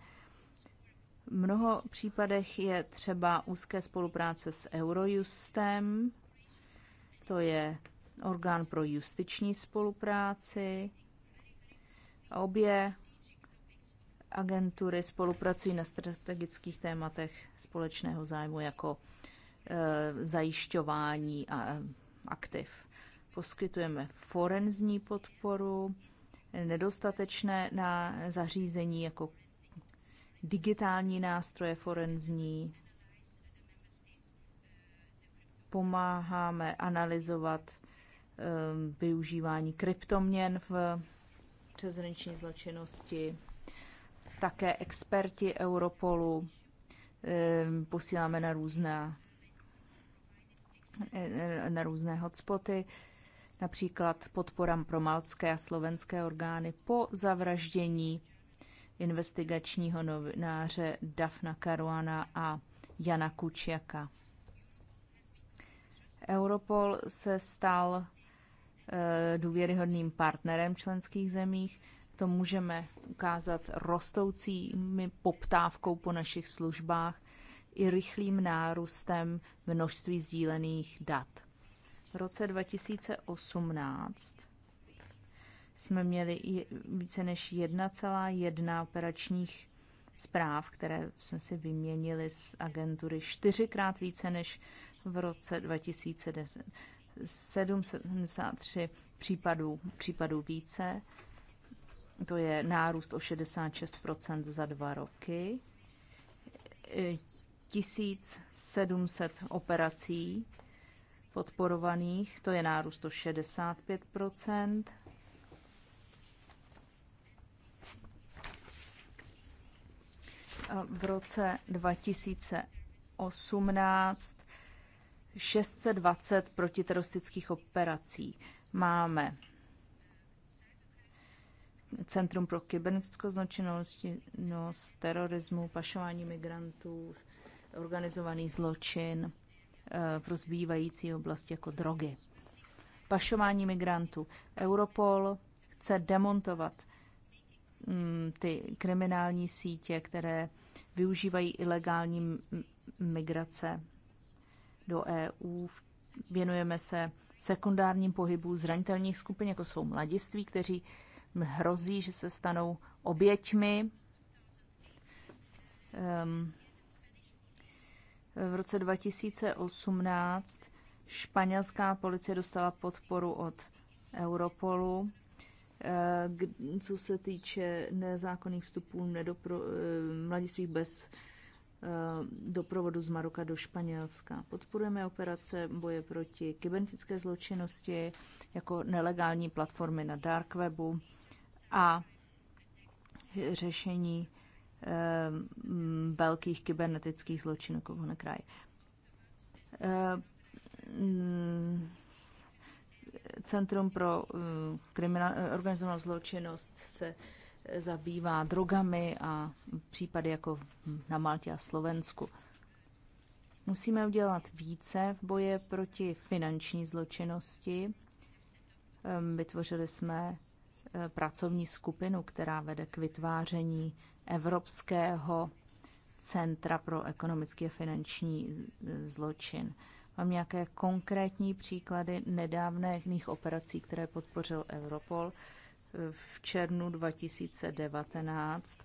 V mnoho případech je třeba úzké spolupráce s Eurojustem, to je orgán pro justiční spolupráci. Obě agentury spolupracují na strategických tématech společného zájmu jako e, zajišťování a, eh, aktiv poskytujeme forenzní podporu, nedostatečné na zařízení jako digitální nástroje forenzní. Pomáháme analyzovat ehm, využívání kryptoměn v přezranční zločinnosti. Také experti Europolu ehm, posíláme na různé e, e, na různé hotspoty například podporám pro malcké a slovenské orgány po zavraždění investigačního novináře Dafna Karuana a Jana Kučiaka. Europol se stal eh, důvěryhodným partnerem členských zemích. To můžeme ukázat rostoucími poptávkou po našich službách i rychlým nárůstem množství sdílených dat. V roce 2018 jsme měli více než 1,1 operačních zpráv, které jsme si vyměnili z agentury čtyřikrát více než v roce 2010. 73 případů, případů více, to je nárůst o 66 za dva roky. 1700 e, operací podporovaných, to je nárůst o 65 V roce 2018 620 protiteroristických operací máme. Centrum pro kybernetickou zločinnost, terorismu, pašování migrantů, organizovaný zločin, Eh, pro zbývající oblasti jako drogy. Pašování migrantů. Europol chce demontovat mm, ty kriminální sítě, které využívají ilegální migrace do EU. Věnujeme se sekundárním pohybu zranitelných skupin, jako jsou mladiství, kteří hrozí, že se stanou oběťmi. Um, v roce 2018 španělská policie dostala podporu od Europolu, eh, co se týče nezákonných vstupů nedopro, eh, mladistvých bez eh, doprovodu z Maroka do Španělska. Podporujeme operace boje proti kybernetické zločinnosti jako nelegální platformy na dark webu a řešení Eh, velkých kybernetických zločinů jako na kraji. Eh, mm, Centrum pro eh, kriminal, organizovanou zločinnost se zabývá drogami a případy jako na Maltě a Slovensku. Musíme udělat více v boje proti finanční zločinnosti. Ehm, vytvořili jsme pracovní skupinu, která vede k vytváření Evropského centra pro ekonomický a finanční zločin. Mám nějaké konkrétní příklady nedávných operací, které podpořil Europol v červnu 2019.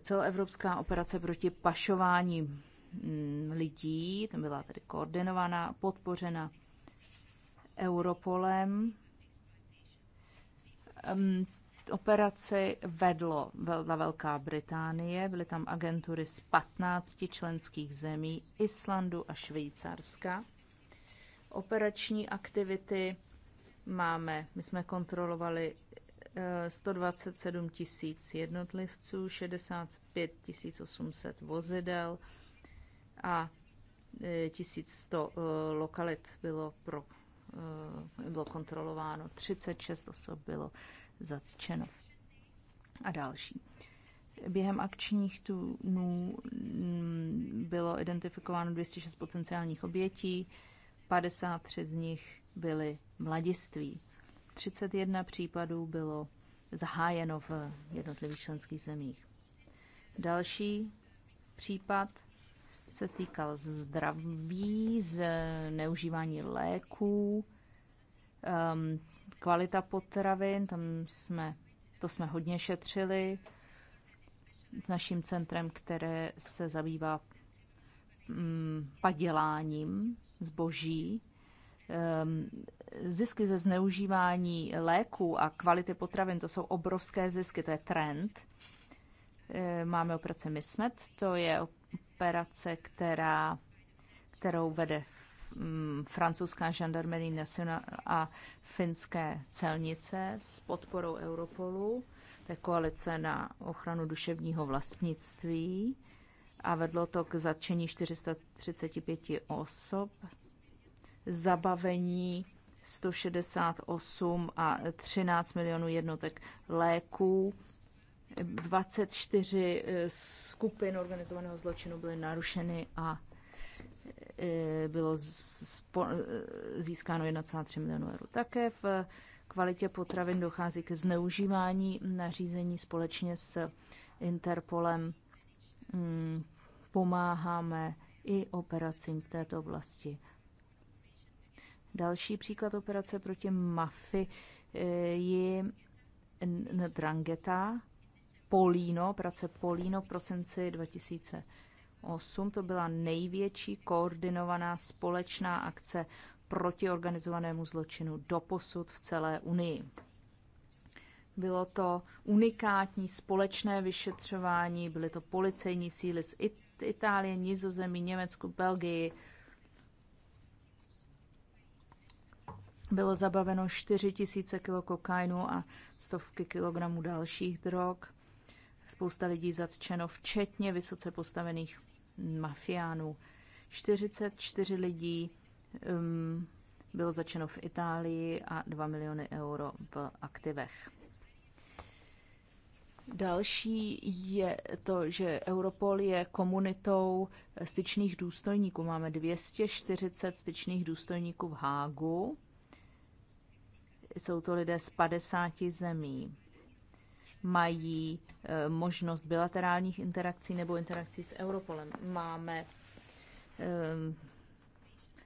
Celoevropská operace proti pašování mm, lidí, tam byla tedy koordinovaná, podpořena Europolem operaci vedlo na Velká Británie, byly tam agentury z 15 členských zemí, Islandu a Švýcarska. Operační aktivity máme, my jsme kontrolovali 127 eh, tisíc jednotlivců, 65 800 vozidel a 1100 eh, eh, lokalit bylo, pro, bylo kontrolováno, 36 osob bylo zatčeno. A další. Během akčních tunů mm, bylo identifikováno 206 potenciálních obětí, 53 z nich byly mladiství. 31 případů bylo zahájeno v jednotlivých členských zemích. Další případ se týkal zdraví, z neužívání léků, um, Kvalita potravin, tam jsme, to jsme hodně šetřili s naším centrem, které se zabývá mm, paděláním zboží. Ehm, zisky ze zneužívání léků a kvality potravin, to jsou obrovské zisky, to je trend. Ehm, máme operaci MISMET, to je operace, která, kterou vede Mm, francouzská žandarmerie nacional a finské celnice s podporou Europolu, té koalice na ochranu duševního vlastnictví a vedlo to k zatčení 435 osob, zabavení 168 a 13 milionů jednotek léků, 24 eh, skupin organizovaného zločinu byly narušeny a E, bylo e, získáno 1,3 milionů eur. Také v kvalitě potravin dochází ke zneužívání nařízení společně s Interpolem. Hmm, pomáháme i operacím v této oblasti. Další příklad operace proti mafii e, je Drangeta, Polino. operace Polino v prosinci 2000 2008 to byla největší koordinovaná společná akce proti organizovanému zločinu doposud v celé Unii. Bylo to unikátní společné vyšetřování, byly to policejní síly z It- Itálie, Nizozemí, Německu, Belgii. Bylo zabaveno 4 000 kg kokainu a stovky kilogramů dalších drog. Spousta lidí zatčeno, včetně vysoce postavených mafiánů. 44 lidí um, bylo začeno v Itálii a 2 miliony euro v aktivech. Další je to, že Europol je komunitou styčných důstojníků. Máme 240 styčných důstojníků v Hágu. Jsou to lidé z 50 zemí mají eh, možnost bilaterálních interakcí nebo interakcí s Europolem. Máme eh,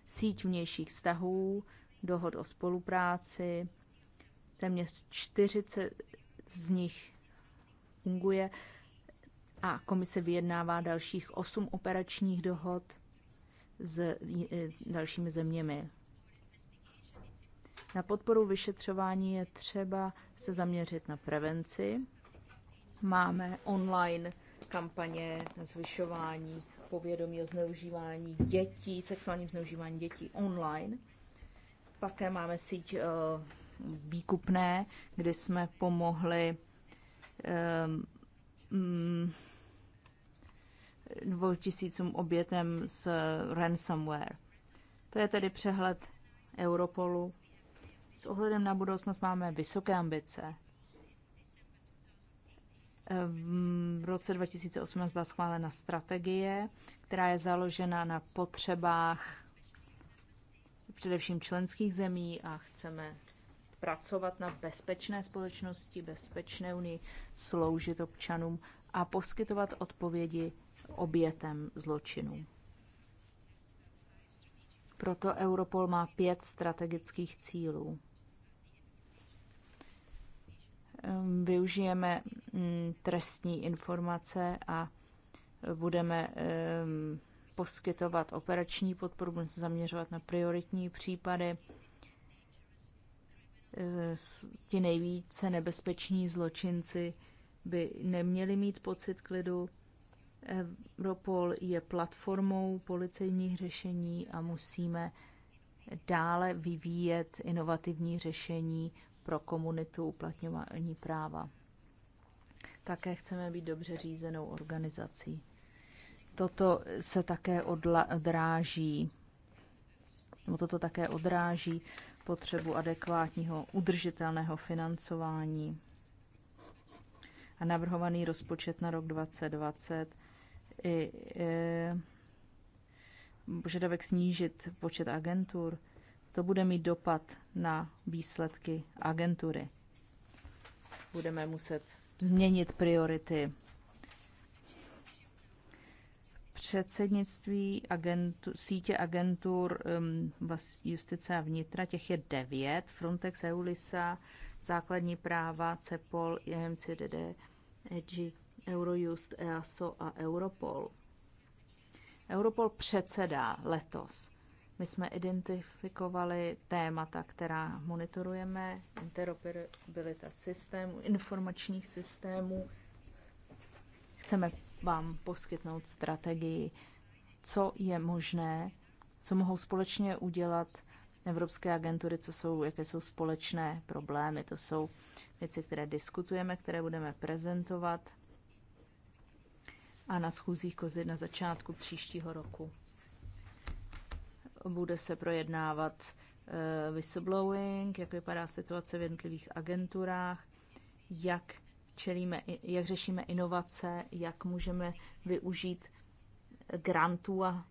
síť vnějších vztahů, dohod o spolupráci, téměř 40 z nich funguje a komise vyjednává dalších 8 operačních dohod s eh, dalšími zeměmi. Na podporu vyšetřování je třeba se zaměřit na prevenci. Máme online kampaně na zvyšování povědomí o zneužívání dětí, sexuálním zneužívání dětí online. Pak máme síť uh, výkupné, kdy jsme pomohli um, dvou tisícům obětem z ransomware. To je tedy přehled Europolu s ohledem na budoucnost máme vysoké ambice. V roce 2018 byla schválena strategie, která je založena na potřebách především členských zemí a chceme pracovat na bezpečné společnosti, bezpečné unii, sloužit občanům a poskytovat odpovědi obětem zločinů. Proto Europol má pět strategických cílů využijeme mm, trestní informace a budeme poskytovat operační podporu, budeme se zaměřovat na prioritní případy. E, ti nejvíce nebezpeční zločinci by neměli mít pocit klidu. Europol je platformou policejních řešení a musíme dále vyvíjet inovativní řešení pro komunitu uplatňování práva. Také chceme být dobře řízenou organizací. Toto se také odráží, no toto také odráží potřebu adekvátního udržitelného financování. A navrhovaný rozpočet na rok 2020 i i, požadavek snížit počet agentur to bude mít dopad na výsledky agentury. Budeme muset změnit priority. Předsednictví agentu, sítě agentur um, justice a vnitra, těch je devět. Frontex, EULISA, základní práva, CEPOL, EMCDD, EGI, Eurojust, EASO a Europol. Europol předsedá letos. My jsme identifikovali témata, která monitorujeme, interoperabilita systémů, informačních systémů. Chceme vám poskytnout strategii, co je možné, co mohou společně udělat evropské agentury, co jsou, jaké jsou společné problémy. To jsou věci, které diskutujeme, které budeme prezentovat a na schůzích kozy na začátku příštího roku bude se projednávat eh, whistleblowing, jak vypadá situace v jednotlivých agenturách, jak čelíme, jak řešíme inovace, jak můžeme využít grantů a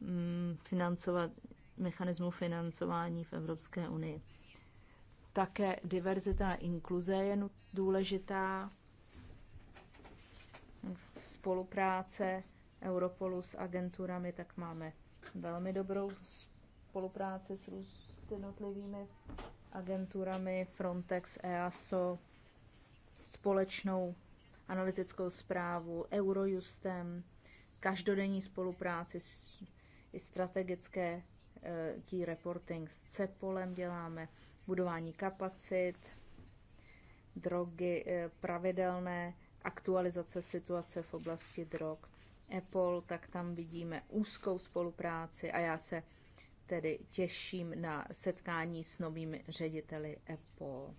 mm, financovat mechanismu financování v Evropské unii. Také diverzita a inkluze je důležitá. Spolupráce Europolu s agenturami, tak máme velmi dobrou spolupráci s, s jednotlivými agenturami Frontex, EASO, společnou analytickou zprávu, Eurojustem, každodenní spolupráci s, i strategické e, tí reporting s CEPOLem děláme, budování kapacit, drogy, e, pravidelné aktualizace situace v oblasti drog. Apple, tak tam vidíme úzkou spolupráci a já se tedy těším na setkání s novými řediteli Apple.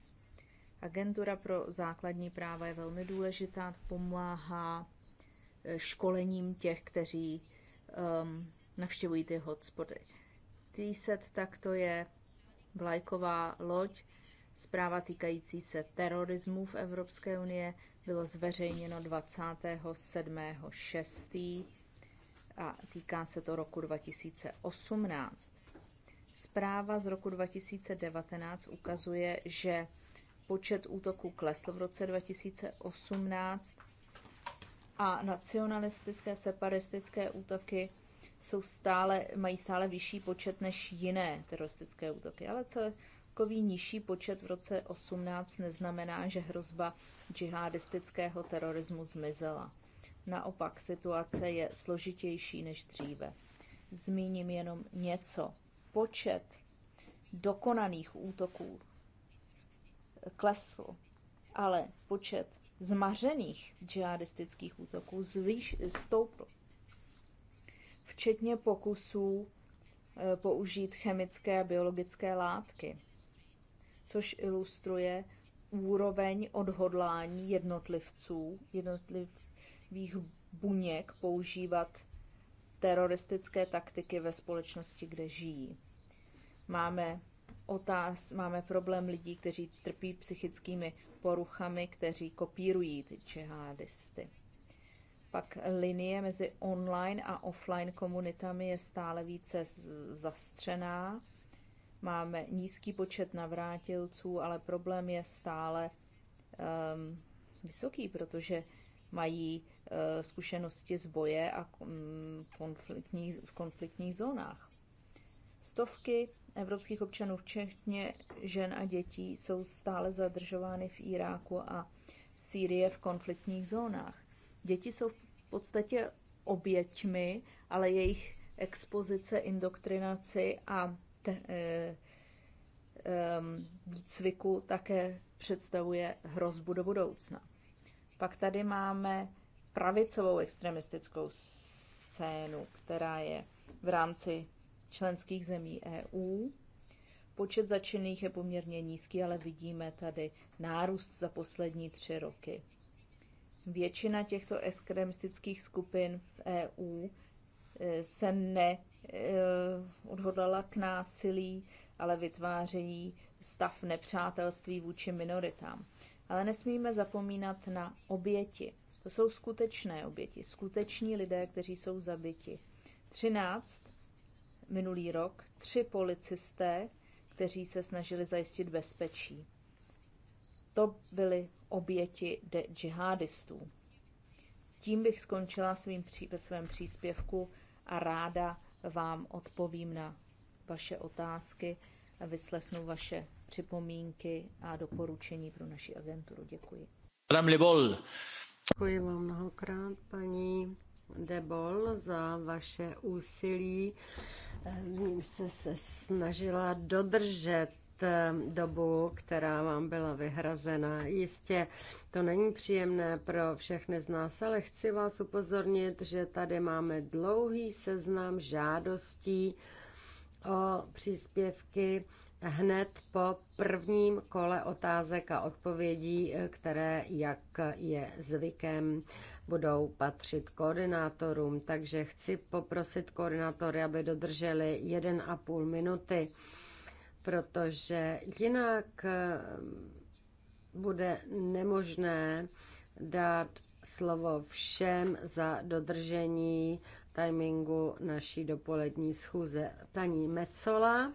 Agentura pro základní práva je velmi důležitá, pomáhá eh, školením těch, kteří um, navštěvují ty hotspoty. T-set tak to je vlajková loď, zpráva týkající se terorismu v Evropské unie bylo zveřejněno 27.6. a týká se to roku 2018. Zpráva z roku 2019 ukazuje, že počet útoků klesl v roce 2018 a nacionalistické, separistické útoky jsou stále, mají stále vyšší počet než jiné teroristické útoky. Ale co Takový nižší počet v roce 18 neznamená, že hrozba džihadistického terorismu zmizela. Naopak situace je složitější než dříve. Zmíním jenom něco. Počet dokonaných útoků klesl, ale počet zmařených džihadistických útoků zvýš, stoupl. Včetně pokusů eh, použít chemické a biologické látky což ilustruje úroveň odhodlání jednotlivců, jednotlivých buněk používat teroristické taktiky ve společnosti, kde žijí. Máme otáz, máme problém lidí, kteří trpí psychickými poruchami, kteří kopírují ty džihadisty. Pak linie mezi online a offline komunitami je stále více zastřená Máme nízký počet navrátilců, ale problém je stále um, vysoký, protože mají uh, zkušenosti z boje a um, mm, konfliktní, v konfliktních zónách. Stovky evropských občanů, včetně žen a dětí, jsou stále zadržovány v Iráku a v Sýrii v konfliktních zónách. Děti jsou v podstatě oběťmi, ale jejich expozice, indoktrinaci a výcviku eh, eh, mm, také představuje hrozbu do budoucna. Pak tady máme pravicovou extremistickou scénu, která je v rámci členských zemí EU. Počet začených je poměrně nízký, ale vidíme tady nárůst za poslední tři roky. Většina těchto extremistických skupin v EU eh, se ne Eh, odhodlala k násilí, ale vytvářejí stav nepřátelství vůči minoritám. Ale nesmíme zapomínat na oběti. To jsou skutečné oběti, skuteční lidé, kteří jsou zabiti. 13 minulý rok, tři policisté, kteří se snažili zajistit bezpečí. To byly oběti de- džihadistů. Tím bych skončila svým pří- ve svém příspěvku a ráda vám odpovím na vaše otázky, vyslechnu vaše připomínky
a doporučení pro naši agenturu. Děkuji. Děkuji vám mnohokrát, paní Debol, za vaše úsilí. V ním se, se snažila dodržet Eh, dobu, která vám byla vyhrazena. Jistě to není příjemné pro všechny z nás, ale chci vás upozornit, že tady máme dlouhý seznam žádostí o příspěvky hned po prvním kole otázek a odpovědí, eh, které, jak je zvykem, budou patřit koordinátorům. Takže chci poprosit koordinátory, aby dodrželi 1,5 minuty protože jinak eh, bude nemožné dát slovo všem za dodržení timingu naší dopolední schůze. Paní Mecola.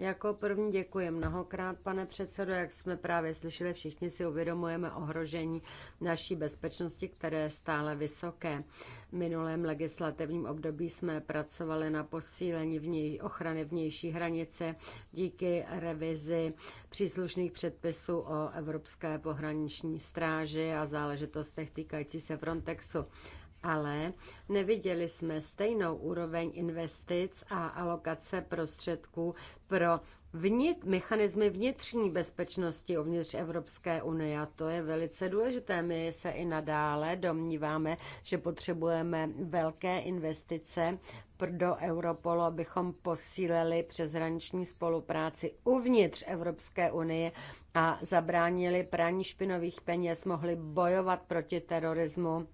Jako první děkuji mnohokrát, pane předsedo. Jak jsme právě slyšeli, všichni si uvědomujeme ohrožení naší bezpečnosti, které je stále vysoké. V minulém legislativním období jsme pracovali na posílení vněj, ochrany vnější hranice díky revizi příslušných předpisů o Evropské pohraniční stráži a záležitostech týkající se Frontexu ale neviděli jsme stejnou úroveň investic a alokace prostředků pro vnit, mechanizmy vnitřní bezpečnosti uvnitř Evropské unie a to je velice důležité. My se i nadále domníváme, že potřebujeme velké investice do Europolu, abychom posílili přeshraniční spolupráci uvnitř Evropské unie a zabránili praní špinových peněz, mohli bojovat proti terorismu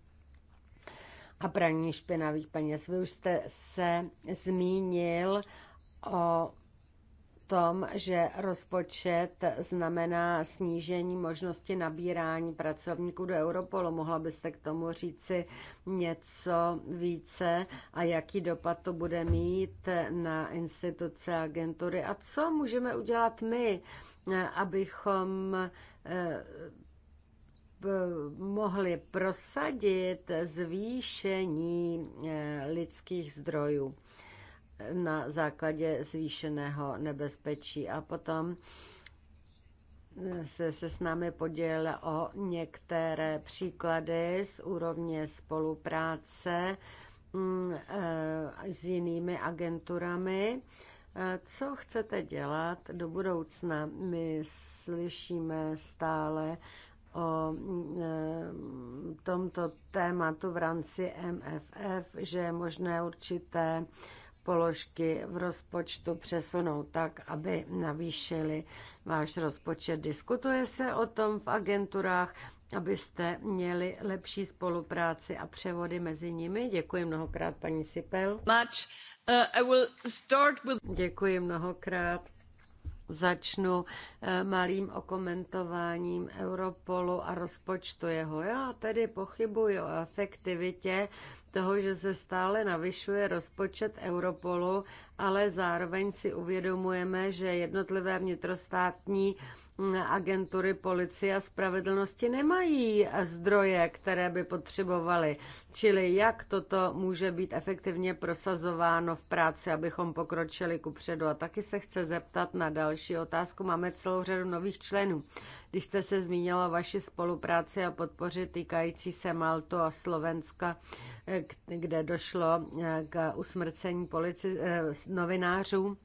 a praní špinavých peněz. Vy už jste se zmínil o tom, že rozpočet znamená snížení možnosti nabírání pracovníků do Europolu. Mohla byste k tomu říci něco více a jaký dopad to bude mít na instituce agentury a co můžeme udělat my, abychom eh, mohli prosadit zvýšení eh, lidských zdrojů na základě zvýšeného nebezpečí. A potom eh, se, se s námi podělil o některé příklady z úrovně spolupráce mm, eh, s jinými agenturami. Co chcete dělat do budoucna? My slyšíme stále o mm, e, tomto tématu v rámci MFF, že je možné určité položky v rozpočtu přesunou tak, aby navýšili váš rozpočet. Diskutuje se o tom v agenturách, abyste měli lepší spolupráci a převody mezi nimi. Děkuji mnohokrát, paní Sipel. Much. Uh, I will start with... Děkuji mnohokrát. Začnu eh, malým okomentováním Europolu a rozpočtu jeho. Já tedy pochybuji o efektivitě toho, že se stále navyšuje rozpočet Europolu, ale zároveň si uvědomujeme, že jednotlivé vnitrostátní agentury policie a spravedlnosti nemají zdroje, které by potřebovaly. Čili jak toto může být efektivně prosazováno v práci, abychom pokročili ku předu. A taky se chce zeptat na další otázku. Máme celou řadu nových členů. Když jste se zmínila vaši spolupráci a podpoře týkající se Malto a Slovenska, eh, kde došlo eh, k usmrcení polici- eh, novinářů,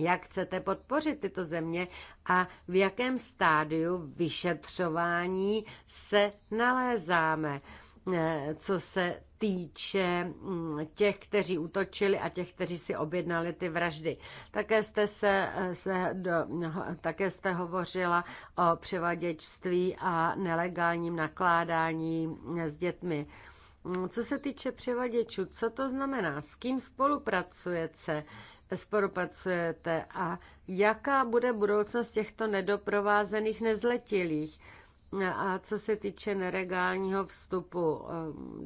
jak chcete podpořit tyto země a v jakém stádiu vyšetřování se nalézáme, eh, co se týče mm, těch, kteří útočili a těch, kteří si objednali ty vraždy. Také jste, se, eh, se do, no, také jste hovořila o převaděčství a nelegálním nakládání eh, s dětmi. Mm, co se týče převaděčů, co to znamená? S kým spolupracujete? spolupracujete a jaká bude budoucnost těchto nedoprovázených nezletilých? A co se týče neregálního vstupu eh,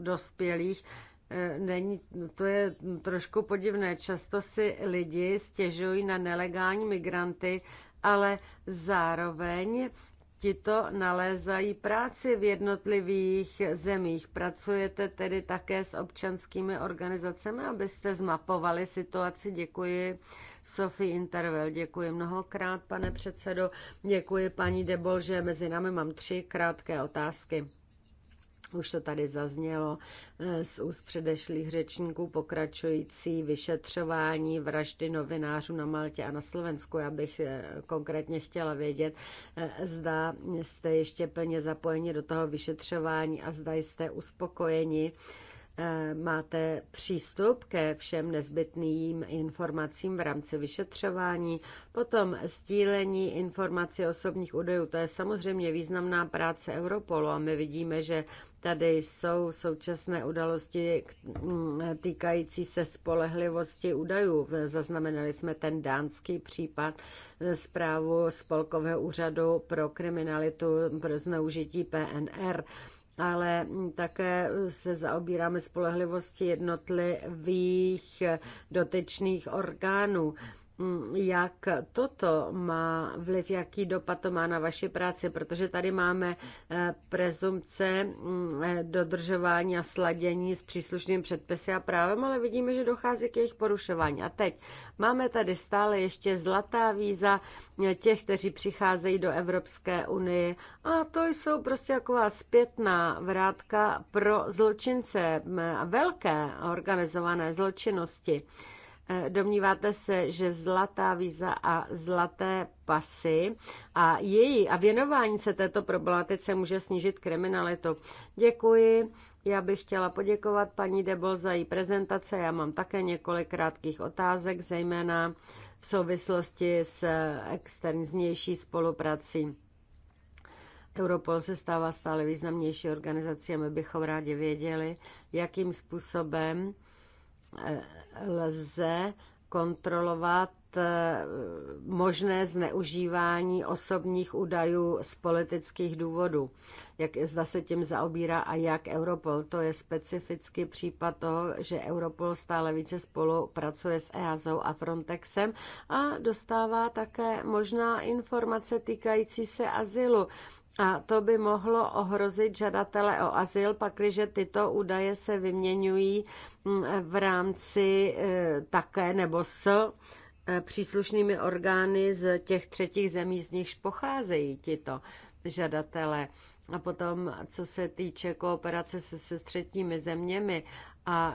dospělých, eh, není, to je trošku podivné. Často si lidi stěžují na nelegální migranty, ale zároveň tito nalézají práci v jednotlivých zemích. Pracujete tedy také s občanskými organizacemi, abyste zmapovali situaci. Děkuji Sophie Intervel, děkuji mnohokrát, pane předsedo. Děkuji paní Debol, že mezi námi mám tři krátké otázky už to tady zaznělo eh, z úst předešlých řečníků, pokračující vyšetřování vraždy novinářů na Maltě a na Slovensku. Já bych eh, konkrétně chtěla vědět, eh, zda jste ještě plně zapojeni do toho vyšetřování a zda jste uspokojeni Eh, máte přístup ke všem nezbytným informacím v rámci vyšetřování. Potom sdílení informací osobních údajů, to je samozřejmě významná práce Europolu a my vidíme, že tady jsou současné události mm, týkající se spolehlivosti údajů. Zaznamenali jsme ten dánský případ eh, zprávu Spolkového úřadu pro kriminalitu pro zneužití PNR ale také se zaobíráme spolehlivostí jednotlivých dotyčných orgánů. Mm, jak toto má vliv, jaký dopad to má na vaši práci, protože tady máme eh, prezumce mm, eh, dodržování a sladění s příslušným předpisy a právem, ale vidíme, že dochází k jejich porušování. A teď máme tady stále ještě zlatá víza eh, těch, kteří přicházejí do Evropské unie a to jsou prostě taková zpětná vrátka pro zločince velké organizované zločinosti. Domníváte se, že zlatá víza a zlaté pasy a její a věnování se této problematice může snížit kriminalitu. Děkuji. Já bych chtěla poděkovat paní Debol za její prezentace. Já mám také několik krátkých otázek, zejména v souvislosti s externí spoluprací. Europol se stává stále významnější organizací a my bychom rádi věděli, jakým způsobem lze kontrolovat eh, možné zneužívání osobních údajů z politických důvodů. Jak zda se tím zaobírá a jak Europol. To je specificky případ toho, že Europol stále více spolupracuje s EASO a Frontexem a dostává také možná informace týkající se azylu. A to by mohlo ohrozit žadatele o azyl, pakliže tyto údaje se vyměňují Mm, v rámci eh, také nebo s eh, příslušnými orgány z těch třetích zemí, z nichž pocházejí tito žadatelé. A potom, co se týče kooperace se, se třetími zeměmi a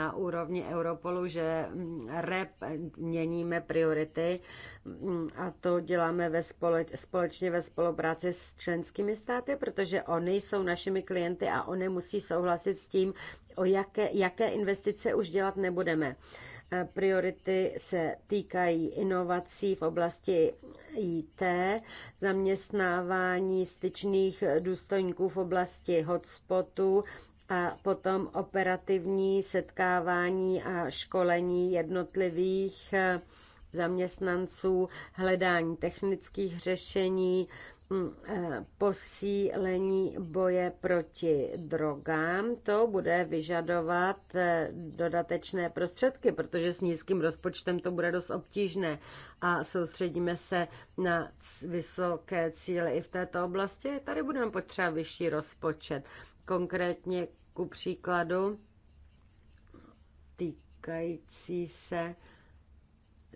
na úrovni Europolu, že mm, rep měníme priority mm, a to děláme ve společ, společně ve spolupráci s členskými státy, protože oni jsou našimi klienty a oni musí souhlasit s tím, o jaké, jaké investice už dělat nebudeme. E, priority se týkají inovací v oblasti IT, zaměstnávání styčných důstojníků v oblasti hotspotů a potom operativní setkávání a školení jednotlivých eh, zaměstnanců, hledání technických řešení, mm, eh, posílení boje proti drogám. To bude vyžadovat eh, dodatečné prostředky, protože s nízkým rozpočtem to bude dost obtížné a soustředíme se na vysoké cíle i v této oblasti. Tady budeme potřebovat vyšší rozpočet konkrétně ku příkladu týkající se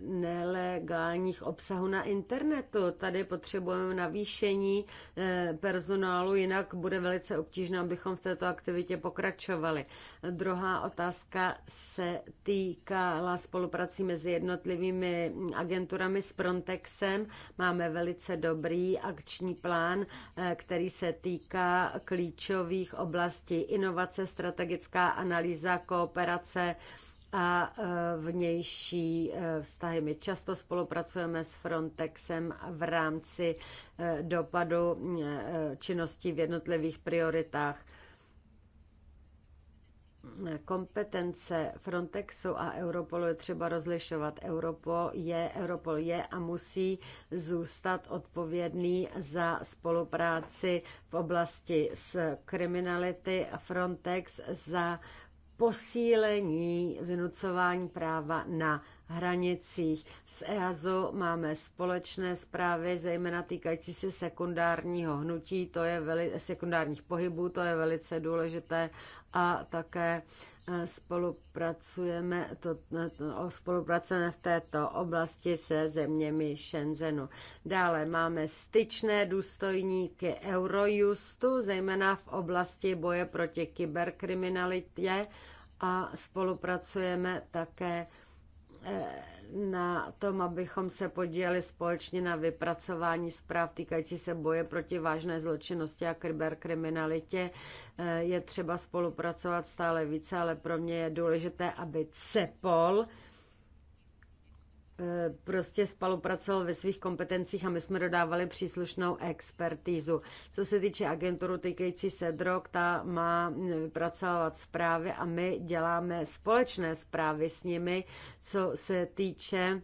nelegálních obsahů na internetu. Tady potřebujeme navýšení eh, personálu, jinak bude velice obtížné, abychom v této aktivitě pokračovali. Druhá otázka se týkala spoluprací mezi jednotlivými agenturami s Frontexem. Máme velice dobrý akční plán, eh, který se týká klíčových oblastí inovace, strategická analýza, kooperace, a e, vnější e, vztahy. My často spolupracujeme s Frontexem v rámci e, dopadu činností v jednotlivých prioritách. Kompetence Frontexu a Europolu je třeba rozlišovat. Europol je, Europol je a musí zůstat odpovědný za spolupráci v oblasti s kriminality a Frontex za posílení vynucování práva na hranicích. S EASO máme společné zprávy, zejména týkající se sekundárního hnutí, to je veli, sekundárních pohybů, to je velice důležité a také Spolupracujeme, to, to, spolupracujeme v této oblasti se zeměmi Šenzenu. Dále máme styčné důstojníky Eurojustu, zejména v oblasti boje proti kyberkriminalitě a spolupracujeme také na tom, abychom se podíleli společně na vypracování zpráv týkající se boje proti vážné zločinnosti a kriminalitě. Eh, je třeba spolupracovat stále více, ale pro mě je důležité, aby CEPOL Eh, prostě spolupracoval ve svých kompetencích a my jsme dodávali příslušnou expertízu. Co se týče agenturu týkající se drog, ta má eh, vypracovat zprávy a my děláme společné zprávy s nimi, co se týče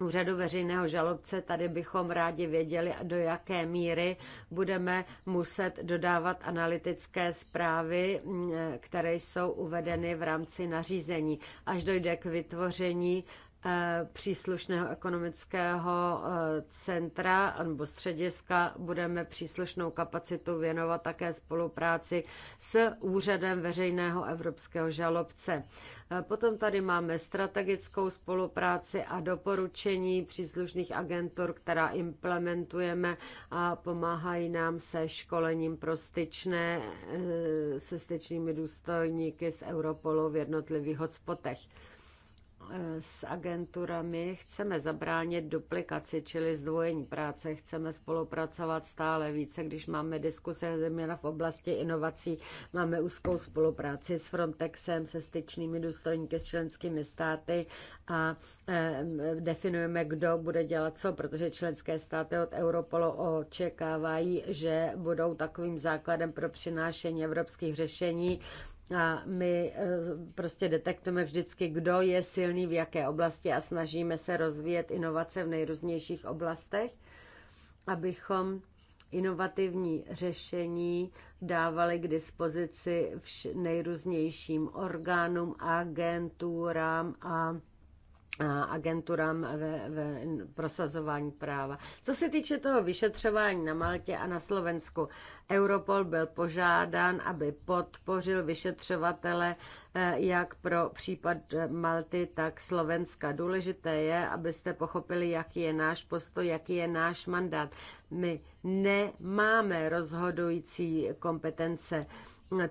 úřadu veřejného žalobce, tady bychom rádi věděli, do jaké míry budeme muset dodávat analytické zprávy, mm, eh, které jsou uvedeny v rámci nařízení, až dojde k vytvoření Eh, příslušného ekonomického eh, centra nebo střediska budeme příslušnou kapacitu věnovat také spolupráci s úřadem veřejného evropského žalobce. Eh, potom tady máme strategickou spolupráci a doporučení příslušných agentur, která implementujeme a pomáhají nám se školením pro styčné se styčnými důstojníky z Europolu v jednotlivých hotspotech. Eh, s agenturami chceme zabránit duplikaci, čili zdvojení práce. Chceme spolupracovat stále více. Když máme diskuse zejména v oblasti inovací, máme úzkou spolupráci s Frontexem, se styčnými důstojníky s členskými státy a eh, definujeme, kdo bude dělat co, protože členské státy od Europolu očekávají, že budou takovým základem pro přinášení evropských řešení a my eh, prostě detektujeme vždycky, kdo je silný v jaké oblasti a snažíme se rozvíjet inovace v nejrůznějších oblastech, abychom inovativní řešení dávali k dispozici nejrůznějším orgánům, agenturám a agenturám ve, ve prosazování práva. Co se týče toho vyšetřování na Maltě a na Slovensku, Europol byl požádán, aby podpořil vyšetřovatele e, jak pro případ Malty, tak Slovenska. Důležité je, abyste pochopili, jaký je náš postoj, jaký je náš mandát. My nemáme rozhodující kompetence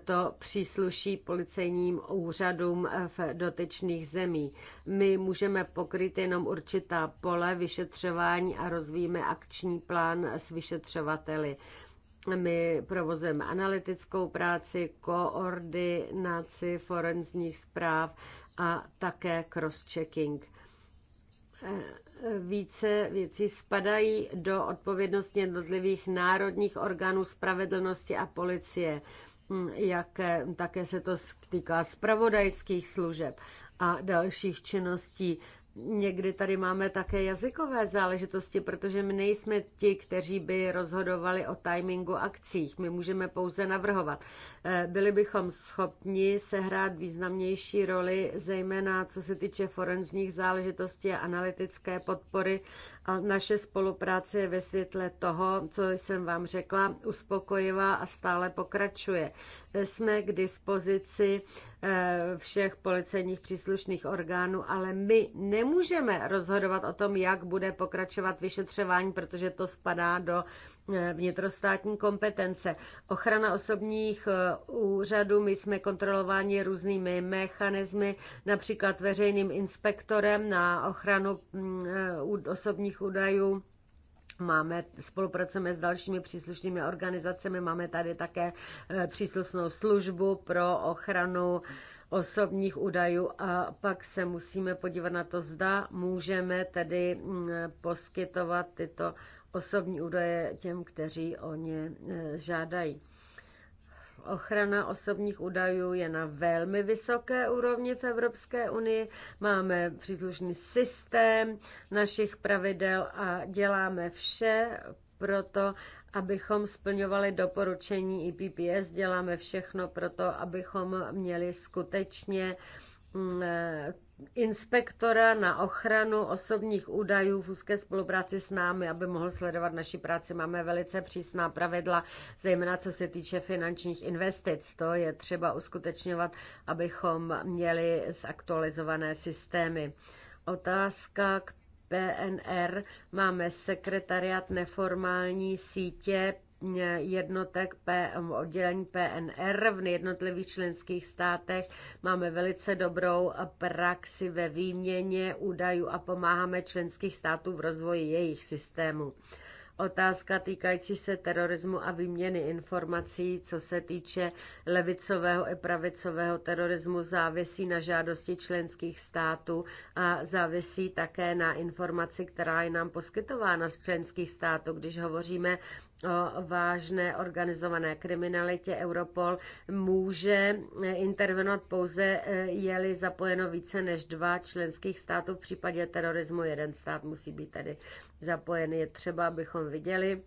to přísluší policejním úřadům v dotyčných zemí. My můžeme pokryt jenom určitá pole vyšetřování a rozvíjíme akční plán s vyšetřovateli. My provozujeme analytickou práci, koordinaci forenzních zpráv a také cross-checking více věcí spadají do odpovědnosti jednotlivých národních orgánů spravedlnosti a policie jaké, eh, také se to týká spravodajských služeb a dalších činností. Někdy tady máme také jazykové záležitosti, protože my nejsme ti, kteří by rozhodovali o timingu akcích. My můžeme pouze navrhovat. Eh, byli bychom schopni sehrát významnější roli, zejména co se týče forenzních záležitostí a analytické podpory a naše spolupráce je ve světle toho, co jsem vám řekla, uspokojivá a stále pokračuje. Jsme k dispozici eh, všech policejních příslušných orgánů, ale my nemůžeme rozhodovat o tom, jak bude pokračovat vyšetřování, protože to spadá do Eh, vnitrostátní kompetence. Ochrana osobních eh, úřadů, my jsme kontrolováni různými mechanismy, například veřejným inspektorem na ochranu mm, eh, osobních údajů. Máme, spolupracujeme s dalšími příslušnými organizacemi, máme tady také příslušnou službu pro ochranu osobních údajů a pak se musíme podívat na to, zda můžeme tedy mm, poskytovat tyto osobní údaje těm, kteří o ně e, žádají. Ochrana osobních údajů je na velmi vysoké úrovni v Evropské unii. Máme příslušný systém našich pravidel a děláme vše pro to, abychom splňovali doporučení IPPS. Děláme všechno pro to, abychom měli skutečně inspektora na ochranu osobních údajů v úzké spolupráci s námi, aby mohl sledovat naši práci. Máme velice přísná pravidla, zejména co se týče finančních investic. To je třeba uskutečňovat, abychom měli zaktualizované systémy. Otázka k PNR. Máme sekretariat neformální sítě jednotek P, oddělení PNR v jednotlivých členských státech. Máme velice dobrou praxi ve výměně údajů a pomáháme členských států v rozvoji jejich systémů. Otázka týkající se terorismu a výměny informací, co se týče levicového i pravicového terorismu, závisí na žádosti členských států a závisí také na informaci, která je nám poskytována z členských států. Když hovoříme o vážné organizované kriminalitě Europol může eh, intervenovat pouze, eh, je-li zapojeno více než dva členských států. V případě terorismu jeden stát musí být tedy zapojen. Je třeba, abychom viděli,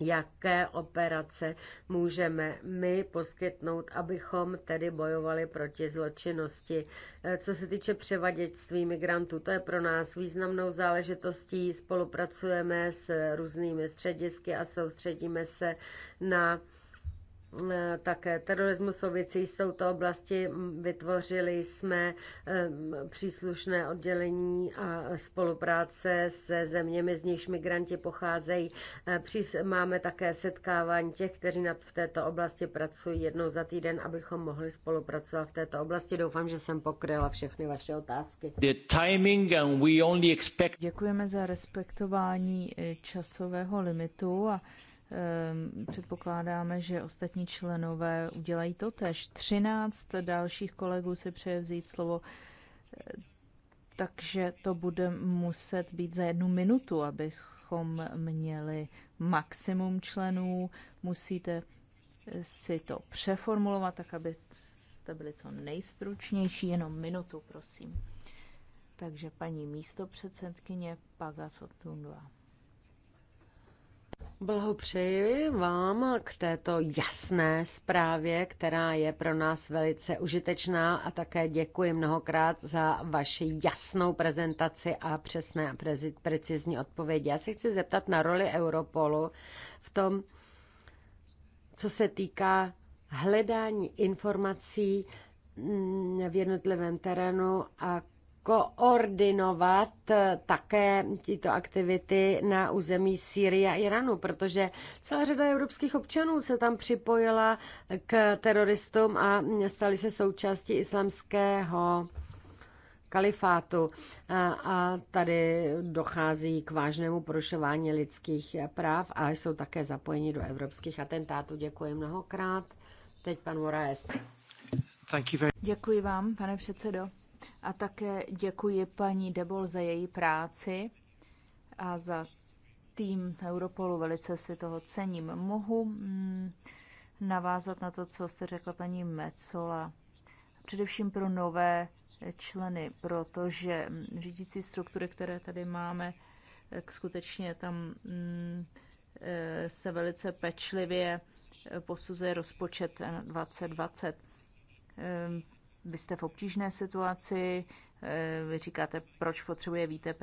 jaké operace můžeme my poskytnout, abychom tedy bojovali proti zločinnosti. Eh, co se týče převaděčství migrantů, to je pro nás významnou záležitostí. Spolupracujeme s různými středisky a soustředíme se na Eh, také terorismu souvisí s touto oblasti. Vytvořili jsme eh, příslušné oddělení a spolupráce se zeměmi, z nichž migranti pocházejí. Eh, máme také setkávání těch, kteří v této oblasti pracují jednou za týden, abychom mohli spolupracovat v této oblasti. Doufám, že jsem pokryla všechny vaše otázky.
The timing and we only
expect... Děkujeme za respektování časového limitu a Ehm, předpokládáme, že ostatní členové udělají to tež. Třináct dalších kolegů si přeje vzít slovo, eh, takže to bude muset být za jednu minutu, abychom měli maximum členů. Musíte eh, si to přeformulovat tak, aby jste byli co nejstručnější, jenom minutu, prosím. Takže paní místo předsedkyně Pagaco Tundová.
Blahopřeji vám k této jasné zprávě, která je pro nás velice užitečná a také děkuji mnohokrát za vaši jasnou prezentaci a přesné a precizní odpovědi. Já se chci zeptat na roli Europolu v tom, co se týká hledání informací mm, v jednotlivém terénu a koordinovat eh, také tyto aktivity na území Sýrie a Iranu, protože celá řada evropských občanů se tam připojila k teroristům a stali se součástí islamského kalifátu. A, a tady dochází k vážnému porušování lidských práv a jsou také zapojeni do evropských atentátů. Děkuji mnohokrát. Teď pan Moraes.
Děkuji vám, pane předsedo. A také děkuji paní Debol za její práci a za tým Europolu. Velice si toho cením. Mohu mm, navázat na to, co jste řekla paní Mecola. Především pro nové členy, protože mm, řídící struktury, které tady máme, tak skutečně tam mm, eh, se velice pečlivě eh, posuzuje rozpočet 2020 vy jste v obtížné situaci, eh, vy říkáte, proč potřebuje více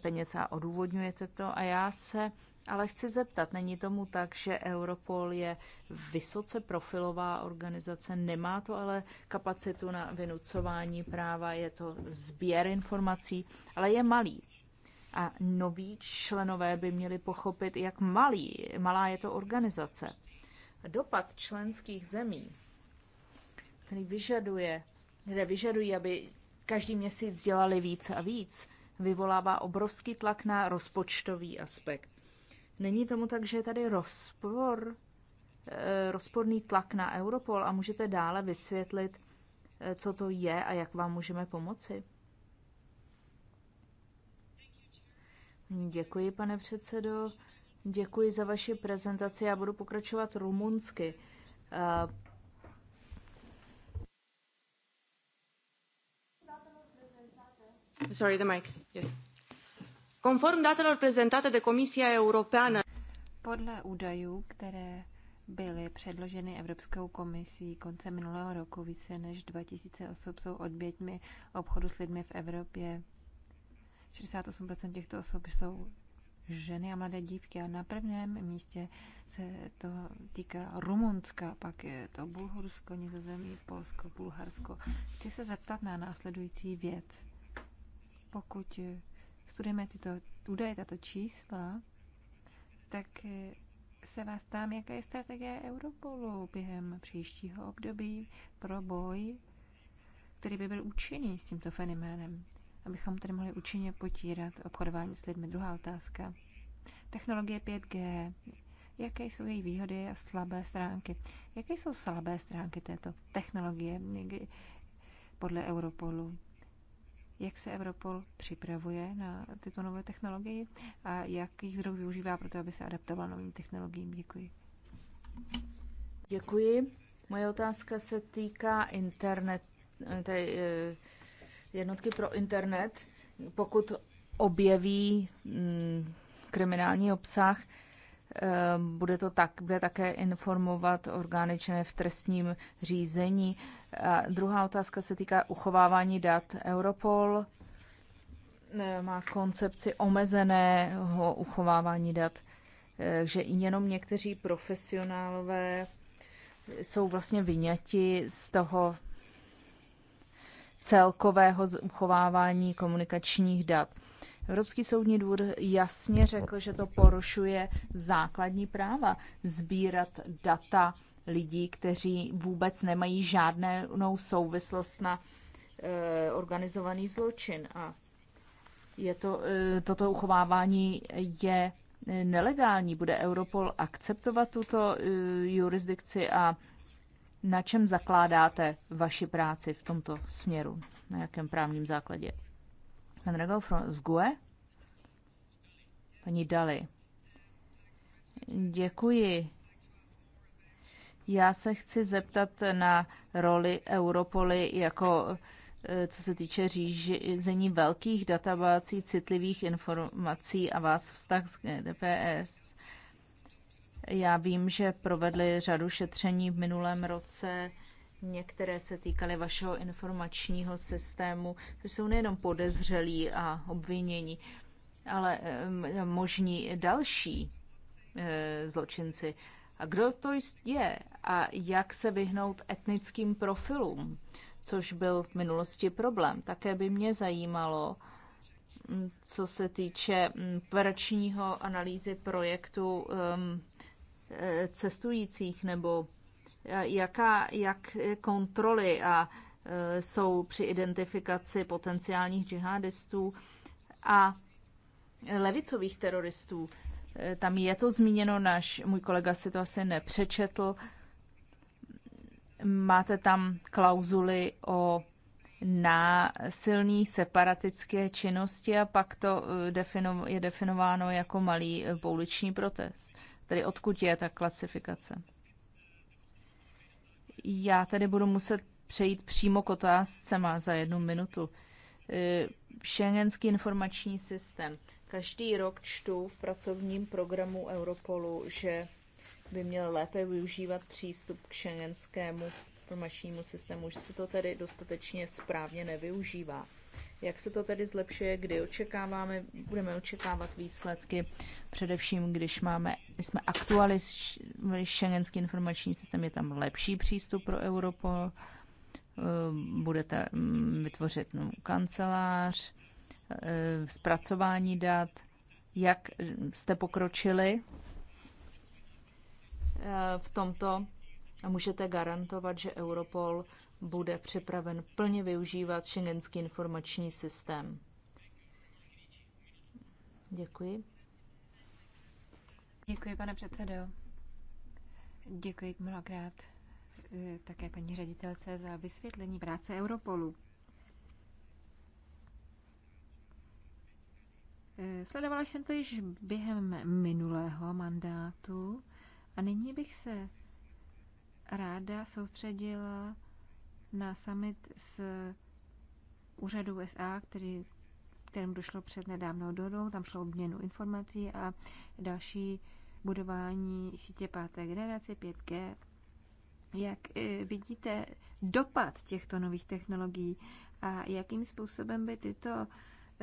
peněz a odůvodňujete to. A já se ale chci zeptat, není tomu tak, že Europol je vysoce profilová organizace, nemá to ale kapacitu na vynucování práva, je to sběr informací, ale je malý. A noví členové by měli pochopit, jak malý, malá je to organizace. Dopad členských zemí který vyžaduje, kde vyžadují, aby každý měsíc dělali víc a víc, vyvolává obrovský tlak na rozpočtový aspekt. Není tomu tak, že je tady rozpor, eh, rozporný tlak na Europol a můžete dále vysvětlit, eh, co to je a jak vám můžeme pomoci? Děkuji, pane předsedo. Děkuji za vaši prezentaci. Já budu pokračovat rumunsky. Eh, Sorry, the mic. Yes. Conform datelor prezentate de Comisia Europeană.
Podle údajů, které byly předloženy Evropskou komisí konce minulého roku, více než 2000 osob jsou odběťmi obchodu s lidmi v Evropě. 68% těchto osob jsou ženy a mladé dívky a na prvním místě se to týká Rumunska, pak je to Bulharsko, Nizozemí, Polsko, Bulharsko. Chci se zeptat na následující věc pokud eh, studujeme tyto údaje, tato čísla, tak eh, se vás ptám, jaká je strategie Europolu během příštího období pro boj, který by byl účinný s tímto fenoménem, abychom tedy mohli účinně potírat obchodování s lidmi. Druhá otázka. Technologie 5G. Jaké jsou její výhody a slabé stránky? Jaké jsou slabé stránky této technologie podle Europolu? jak se Evropol připravuje na tyto nové technologie a jakých zdrojů využívá pro to, aby se adaptoval novým technologiím. Děkuji. Děkuji. Moje otázka se týká
internet, té eh, jednotky pro internet. Pokud objeví mm, kriminální obsah, Ehm, bude to tak, bude také informovat orgány činné v trestním řízení. A druhá otázka se týká uchovávání dat. Europol ehm, má koncepci omezeného uchovávání dat, ehm, že jenom někteří profesionálové jsou vlastně vyňati z toho celkového uchovávání komunikačních dat. Evropský soudní dvůr jasně řekl, že to porušuje základní práva sbírat data lidí, kteří vůbec nemají žádnou souvislost na e, organizovaný zločin. A je to, e, toto uchovávání je eh, nelegální. Bude Europol akceptovat tuto e, jurisdikci a na čem zakládáte vaši práci v tomto směru? Na jakém právním základě? Pan Regal z GUE? Paní Dali. Děkuji. Já se chci zeptat na roli Europoly jako eh, co se týče řízení velkých databází citlivých informací a vás vztah s DPS. Já vím, že provedli řadu šetření v minulém roce Některé se týkaly vašeho informačního systému, to jsou nejenom podezřelí a obvinění, ale možní další e, zločinci. A kdo to je a jak se vyhnout etnickým profilům, což byl v minulosti problém. Také by mě zajímalo, co se týče operačního analýzy projektu e, cestujících nebo Jaká, jak kontroly a e, jsou při identifikaci potenciálních džihadistů a levicových teroristů. E, tam je to zmíněno, náš můj kolega si to asi nepřečetl. Máte tam klauzuly o na silný separatické činnosti a pak to e, je definováno jako malý pouliční protest. Tedy odkud je ta klasifikace? Já tedy budu muset přejít přímo k otázce má za jednu minutu. Eh, Schengenský informační systém. Každý rok čtu v pracovním programu Europolu, že by měl lépe využívat přístup k šengenskému informačnímu systému, že se to tedy dostatečně správně nevyužívá. Jak se to tedy zlepšuje, kdy očekáváme, budeme očekávat výsledky, především když máme, když jsme aktualizovali šengenský informační systém, je tam lepší přístup pro Europol, ehm, budete mm, vytvořit novou kancelář, ehm, zpracování dat, jak jste pokročili ehm, v tomto a můžete garantovat, že Europol bude připraven plně využívat šengenský informační systém. Děkuji.
Děkuji, pane předsedo. Děkuji mnohokrát eh, také paní ředitelce za vysvětlení práce Europolu. Eh, sledovala jsem to již během minulého mandátu a nyní bych se ráda soustředila na summit s úřadu USA, který, kterým došlo před nedávnou dodou. Tam šlo obměnu informací a další budování sítě páté generace 5G. Jak eh, vidíte dopad těchto nových technologií a jakým způsobem by tyto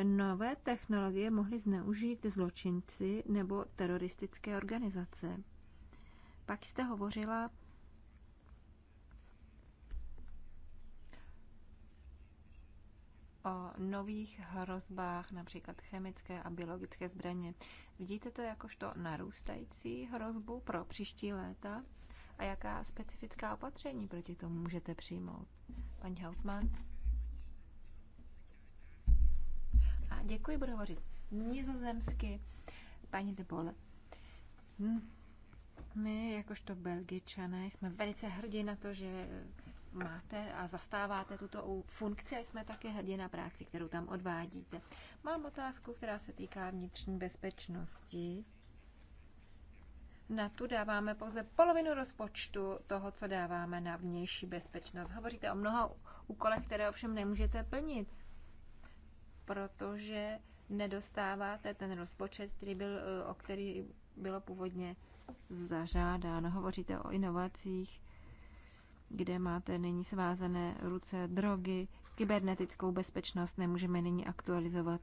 nové technologie mohly zneužít zločinci nebo teroristické organizace? Pak jste hovořila o nových hrozbách, například chemické a biologické zbraně. Vidíte to jakožto narůstající hrozbu pro příští léta? A jaká specifická opatření proti tomu můžete přijmout? Paní Hautmann. A děkuji, budu hovořit nizozemsky. Paní de Bolle. Hm. My, jakožto Belgičané, jsme velice hrdí na to, že máte a zastáváte tuto funkci a jsme také hrdě na práci, kterou tam odvádíte. Mám otázku, která se týká vnitřní bezpečnosti. Na tu dáváme pouze polovinu rozpočtu toho, co dáváme na vnější bezpečnost. Hovoříte o mnoha úkolech, které ovšem nemůžete plnit, protože nedostáváte ten rozpočet, který byl, o který bylo původně zažádáno. Hovoříte o inovacích, kde máte nyní svázané ruce, drogy, kybernetickou bezpečnost nemůžeme nyní aktualizovat.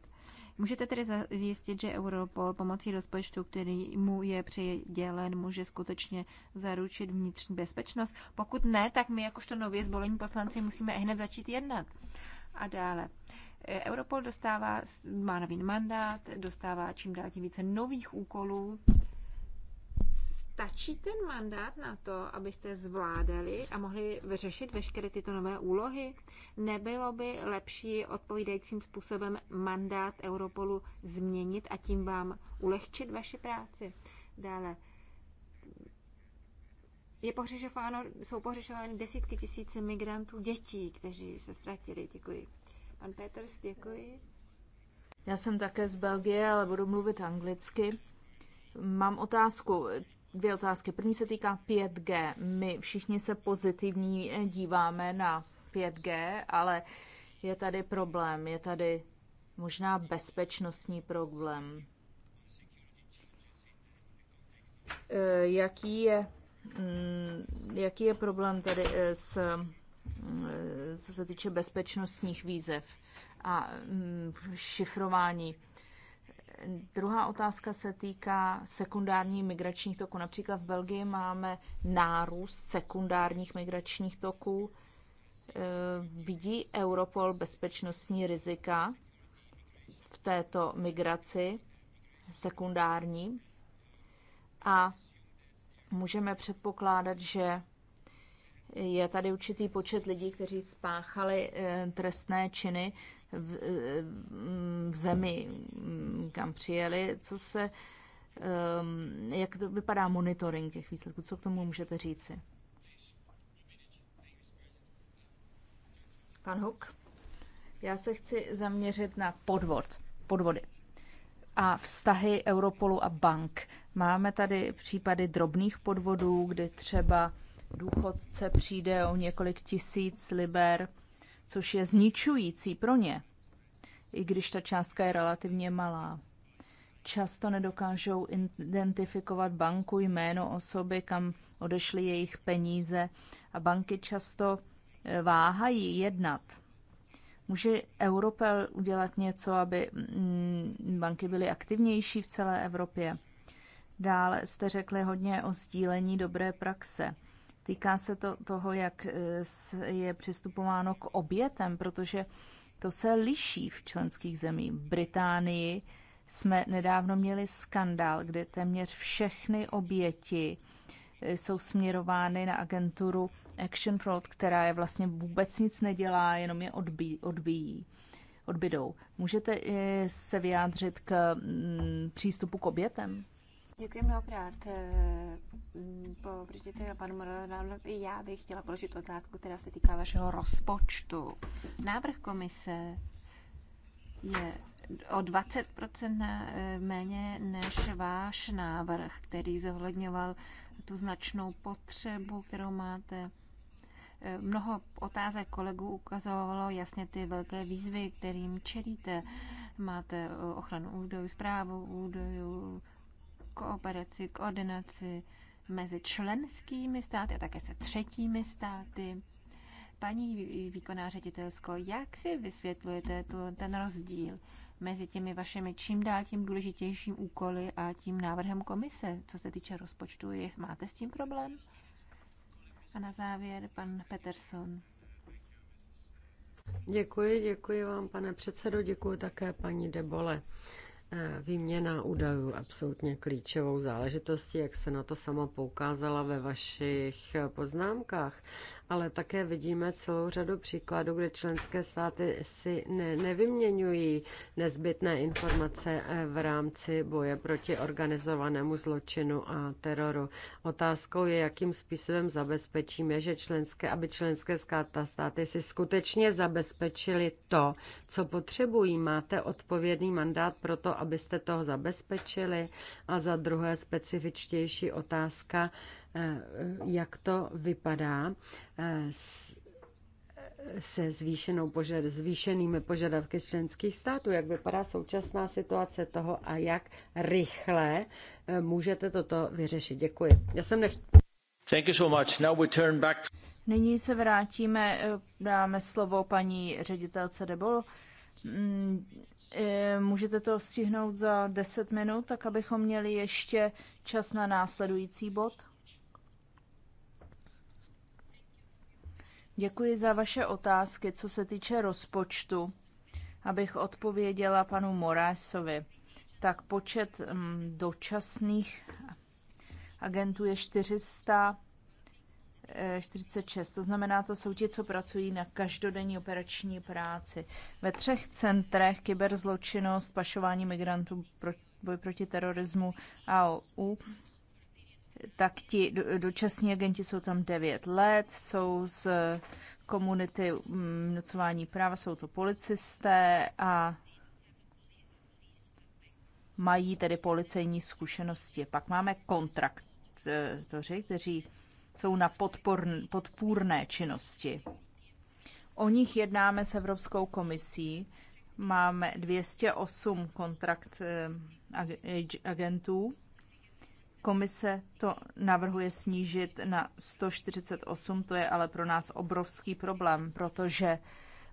Můžete tedy zjistit, že Europol pomocí rozpočtu, který mu je přidělen, může skutečně zaručit vnitřní bezpečnost? Pokud ne, tak my jakožto nově zvolení poslanci musíme hned začít jednat. A dále. Eh, Europol dostává, má nový mandát, dostává čím dál tím více nových úkolů stačí ten mandát na to, abyste zvládali a mohli vyřešit veškeré tyto nové úlohy? Nebylo by lepší odpovídajícím způsobem mandát Europolu změnit a tím vám ulehčit vaši práci? Dále. Je pohřešováno, jsou pohřešovány desítky tisíc migrantů, dětí, kteří se ztratili. Děkuji. Pan Peters, děkuji.
Já jsem také z Belgie, ale budu mluvit anglicky. Mám otázku dvě otázky. První se týká 5G. My všichni se pozitivní díváme na 5G, ale je tady problém, je tady možná bezpečnostní problém. E, jaký je, mm, jaký je problém tady e, s, e, co se týče bezpečnostních výzev a mm, šifrování? Druhá otázka se týká sekundárních migračních toků. Například v Belgii máme nárůst sekundárních migračních toků. E, vidí Europol bezpečnostní rizika v této migraci sekundární a můžeme předpokládat, že je tady určitý počet lidí, kteří spáchali e, trestné činy v, eh, v zemi, kam přijeli, co se, ehm, jak to vypadá monitoring těch výsledků, co k tomu můžete říci? Pan Huk, já se chci zaměřit na podvod, podvody a vztahy Europolu a bank. Máme tady případy drobných podvodů, kdy třeba důchodce přijde o několik tisíc liber, což je zničující pro ně, i když ta částka je relativně malá. Často nedokážou identifikovat banku, jméno osoby, kam odešly jejich peníze a banky často e, váhají jednat. Může Europel udělat něco, aby mm, banky byly aktivnější v celé Evropě? Dále jste řekli hodně o sdílení dobré praxe. Týká se to toho, jak eh, je přistupováno k obětem, protože to se liší v členských zemích. V Británii jsme nedávno měli skandál, kde téměř všechny oběti eh, jsou směrovány na agenturu Action Fraud, která je vlastně vůbec nic nedělá, jenom je odbí, odbíjí, odbydou. Můžete eh, se vyjádřit k mm, přístupu k obětem?
Děkuji mnohokrát. Eh, po a panu Moranovi, já bych chtěla položit otázku, která se týká vašeho rozpočtu. Návrh komise je o 20% méně než váš návrh, který zohledňoval tu značnou potřebu, kterou máte. Eh, mnoho otázek kolegů ukazovalo jasně ty velké výzvy, kterým čelíte. Máte eh, ochranu údajů, zprávu údajů, kooperaci, koordinaci mezi členskými státy a také se třetími státy. Paní výkonná ředitelsko, jak si vysvětlujete tu, ten rozdíl mezi těmi vašimi čím dál tím důležitějším úkoly a tím návrhem komise, co se týče rozpočtu? Je, máte s tím problém? A na závěr pan Peterson.
Děkuji, děkuji vám, pane předsedo, děkuji také paní Debole. Eh, výměna údajů absolutně klíčovou záležitostí, jak se na to sama poukázala ve vašich eh, poznámkách, ale také vidíme celou řadu příkladů, kde členské státy si ne, nevyměňují nezbytné informace eh, v rámci boje proti organizovanému zločinu a teroru. Otázkou je, jakým způsobem zabezpečíme, že členské, aby členské státy si skutečně zabezpečili to, co potřebují. Máte odpovědný mandát pro to, abyste toho zabezpečili? A za druhé specifičtější otázka, eh, jak to vypadá eh, s se zvýšenou požad, zvýšenými požadavky členských států, jak vypadá současná situace toho a jak rychle eh, můžete toto vyřešit. Děkuji. Já jsem nech...
Thank you so much. Now we turn back to...
Nyní se vrátíme, dáme
slovo paní ředitelce Debol. Mm, Eh, můžete to stihnout za 10 minut, tak abychom měli ještě čas na následující bod? Děkuji za vaše otázky, co se týče rozpočtu. Abych odpověděla panu Morásovi, tak počet mm, dočasných agentů je 400 46. E, to znamená, to jsou ti, co pracují na každodenní operační práci. Ve třech centrech kyberzločinnost, pašování migrantů, boj proti terorismu a u tak ti dočasní agenti jsou tam 9 let, jsou z komunity mm, nocování práva, jsou to policisté a mají tedy policejní zkušenosti. Pak máme kontraktoři, e, kteří jsou na podporn, podpůrné činnosti. O nich jednáme s Evropskou komisí. Máme 208 kontrakt eh, agentů. Komise to navrhuje snížit na 148, to je ale pro nás obrovský problém, protože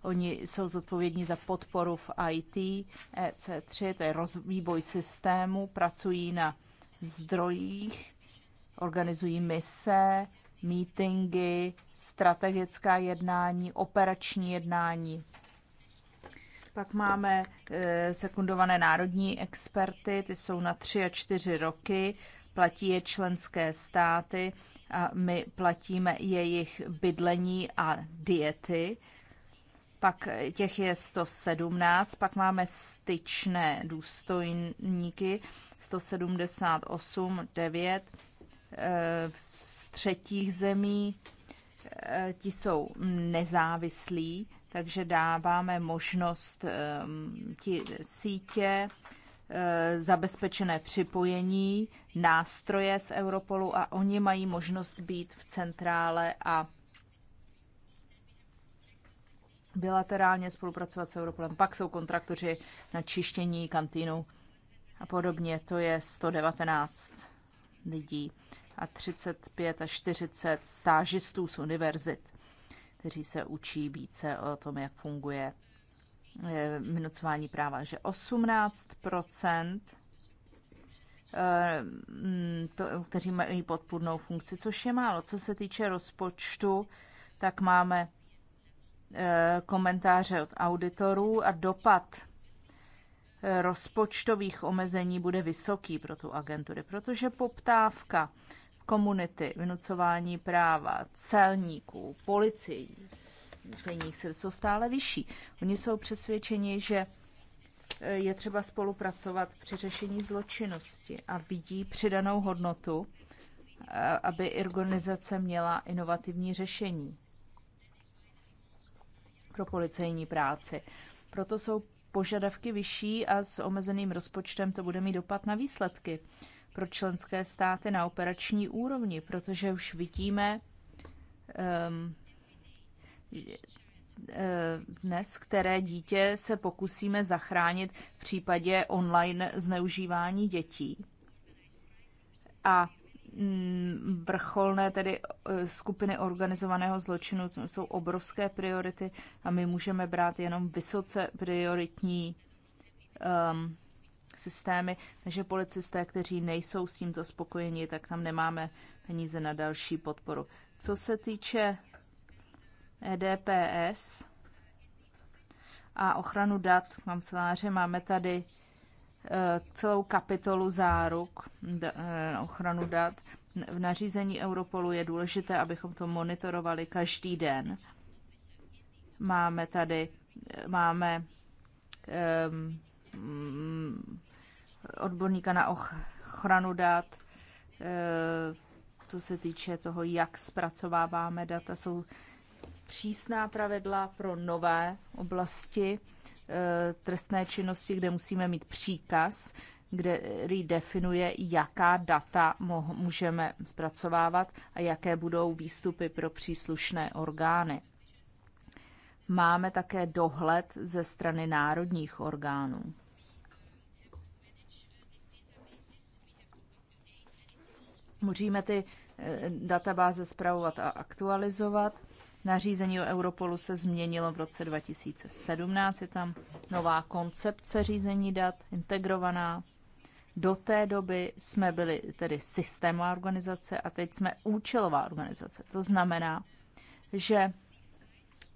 oni jsou zodpovědní za podporu v IT, EC3, to je vývoj systému, pracují na zdrojích, organizují mise, mítingy, strategická jednání, operační jednání. Pak máme eh, sekundované národní experty, ty jsou na tři a čtyři roky, platí je členské státy a my platíme jejich bydlení a diety. Pak těch je 117, pak máme styčné důstojníky 178, 9 Eh, z třetích zemí, eh, ti jsou nezávislí, takže dáváme možnost eh, ti sítě, zabezpečené připojení, nástroje z Europolu a oni mají možnost být v centrále a bilaterálně spolupracovat s Europolem. Pak jsou kontraktoři na čištění kantýnu a podobně. To je 119 lidí a 35 až 40 stážistů z univerzit, kteří se učí více o tom, jak funguje minucování eh, práva, že 18 eh, mm, to, kteří mají podpůrnou funkci, což je málo. Co se týče rozpočtu, tak máme eh, komentáře od auditorů a dopad rozpočtových omezení bude vysoký pro tu agentury, protože poptávka komunity, vynucování práva, celníků, policií, celních sil jsou stále vyšší. Oni jsou přesvědčeni, že eh, je třeba spolupracovat při řešení zločinnosti a vidí přidanou hodnotu, eh, aby organizace měla inovativní řešení pro policejní práci. Proto jsou požadavky vyšší a s omezeným rozpočtem to bude mít dopad na výsledky pro členské státy na operační úrovni, protože už vidíme um, dnes, které dítě se pokusíme zachránit v případě online zneužívání dětí. A mm, vrcholné tedy eh, skupiny organizovaného zločinu jsou obrovské priority a my můžeme brát jenom vysoce prioritní um, systémy, takže policisté, kteří nejsou s tímto spokojeni, tak tam nemáme peníze na další podporu. Co se týče EDPS a ochranu dat kanceláře, máme tady e, celou kapitolu záruk e, na ochranu dat. V nařízení Europolu je důležité, abychom to monitorovali každý den. Máme tady e, máme um, Mm, odborníka na ochranu dat, eh, co se týče toho, jak zpracováváme data, jsou přísná pravidla pro nové oblasti eh, trestné činnosti, kde musíme mít příkaz, kde definuje, jaká data můžeme zpracovávat a jaké budou výstupy pro příslušné orgány. Máme také dohled ze strany národních orgánů. Můžeme ty eh, databáze zpravovat a aktualizovat. Nařízení o Europolu se změnilo v roce 2017. Je tam nová koncepce řízení dat, integrovaná. Do té doby jsme byli tedy systémová organizace a teď jsme účelová organizace. To znamená, že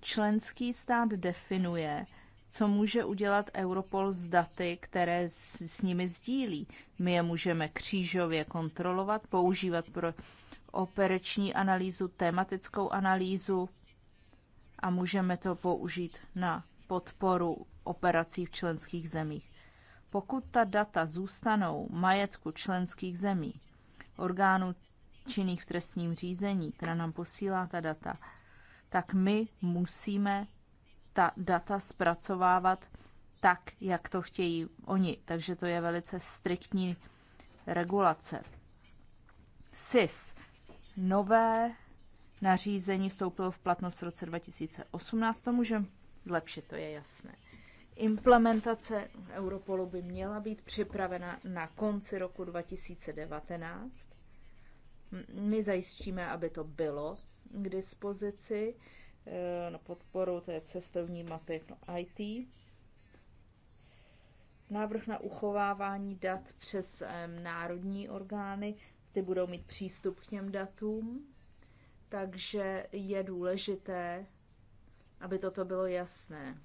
členský stát definuje co může udělat Europol s daty, které s, s nimi sdílí. My je můžeme křížově kontrolovat, používat pro operační analýzu, tematickou analýzu a můžeme to použít na podporu operací v členských zemích. Pokud ta data zůstanou majetku členských zemí, orgánů činných v trestním řízení, která nám posílá ta data, tak my musíme ta data zpracovávat tak, jak to chtějí oni. Takže to je velice striktní regulace. SIS. Nové nařízení vstoupilo v platnost v roce 2018. To můžeme zlepšit, to je jasné. Implementace Europolu by měla být připravena na konci roku 2019. My zajistíme, aby to bylo k dispozici. Eh, na podporu té cestovní mapy no IT. Návrh na uchovávání dat přes národní orgány, ty budou mít přístup k těm datům, takže je důležité, aby toto bylo jasné.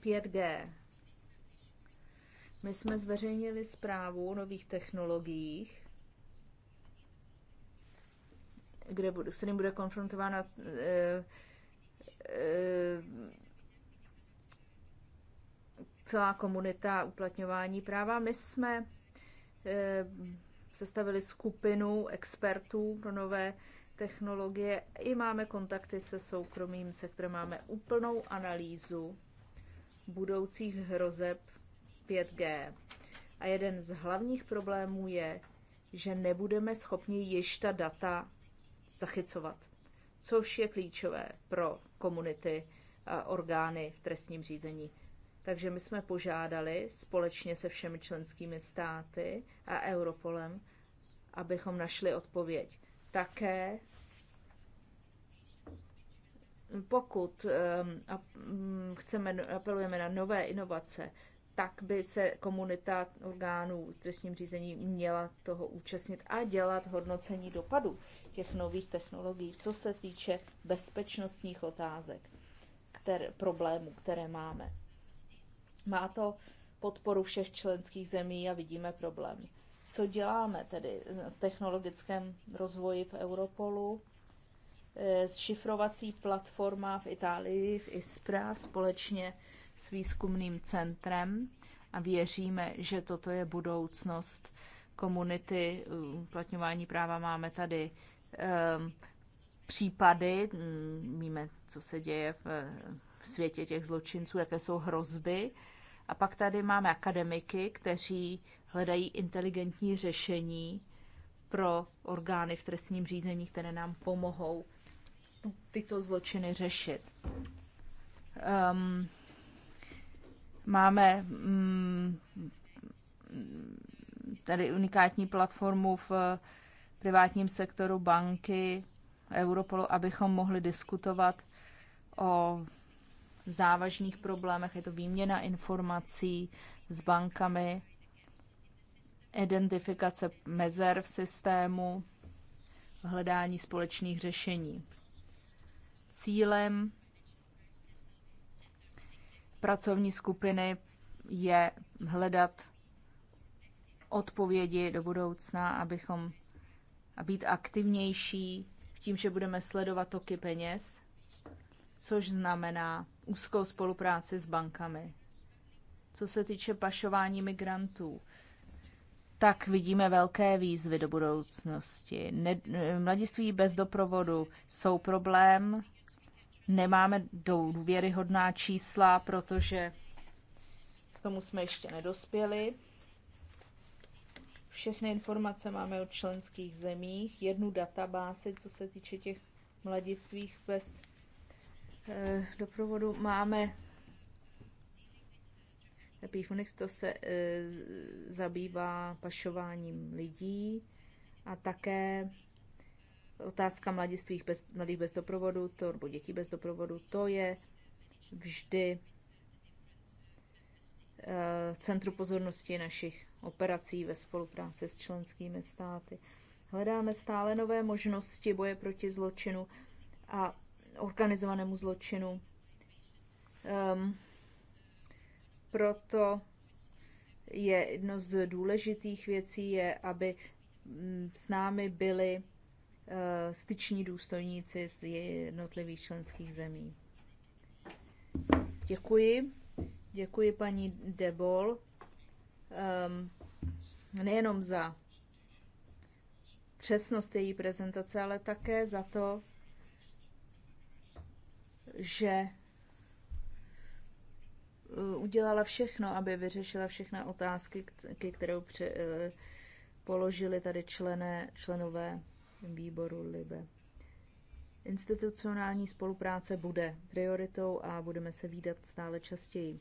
Pět G. My jsme zveřejnili zprávu o nových technologiích, kde, s kterým bude konfrontována e, e, celá komunita uplatňování práva. My jsme e, sestavili skupinu expertů pro nové technologie i máme kontakty se soukromým sektorem, máme úplnou analýzu budoucích hrozeb 5G. A jeden z hlavních problémů je, že nebudeme schopni již ta data zachycovat, což je klíčové pro komunity, orgány v trestním řízení. Takže my jsme požádali společně se všemi členskými státy a Europolem, abychom našli odpověď. Také pokud um, a, um, chceme, apelujeme na nové inovace, tak by se komunita orgánů v trestním řízení měla toho účastnit a dělat hodnocení dopadu těch nových technologií, co se týče bezpečnostních otázek, které, problémů, které máme. Má to podporu všech členských zemí a vidíme problém. Co děláme tedy v technologickém rozvoji v Europolu? Eh, šifrovací platforma v Itálii, v ISPRA, společně s výzkumným centrem a věříme, že toto je budoucnost komunity uplatňování práva. Máme tady ehm, případy, víme, co se děje v, v světě těch zločinců, jaké jsou hrozby. A pak tady máme akademiky, kteří hledají inteligentní řešení pro orgány v trestním řízení, které nám pomohou tyto zločiny řešit. Um, Máme mm, tady unikátní platformu v privátním sektoru banky, Europolu, abychom mohli diskutovat o závažných problémech. Je to výměna informací s bankami, identifikace mezer v systému, hledání společných řešení. Cílem pracovní skupiny je hledat odpovědi do budoucna, abychom a být aktivnější tím, že budeme sledovat toky peněz, což znamená úzkou spolupráci s bankami. Co se týče pašování migrantů, tak vidíme velké výzvy do budoucnosti. Ne, mladiství bez doprovodu jsou problém, nemáme důvěryhodná čísla, protože k tomu jsme ještě nedospěli. Všechny informace máme od členských zemích, jednu databázi, co se týče těch mladistvých bez eh, doprovodu. Máme Epifonix, to se eh, zabývá pašováním lidí a také otázka mladistvých bez, mladých bez doprovodu, to, nebo dětí bez doprovodu, to je vždy eh, centru pozornosti našich operací ve spolupráci s členskými státy. Hledáme stále nové možnosti boje proti zločinu a organizovanému zločinu. Um, proto je jedno z důležitých věcí, je, aby mm, s námi byly Eh, styční důstojníci z jednotlivých členských zemí. Děkuji. Děkuji paní Debol um, nejenom za přesnost její prezentace, ale také za to, že eh, udělala všechno, aby vyřešila všechny otázky, které eh, položili tady člené, členové výboru LIBE. Institucionální spolupráce bude prioritou a budeme se výdat stále častěji.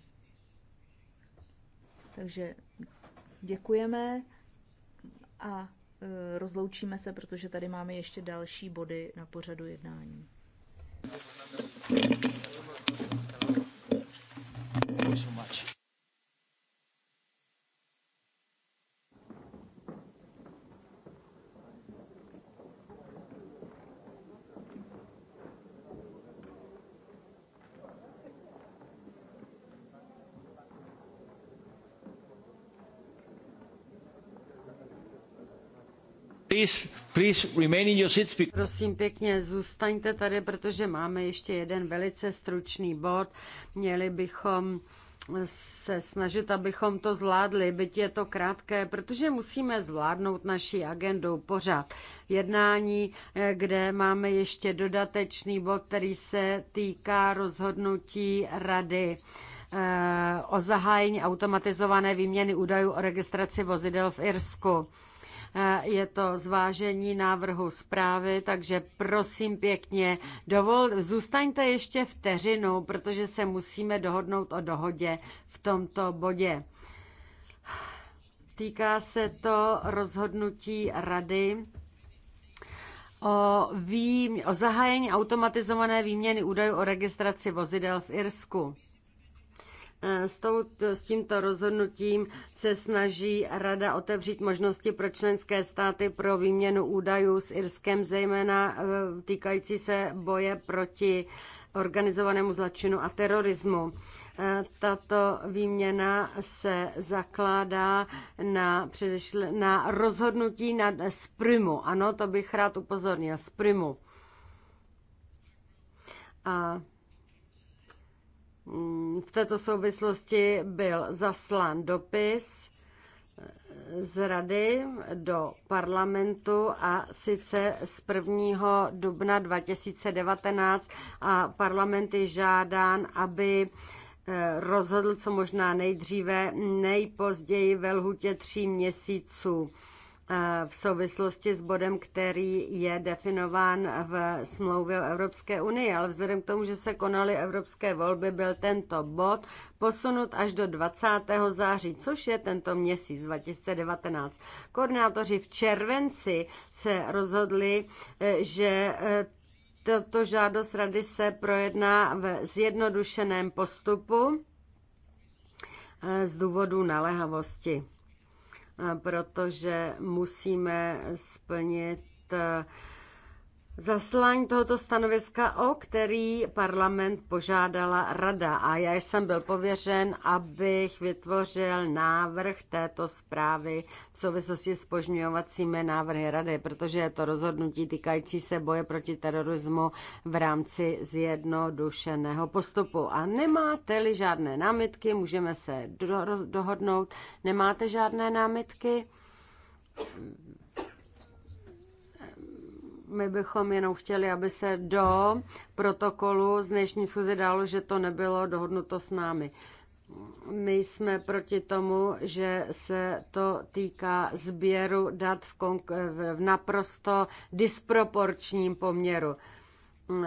Takže děkujeme a e, rozloučíme se, protože tady máme ještě další body na pořadu jednání. so much.
please, please remain in your seats. Prosím pěkně, zůstaňte tady, protože máme ještě jeden velice stručný bod. Měli bychom se snažit, abychom to zvládli, byť je to krátké, protože musíme zvládnout naší agendu pořád. Jednání, kde máme ještě dodatečný bod, který se týká rozhodnutí rady eh, o zahájení automatizované výměny údajů o registraci vozidel v Irsku. Je to zvážení návrhu zprávy, takže prosím pěkně, dovol, zůstaňte ještě vteřinu, protože se musíme dohodnout o dohodě v tomto bodě. Týká se to rozhodnutí rady o, vý, o zahájení automatizované výměny údajů o registraci vozidel v Irsku. Eh, s, tou, s tímto rozhodnutím se snaží Rada otevřít možnosti pro členské státy pro výměnu údajů s Irskem, zejména eh, týkající se boje proti organizovanému zločinu a terorismu. Eh, tato výměna se zakládá na, předešle, na rozhodnutí na Sprymu. Ano, to bych rád upozornil. Sprymu. A Mm, v této souvislosti byl zaslán dopis z rady do parlamentu a sice z 1. dubna 2019 a parlament je žádán, aby eh, rozhodl co možná nejdříve, nejpozději ve lhutě tří měsíců v souvislosti s bodem, který je definován v smlouvě o Evropské unii, ale vzhledem k tomu, že se konaly evropské volby, byl tento bod posunut až do 20. září, což je tento měsíc 2019. Koordinátoři v červenci se rozhodli, eh, že eh, toto žádost rady se projedná v zjednodušeném postupu eh, z důvodu naléhavosti protože musíme splnit eh, zaslání tohoto stanoviska, o který parlament požádala rada. A já jsem byl pověřen, abych vytvořil návrh této zprávy v souvislosti s požňovacími návrhy rady, protože je to rozhodnutí týkající se boje proti terorismu v rámci zjednodušeného postupu. A nemáte-li žádné námitky, můžeme se do dohodnout. Nemáte žádné námitky? my bychom jenom chtěli, aby se do protokolu z dnešní schůze dalo, že to nebylo dohodnuto s námi. My jsme proti tomu, že se to týká sběru dat v, v naprosto disproporčním poměru.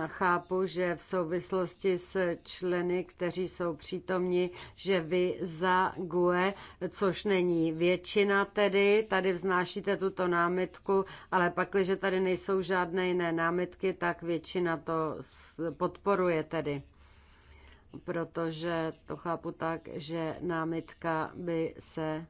Chápu, že v souvislosti s členy, kteří jsou přítomni, že vy za GUE, což není většina tedy, tady vznášíte tuto námitku, ale pak, když tady nejsou žádné jiné námitky, tak většina to podporuje tedy. Protože to chápu tak, že námitka by se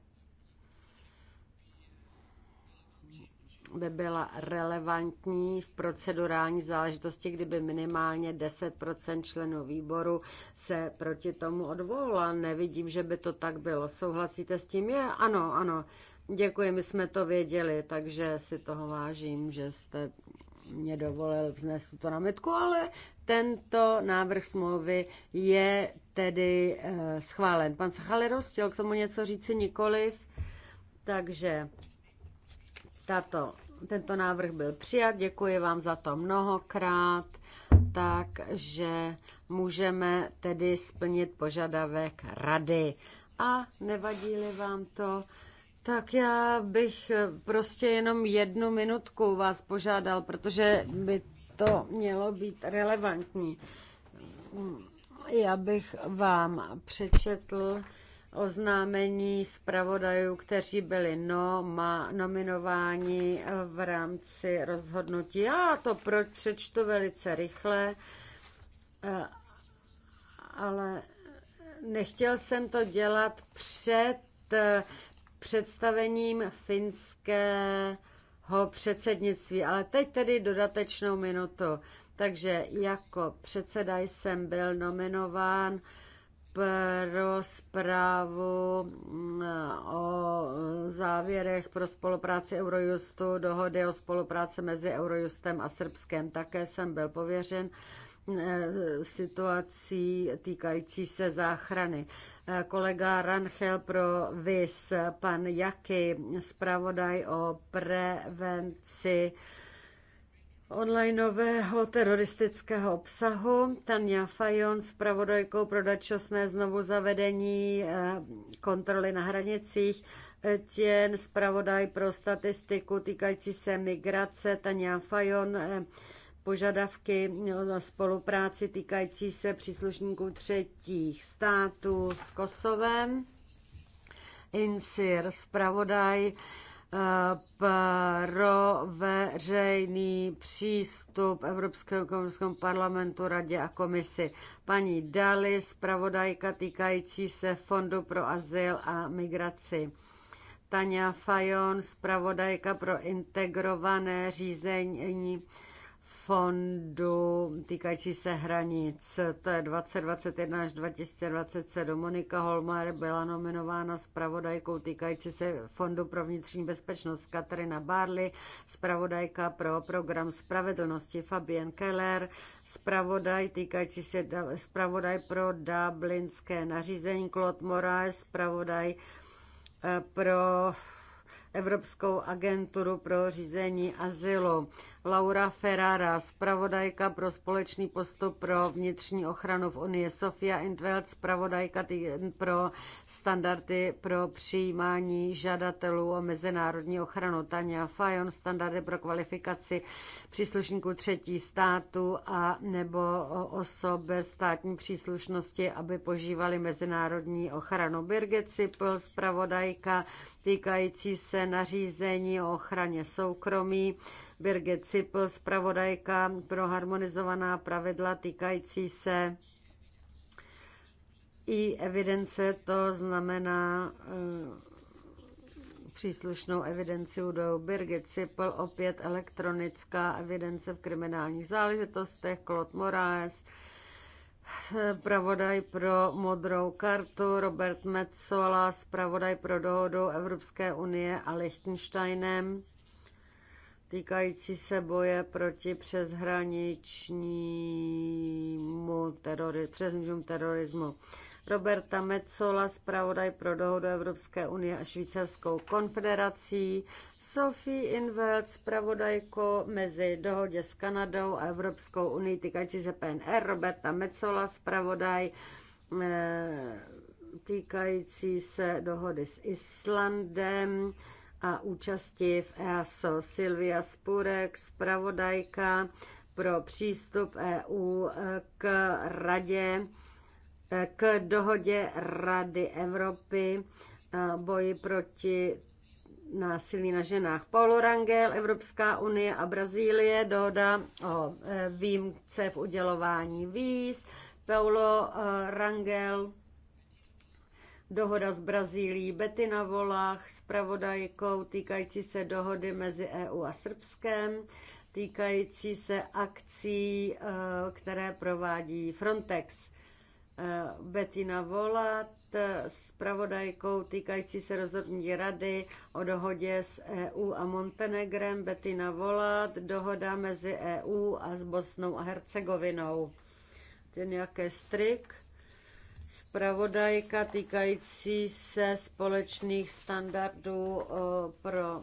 by byla relevantní v procedurální záležitosti, kdyby minimálně 10 členů výboru se proti tomu odvolala. Nevidím, že by to tak bylo. Souhlasíte s tím? Je, ano, ano. Děkuji, my jsme to věděli, takže si toho vážím, že jste mě dovolil vznést tuto námitku, ale tento návrh smlouvy je tedy eh, schválen. Pan Sachaleros chtěl k tomu něco říci nikoliv, takže tato, tento návrh byl přijat, děkuji vám za to mnohokrát, takže můžeme tedy splnit požadavek rady. A nevadí vám to, tak já bych prostě jenom jednu minutku vás požádal, protože by to mělo být relevantní. Já bych vám přečetl oznámení zpravodajů, kteří byli no, má nominováni v rámci rozhodnutí. Já to proč přečtu velice rychle, eh, ale nechtěl jsem to dělat před eh, představením finského předsednictví, ale teď tedy dodatečnou minutu. Takže jako předseda jsem byl nominován pro zprávu mm, o závěrech pro spolupráci Eurojustu, dohody o spolupráci mezi Eurojustem a Srbskem. Také jsem byl pověřen eh, situací týkající se záchrany. Eh, kolega Ranchel pro VIS, pan Jaky, zpravodaj o prevenci onlineového teroristického obsahu. Tanja Fajon s pravodajkou pro dačosné znovu zavedení eh, kontroly na hranicích. Tien pravodaj pro statistiku týkající se migrace. Tanja Fajon eh, požadavky na spolupráci týkající se příslušníků třetích států s Kosovem. Insir, zpravodaj pro veřejný přístup Evropského komiskému parlamentu, radě a komisi. Paní Dali, zpravodajka týkající se Fondu pro azyl a migraci. Tania Fajon, zpravodajka pro integrované řízení fondu týkající se hranic, to je 2021 až 2027. Monika Holmar byla nominována zpravodajkou týkající se fondu pro vnitřní bezpečnost Katrina Barley, zpravodajka pro program spravedlnosti Fabien Keller, zpravodaj týkající se zpravodaj pro dublinské nařízení Claude Moraes, zpravodaj eh, pro Evropskou agenturu pro řízení azylu. Laura Ferrara, zpravodajka pro společný postup pro vnitřní ochranu v Unii, Sofia Intveld, zpravodajka pro standardy pro přijímání žadatelů o mezinárodní ochranu, Tania Fajon, standardy pro kvalifikaci příslušníků třetí státu a nebo osob bez státní příslušnosti, aby požívali mezinárodní ochranu. Birgit Sipl, zpravodajka týkající se nařízení o ochraně soukromí, Birgit Cipl, zpravodajka pro harmonizovaná pravidla týkající se i evidence, to znamená eh, příslušnou evidenci údajů. Birgit Cipl, opět elektronická evidence v kriminálních záležitostech, Claude Moraes, Pravodaj pro modrou kartu Robert Metzola, zpravodaj pro dohodu Evropské unie a Liechtensteinem týkající se boje proti přeshraničnímu terori, terorismu. Roberta Metzola, zpravodaj pro dohodu Evropské unie a Švýcarskou konfederací, Sophie Inveld, zpravodajko mezi dohodě s Kanadou a Evropskou unii týkající se PNR, Roberta Metzola, zpravodaj eh, týkající se dohody s Islandem, a účasti v EASO. Silvia Spurek, zpravodajka pro přístup EU k radě, k dohodě Rady Evropy e, boji proti násilí na ženách. Paulo Rangel, Evropská unie a Brazílie, dohoda o e, výjimce v udělování víz. Paulo e, Rangel dohoda s Brazílií, Betty na volách, zpravodajkou týkající se dohody mezi EU a Srbskem, týkající se akcí, eh, které provádí Frontex. Eh, Betina Volat, s pravodajkou týkající se rozhodní rady o dohodě s EU a Montenegrem, Betina Volat, dohoda mezi EU a s Bosnou a Hercegovinou. Ten jaké strik Spravodajka týkající se společných standardů eh, pro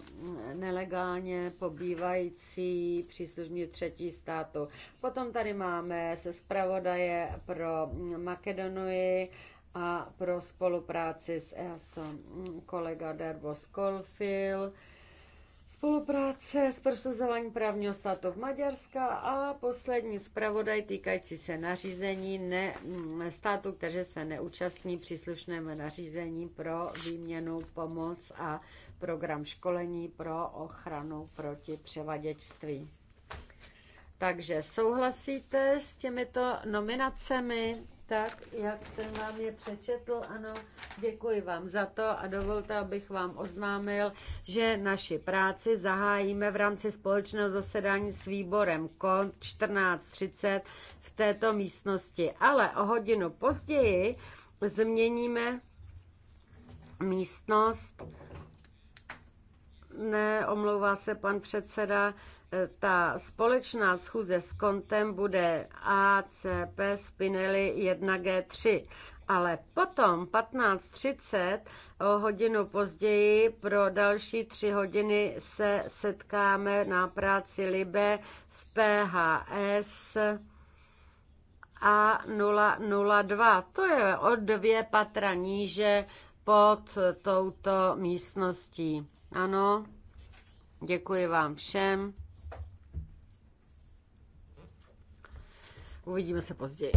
nelegálně pobývající příslušní třetí státu. Potom tady máme se zpravodaje pro Makedonii a pro spolupráci s EASO kolega Derbo Skolfil spolupráce s prosazováním právního státu v Maďarska a poslední zpravodaj týkající se nařízení ne, mm, státu, které se neúčastní příslušném nařízení pro výměnu, pomoc a program školení pro ochranu proti převaděčství. Takže souhlasíte s těmito nominacemi? tak, jak jsem vám je přečetl. Ano, děkuji vám za to a dovolte, abych vám oznámil, že naši práci zahájíme v rámci společného zasedání s výborem KON 14.30 v této místnosti. Ale o hodinu později změníme místnost. Ne, omlouvá se pan předseda E, ta společná schůze s kontem bude ACP Spinelli 1G3. Ale potom 15.30 o hodinu později pro další tři hodiny se setkáme na práci Libe v PHS a 002. To je o dvě patra níže pod touto místností. Ano, děkuji vám všem. Uvidíme se později.